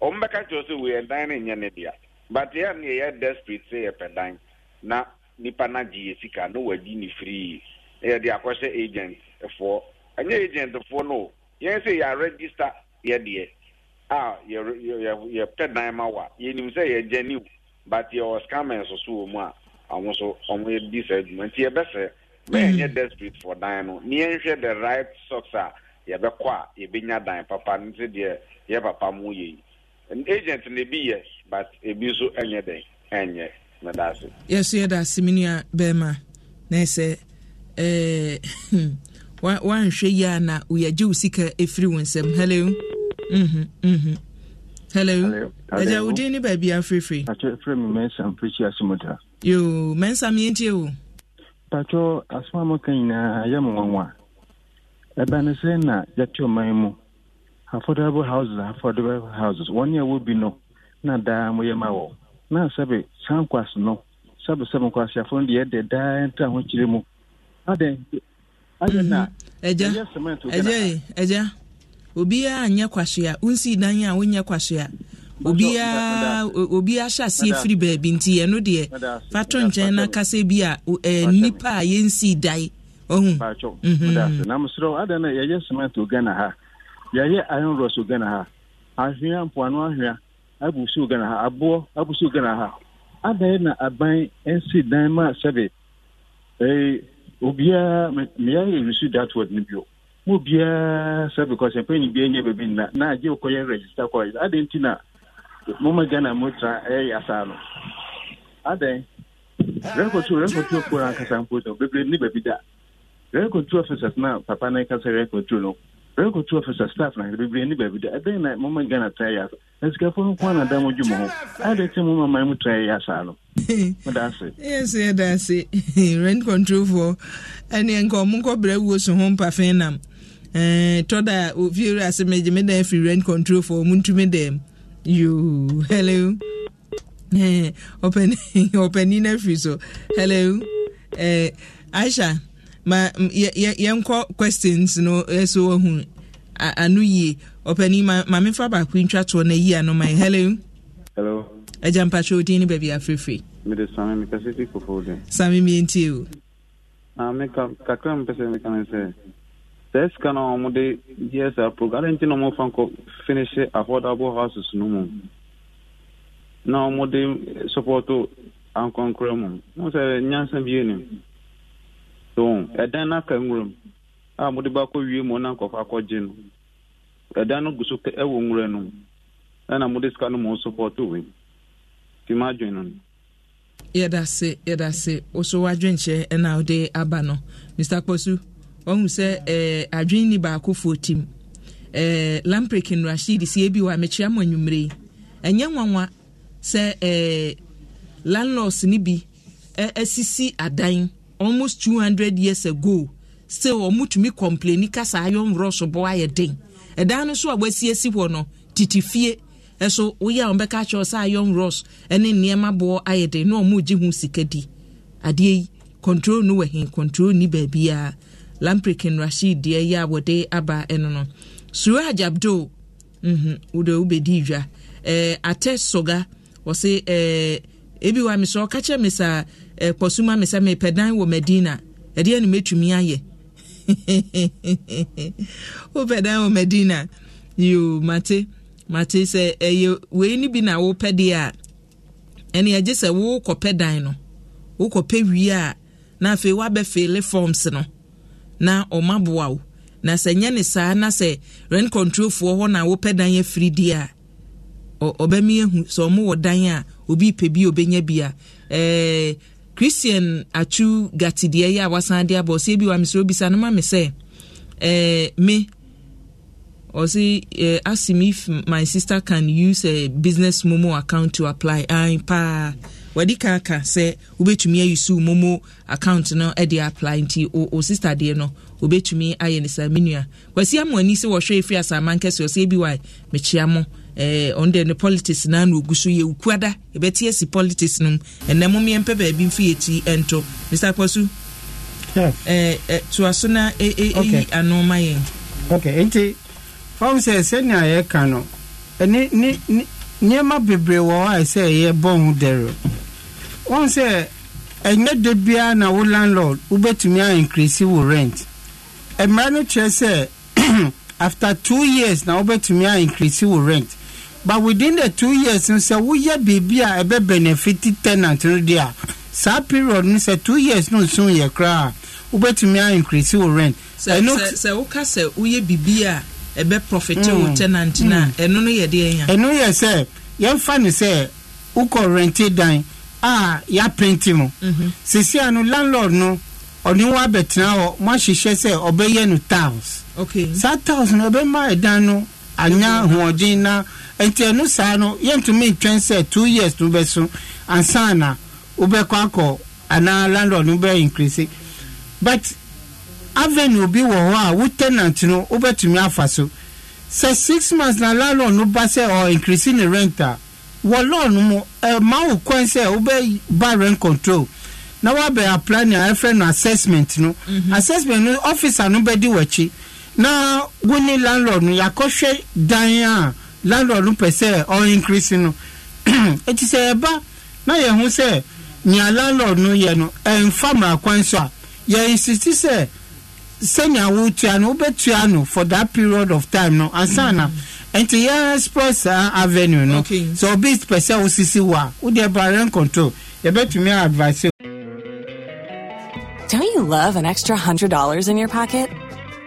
S6: wɔn bɛka kyerɛ sɛ wei ɛdan no nyɛ ne dea but yɛn ne yɛ desperate sɛ yɛpɛ dan na nipa no agye yɛ sika na wɔadi ne firii na yɛde akɔhyɛ agent foɔ ɛnyɛ agent foɔ no yɛn sɛ yɛ register yɛ deɛ a ah, yɛpɛ dan ma wa yɛnim sɛ yɛgya niw but yɛwɔ scammers so wɔ mu a wɔn nso wɔn di saa adwuma nti yɛbɛsɛ bɛyɛnyɛ desperate for dan no ne yɛnhwɛ the right socks ah. a yɛbɛkɔ a yɛbɛnya dan papa no nti deɛ yɛ papa mu yɛ yi an agent e na ebi yɛ but ebi nso nyɛ dɛn nyɛ na daase.
S1: yɛsọ yɛ daase mi nua bɛrima na ɛsɛ ɛɛ wanhwɛ yi a na yɛgye wo sika efiri wɔn nsam hello. Mm-hmm, mm-hmm. hello ɛgya wo din ne baabi afirifiri.
S11: atwa efirɛ mi mɛnsa mpirikyi asomuta. yoo mɛnsa mi ntie o. patro asoma nyinaa yɛ mo nwanwa ɛbɛn ne sɛ na yɛte ɔman mu. affordable houses affordable houses wɔn a wɔbi no na daa moyɛ ma wɔ na sɛbe saa nkwase no sɛbe sɛ nkwaseafo no deɛ ɛdɛ daa ntra ho kyerɛ mu adɛn adɛn na ɛyɛ mhm. cement ɛgya ɛgya
S1: obiara nyɛ kwasoa wonsii dan a wonyɛ kwasoa
S11: obiara
S1: obiara hyɛ aseɛ firi baabi nti ɛno deɛ fato nkyɛn na kasa bi a nnipa a yɛnsii dan
S11: ɔhu mhm. na mesrɛ adɛn na yɛyɛ cement wɔ ghana ha yɛayɛ iron ross wɔ ghana ha ahwea mpoano ahwea abusuo ghana ha aboɔ abusuo ghana ha adɛn na aban nsi dan ma sɛbe ee obiara mmeayɛ resu that word no bio mu obiara sɛ because mpanyin bi nyɛ baabi nna na agye okɔyɛ register kɔ adɛn nti na moma ghana mu tra ɛyɛ asa no adɛn rɛkɔtu rɛkɔtu kora ankasa mpo no bebree ne baabi da rɛkɔtu officers na papa na ɛka sɛ rɛkɔtu no rekɔtu ɔfisa staff na bebree ne baabi da ɛdɛn na moma ghana tra yɛ asa na sikafoɔ no ko ana da mo dwuma ho adɛ te mo mama mu tra yɛ asa no medase
S1: yɛdase rent controlfoɔ ɛne nka ɔmo nkɔbrɛ wuo so ho mpafe nam eh, tɔda ofiewura ase megye meda afiri rent controlfoɔ ɔmo ntumi dɛm yo hello ɔpani no afiri so hello eh, aisha ma yɛnkɔ questions no ɛso eh, ahu ano yie ɔpani mamefa baako ntwa toɔ no ayi ano mae hello hello agya mpatwɛ odin ne baabi afrɛfrɛ
S9: mede same mekasɛ ti kɔfɔ de
S1: same mientie o
S9: kakra mpɛ sɛ meka sɛ a ɔmode yɛ saa program adɛ
S6: nti na ɔmɔfa nkɔ finish affordable houses no mu na ɔmode support ankonkora mu mo sɛ nyansa bie so ɛdan no aka nwura mu a mode bakɔ wie mu na nkɔfo akɔgye no ɛdan no gu so nwura no mu ɛna mode sika no mu nti no no
S1: yɛda se yɛda se aba no mr kpɔsu wahu sɛ eh, adwene ni baakofoɔ tim eh, nrashid wɔ yi ɛnyɛ nwanwa sɛ no bi almost 200 years ago still wɔmutumi complain kasa ayɔ nworɔ so bɔ ayɛ den ɛdan no so a wɔasiesie hɔ no titi fie ɛso woyɛ a wɔbɛka kyerɛ sɛ ayɔ nworɔ so ne nneɛma boɔ ayɛ den na wɔmugye ho sika di adeɛ yi control no wɔ hen control ni baabiara lamprekin rashid deɛ yi a wɔde aba ɛno no suraj abdul mhm wode wobɛdi dwa ɛɛ atɛ soga wɔse ɛɛ ebi wa mi sɛ ɔka kyerɛ mi saa ɛkpɔsuma mi sɛ mepɛ dan wɔ medina ɛdeɛ ne mɛtumi ayɛ [laughs] wopɛ pɛdan wɔ medina yoo mate mate sɛ ɛyɛ wei ni bi na wopɛ deɛ a ɛne agye sɛ wokɔpɛ dan no wokɔpɛ wie a na afei woabɛfeele forms no na ɔma boa wo na sɛ nyɛ ne saa na sɛ rent controlfoɔ hɔ na wopɛ dan afiri deɛ a ɔbɛmi ehu sɛ ɔmo wɔ dan a obi pɛ bi obɛnya bi a ɛɛ christian atwu gatideɛ yi a wasan de abɔ ɔsɛ bi wa mesrɛ obisa no ma me sɛ eh, me ɔsɛ eh, ask me if my sister can use a business momo account to apply an paa wɔde ka ka sɛ wobɛtumi ayi momo account no de apply nti o o sister deɛ no wobɛtumi ayɛ ne saa menua kwasi amoani sɛ wɔhwɛ ɛfiri asaaman kɛsɛ ɔsɛ bi wa mekyea mo ɔno deɛ ne politics naa na ogu so yɛ okuada yɛbɛte asi politics no eh, mu ɛnna mo mmiɛmpɛ baabi mfi yɛti ɛnto mr akpɔsu
S2: toa so na ɛyi ano ma yɛn. okay nti wɔn sɛ sɛnea yɛka no ne eh, ni ni nneɛma bebree wɔ hɔ a sɛ yɛbɔ ho dɛrɛ wɔn sɛ ɛnyɛ eh, de biara na wo landlord wobɛtumi a increase wo rent mmara no sɛ after two years na wobɛtumi a increase wo rent but within the two years sɛ woyɛ biribi a ɛbɛ benefit tenant no de a saa period no sɛ two years no nson yɛ koraa wobɛtumi a increase wo rent. sɛ sɛ woka sɛ
S1: woyɛ biribi a ɛbɛ profit wo mm. tenant na mm. ɛno no yɛ deɛ yɛn.
S2: ɛno yɛ sɛ yɛmfa no sɛ wokɔ rente dan a yɛapenti mu mhm. sisi ano landlord no ɔne wa abɛtena hɔ mo ahyehyɛ sɛ ɔbɛyɛ no tiles. okay saa tiles no ma ɛdan no anya ahoɔden na nti ɛnu saa no yɛntumi ntwɛn sɛ two years no bɛ so ansana wobɛkɔ akɔ anaa landlord no bɛ increase but avenue bi wɔ hɔ a wo tenant no wobɛtumi afa so sɛ six months na landlord no ba sɛ ɔ increase ne rent a wɔ law no mu ɛma wo kwan sɛ wobɛ ba rent control na wabɛ apply ne a ɛfrɛ no assessment no mm assessment no officer no bɛdi wɔ akyi na wo ne landlord no yɛakɔhwɛ dan a landlord pɛ sɛ ɔincrease no ɛti [clears throat] sɛ ɛba na yɛn ho sɛ nea landlord no yɛ no ɛnfa mmerakwan so a yɛn sisi sɛ sɛnea wotua no wobɛtua no for that period of time no ansana mm-hmm. nti yɛn express avenue no sɛ obi pɛ sɛ wosisi wɔ a wodeɛ ba rent control yɛbɛtumi advice.
S4: Don't you love an extra hundred dollars in your pocket?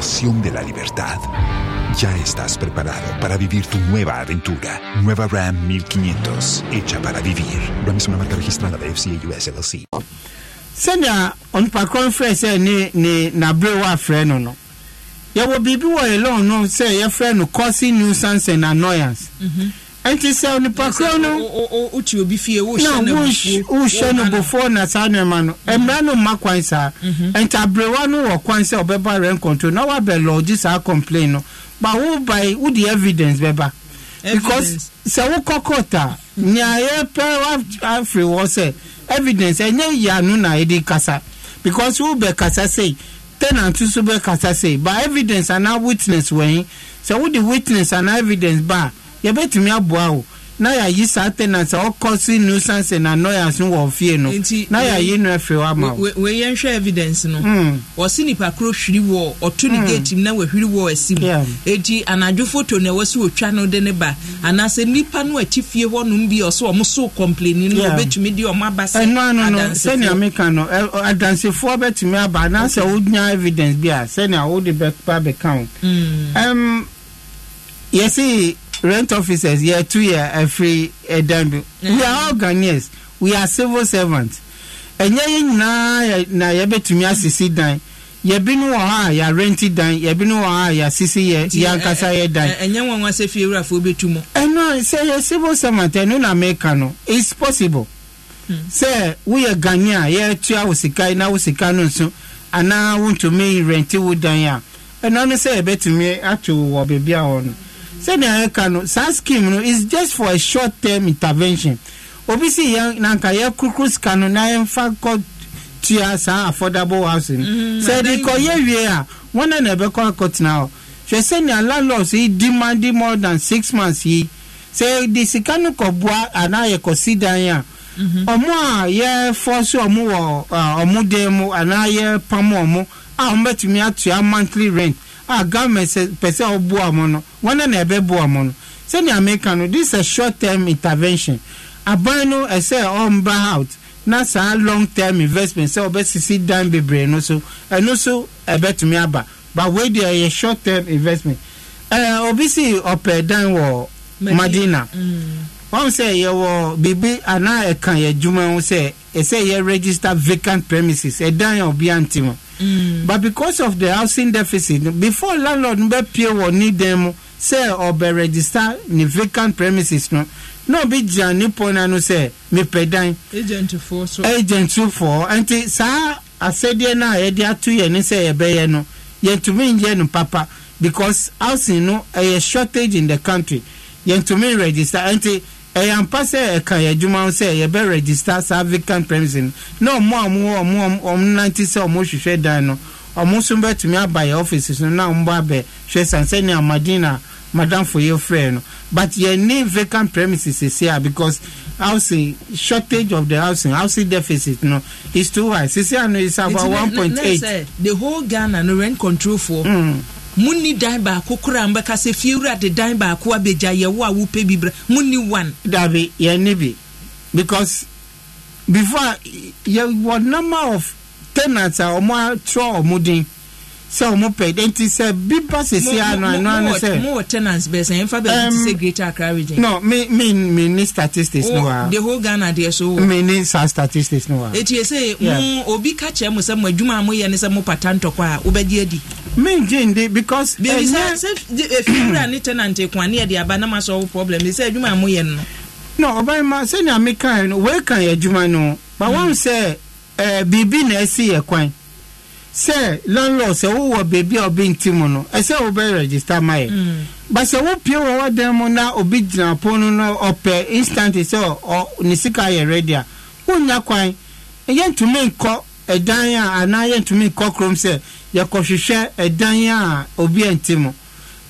S5: emoción de la libertad. Ya estás preparado para vivir tu nueva aventura. Nueva Ram 1500, hecha para vivir. Ram es una marca registrada de FCA US LLC.
S2: sɛnea ɔnipakɔ mfrɛ conference ni ni n'aberewa afrɛ no no Ya wo bibi wo no se yɛfrɛ freno causing nuisance and annoyance. Mhm. nti sɛ onipa kura no wotu obi
S1: fie wohyɛ no bofuo
S2: wohyɛ na saa nneɛma no mhm. mmira no mma kwan saa mhm. nti aberewa no wɔ kwan sɛ ɔbɛba rent control na wabɛ lɔɔgye saa complain no ba wobae wode evidence bɛba because sɛ wokɔ court a nea yɛpɛ afiri wɔ sɛ evidence ɛnyɛ yanu na yɛde kasa because wobɛ kasa sei tenant nso bɛ kasa sei ba evidence anaa witness wɔ yi sɛ wode witness anaa evidence ba a yɛbɛtumi aboa o na yàyí saa tenant ɔkɔ si nuisance na annoyance wɔ fie no na yàyí no ɛfɛ wa ma o. wei yɛn hwɛ evidence no.
S1: Hmm. wɔsi nipa koro hwiri wɔ ɔto ne hmm. gate mu na wɔhwiri wɔ ɛsi mu eti anadwo foto na ɛwɔ so otwa no de ne ba anaasɛ nipa no ɛti fie hɔnom bi ɔso ɔmo so complain
S2: no ɔbɛtumi di ɔmo aba sɛ adansefo. ɛnu ano no sɛnea mi ka no adansefoɔ bɛtumi aba anaasɛ o nya evidence bi a sɛnea o de bɛ ba bɛ ka o.
S3: Hmm.
S2: yɛsi rent officers yɛ two yɛ ɛfiri ɛdan do we are all mm-hmm. ghanaians we are civil servants ɛnyɛ yɛ nyinaa na yɛbɛtumi asisi dan yɛbinom wɔ hɔ a renti dan yɛbinom wɔ hɔ a yɛasisi yɛ Yankasa yɛ dan
S1: ɛnyɛ wɔn asɛ fie wurafoɔ bɛtu mu
S2: ɛno eh, sɛ yɛ eh, civil servant ɛno eh, na meka no it's possible hmm. sɛ woyɛ ghane a yɛtua wo sika na wo sika no nso anaa wontumi renti wo dan a ɛno no sɛ yɛbɛtumi ato wɔ baabi a hɔ no sɛnea ɛka no saa scheme no is just for a short term intervention obi si yɛn nanka yɛ kurukuru sika no na yɛmfa kɔ tua saa affordable house no mm-hmm. sɛ de kɔ yɛ wie a wɔn na na ɛbɛkɔ akɔtena hɔ hwɛ sɛnea landlords yi demand more than six months yi sɛ de sika no kɔ bua anaa yɛ kɔ si dan a mm-hmm. ɔmo a yɛ fɔsi ɔmo wɔ ɔmo dan mu anaa yɛ pam ɔmo a ɔmo bɛtumi atua monthly rent a government pẹsẹ ọbọ ọmọ no wọn na ẹbẹ bọ ọmọ no sẹni amẹka no this is a short term intervention aban no ẹsẹ ọmba out na saa long term investment sẹ ọbẹ sisi dan bebree no so ẹno so ẹbẹ tumi aba but wei de ẹyẹ short term investment ẹ obi si ọpẹ dan wọ madina. Mm wɔn sɛ yɛwɔ biribi anaa ɛka yɛ adwuma ho sɛ ɛsɛ yɛ register vacant premises ɛdan yɛ obi ante ho. but because of the housing deficit before landlord bɛ pie wɔ ne dan mu sɛ ɔbɛ register ne vacant premises no na obi gyina ne pon ano sɛ mepɛ dan.
S1: agent four, so.
S2: agent two four. foɔ nti saa asɛdeɛ no a yɛde ato yɛn ne sɛ yɛbɛyɛ no yɛntumi nyɛ no papa because housing no ɛyɛ shortage in the country yɛntumi register nti ɛyɛ ampa sɛ ɛka yɛ adwuma ho sɛ yɛbɛ register saa vacant premises no na ɔmo a ɔmo wɔ ɔmo ɔmo nante sɛ ɔmo hwehwɛ dan no ɔmo nso bɛtumi aba yɛ offices no na ɔmo abɛ hwɛ sansani amadina madamfo yɛ frɛ no but yɛn ne vacant premises sisi a because housing shortage of the housing housing deficit no is too high sisi ano is about one point eight. the whole ghana no rent control for. Mm munni dan baako kora mbɛka sɛ fiewura de dan baako abɛgya yɛwo a wopɛ bi bra munni one. dabi yɛni bi because before yɛ wɔ number of tenants a wɔn atwerɛ wɔn din sɛ ɔmo pɛ nti sɛ bi ba sisi ano ano ano sɛ. mo
S1: wɔ tenants bɛɛ sɛ nfa bɛɛ ti sɛ greater accra region. no
S2: mi mi mi ni statistics ni wa. the
S1: whole ghana deɛ so. mi
S2: ni sa statistics ni wa. eti
S1: ese mo obi ka kyerɛ mo sɛ mo adwuma mo yɛ ni sɛ mo pata ntɔkwa a o bɛ di edi. mi n jin de because. baabi sɛ sɛ fiwura ni tenant ekun ani yɛ de aba na ma problem de sɛ adwuma mo yɛ no.
S2: no ɔbɛn ma sɛni ni mi kan no wei kan yɛ adwuma no but wɔn sɛ ɛɛ biribi na ɛsi yɛ kwan. sɛ landlord sɛ wowɔ beebi a obi nti mu no ɛsɛ wobɛ register ma yɛ mm. ba sɛ wopie wɔ wɔdan mu na obi gyina pon no no ɔpɛ instant sɛ ne sika yɛ ready a wonya kwan yɛntumi nkɔ ɛdan a anaa yɛntumi nkɔ kurom sɛ yɛkɔhwehwɛ ɛdan a obi nti mu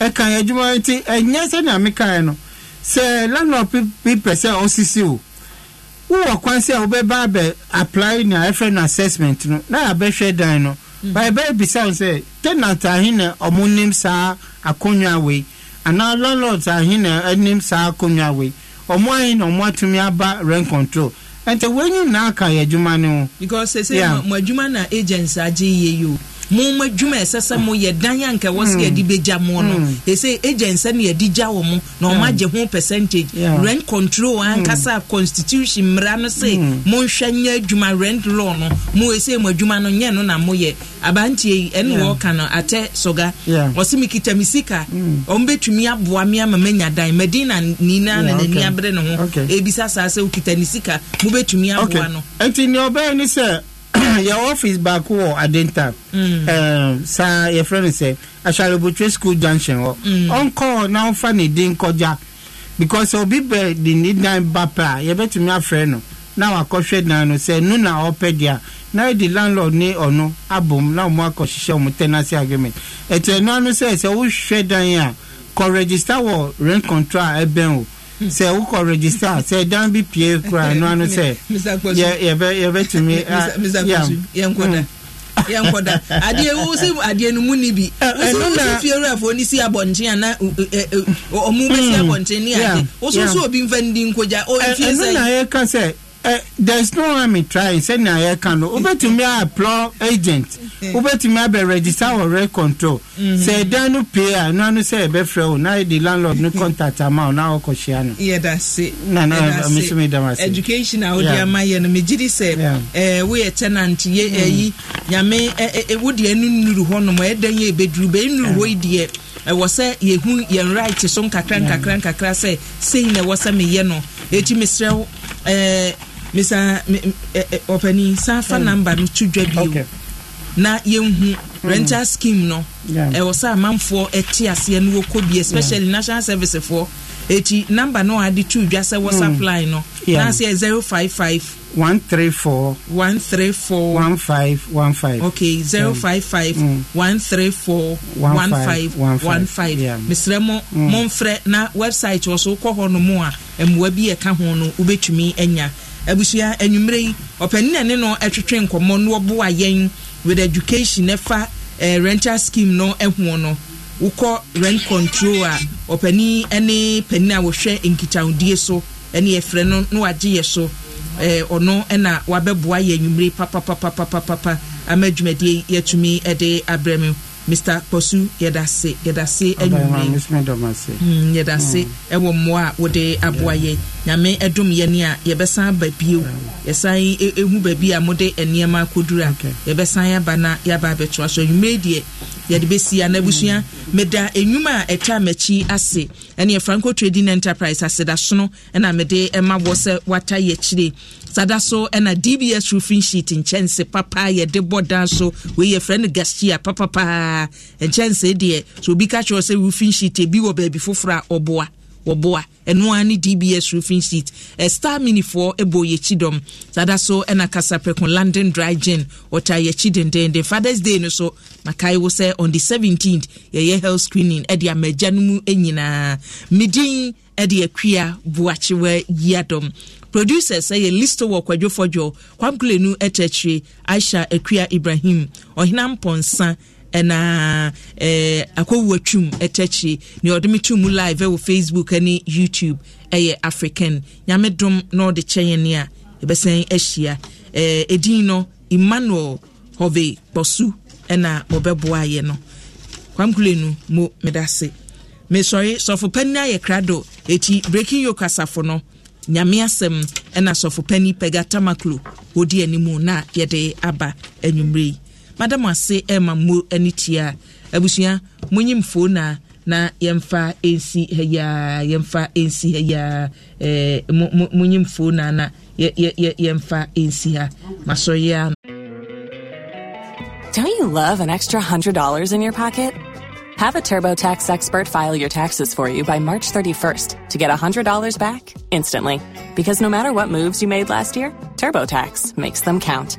S2: ɛka adwuma nti ɛnyɛ sɛnea mekaeɛ no sɛ landlord bi pɛ sɛ ɔsisi o wowɔ kwan sɛ wobɛba abɛ apply nea ɛfrɛ no assessment no na yɛabɛhwɛ dan no baabi bisa sɛ tenant ahe na ɔmo nim saa akonnwa wei anaa landlord ahe na anim saa akonnwa wei ɔmo ahe ɔmo atumi aba rent control nti wɔn nyinaa ka yɛ adwuma ne ho.
S1: because sɛ sɛ mo adwuma na agents agye yie yi o mo mo adwuma ɛsɛ sɛ mo yɛ dan a nka wɔ sɛ yɛde bɛgya mo no ɛsɛ agents ne yɛde gya wɔ mo na ɔmo agye ho percentage rent control ankasa ah, hmm. constitution mmara no se hmm. mo nhwɛ nyɛ adwuma rent law no mo ɛsɛ mo adwuma no nyɛ no na mo yɛ abantie yi ɛne wɔɔka no atɛ soga ɔsɛ mi kita mi sika ɔmo hmm. bɛtumi aboa mi ama manya dan medina nina na n'ani abere ne ho ebisa saa sɛ okita ne sika
S2: mo bɛtumi aboa no. nti ni ɔbɛn ni sɛ [coughs] your office back wɔ adenta saa yɛfrɛ no sɛ ahwarebotre school junction hɔ ɔnkɔ na ɔmfa ne din kɔgya because obi bɛ de ne dan ba pɛ a yɛbɛtumi afrɛ no na wakɔhwɛ dan no sɛ nu na ɔpɛ deɛ a na yɛde landlord ne ɔno abom na ɔmo akɔhyehyɛ ɔmo tenancy agreement ɛtɛ nua no sɛ sɛ wohwɛ dan a kɔ register wɔ rent control a ɛbɛn o. sɛ wokɔ register sɛ dan bi pie kura ɛno ano sɛ yɛbɛtumi
S3: yɛnkɔda
S1: adeɛ wo sɛ adeɛ no [laughs] hmm. [laughs] mu ni bi woso woso fie wurafoɔ no si abɔnten ana
S2: ɔmo bɛsi abɔnten ne ade woso so
S1: obi mfa ndi
S2: nkogya ɛno na yɛka eh, sɛ Uh, there's no harm in trying sẹ́ni àyẹ̀ká no wọ́bẹ̀tumi àplọ́ agent wọ́bẹ̀tumi mm-hmm. àbẹ̀ register wọ̀ rent control mm-hmm. sẹ̀ ẹ̀dán no pay nu nínú àánú sẹ̀ ẹ̀bẹ̀ fẹ́ o náà yẹ di landlord ní contact àmà na náà ọkọ̀ ṣíà nù. yẹ da se na na mi sún mi dá ma se.
S1: education a ọdí àmà yẹ no mi jírí sẹ ẹ wọ́yẹ tenant yẹ ẹyí mm. nyàmé ẹ ẹ wọ́dí ẹnu nuru hɔ nom ẹ̀dán yẹ ebeduru bẹ́ẹ̀ nuru hɔ yìí diẹ ɛwɔ sɛ yɛhu yɛn right so nkakra nkakra nkakra sɛ sei na ɛwɔ mi meyɛ no ɛti mesrɛ wo ɛɛ misa ɔpani eh, eh, san fa mm. namba no to dwa bio na yɛnhu mm. rental scheme no ɛwɔ eh, sɛ amanfoɔ ɛte aseɛ no wɔkɔ bi especially national service foɔ eti namba no a de tu dwa sɛ whatsapp line no n'asɛ zero five five. one three four. one three four. one five one five. okay zero mm. five five. one three four. one five one five. mesrɛ mo mo nfrɛ na website wɔ so kɔ hɔ nom a mmoa bi yɛ ka ho no wobɛtumi anya abusua anwummerɛ yi ɔpanin ne no twetwe nkɔmmɔ na wɔboa yɛn with education ɛfa eh, rental scheme no ho no wokɔ rent control a ɔpanin ne panin a wɔhwɛ nkitahodie so ne yɛfrɛ no na wagye yɛ so eh, ɔno eh, na wabɛboa yɛ anwummerɛ papapapapapa ama dwumadie yɛatumi de abrɛ mu mr kpɔsu yɛdase yɛdase anwummerɛ yɛdase ɛwɔ mmoa a wode aboa yɛ nyame ɛdom yɛne a yɛbɛsan aba bio yɛsan ɛhu e, baabi a mode nneɛma akɔduru a yɛbɛsan aba na yɛaba abɛtoa so anwummerɛ deɛ yɛde bɛsi anabusua meda enwuma a ɛtwa m'akyi ase ɛneɛ franco trading enterprise asedasono ɛna mede ɛma wɔ sɛ wata yɛkyire sada so ɛna dbs roofing sheet nkyɛnse papa yɛde bɔ dan so wei yɛfrɛ no gastia papapaa nkyɛnse deɛ so obi ka kyerɛ sɛ roofing sheet ebi wɔ baabi foforɔ a ɔboa wɔboa ɛnoa ne dbs roofing sheet star minifoɔ bɔ yɛkyi dɔm sada so ɛna kasaprɛko london dry gin ɔta yɛkyi dendenden fathers day no so makae wo sɛ on the 17th yɛyɛ health screening ɛde amagya no mu nyinaa medin ɛde akua boakyewa yiadɔm producers ɛyɛ listo wɔ kwadwofɔdwo kwamkulenu ɛtɛkyire aisha akua ibrahim ɔhena mpɔnsa ɛna akɔwu atwum ɛtakyire nea ɔde me tom mu live ɛwɔ facebook ne youtube ɛyɛ african nyame dom na ɔde kyɛ yɛn a yɛbɛsan ahyia edin no emmanuel hove kpɔsu ɛna wɔbɛboa yɛ no kwamkule no mo meda se mesɔre sɔfo pani ayɛ krado ɛti breaking yoke asafo no nyame asɛm ɛna sɔfo pani pɛga tamaklo wɔdi animu na yɛde aba enumere. yi madam ase ɛma eh, mo ani tia abusua monyim fo na na yɛmfa nsi ha yaa yɛmfa nsi ha yaa ɛɛ eh, monyim fo na na yɛ
S4: yɛ yɛmfa nsi ha masɔyɛ. Don't you love an extra hundred dollars in your pocket? Have a TurboTax expert file your taxes for you by March 31st to get $100 back instantly. Because no matter what moves you made last year, TurboTax makes them count.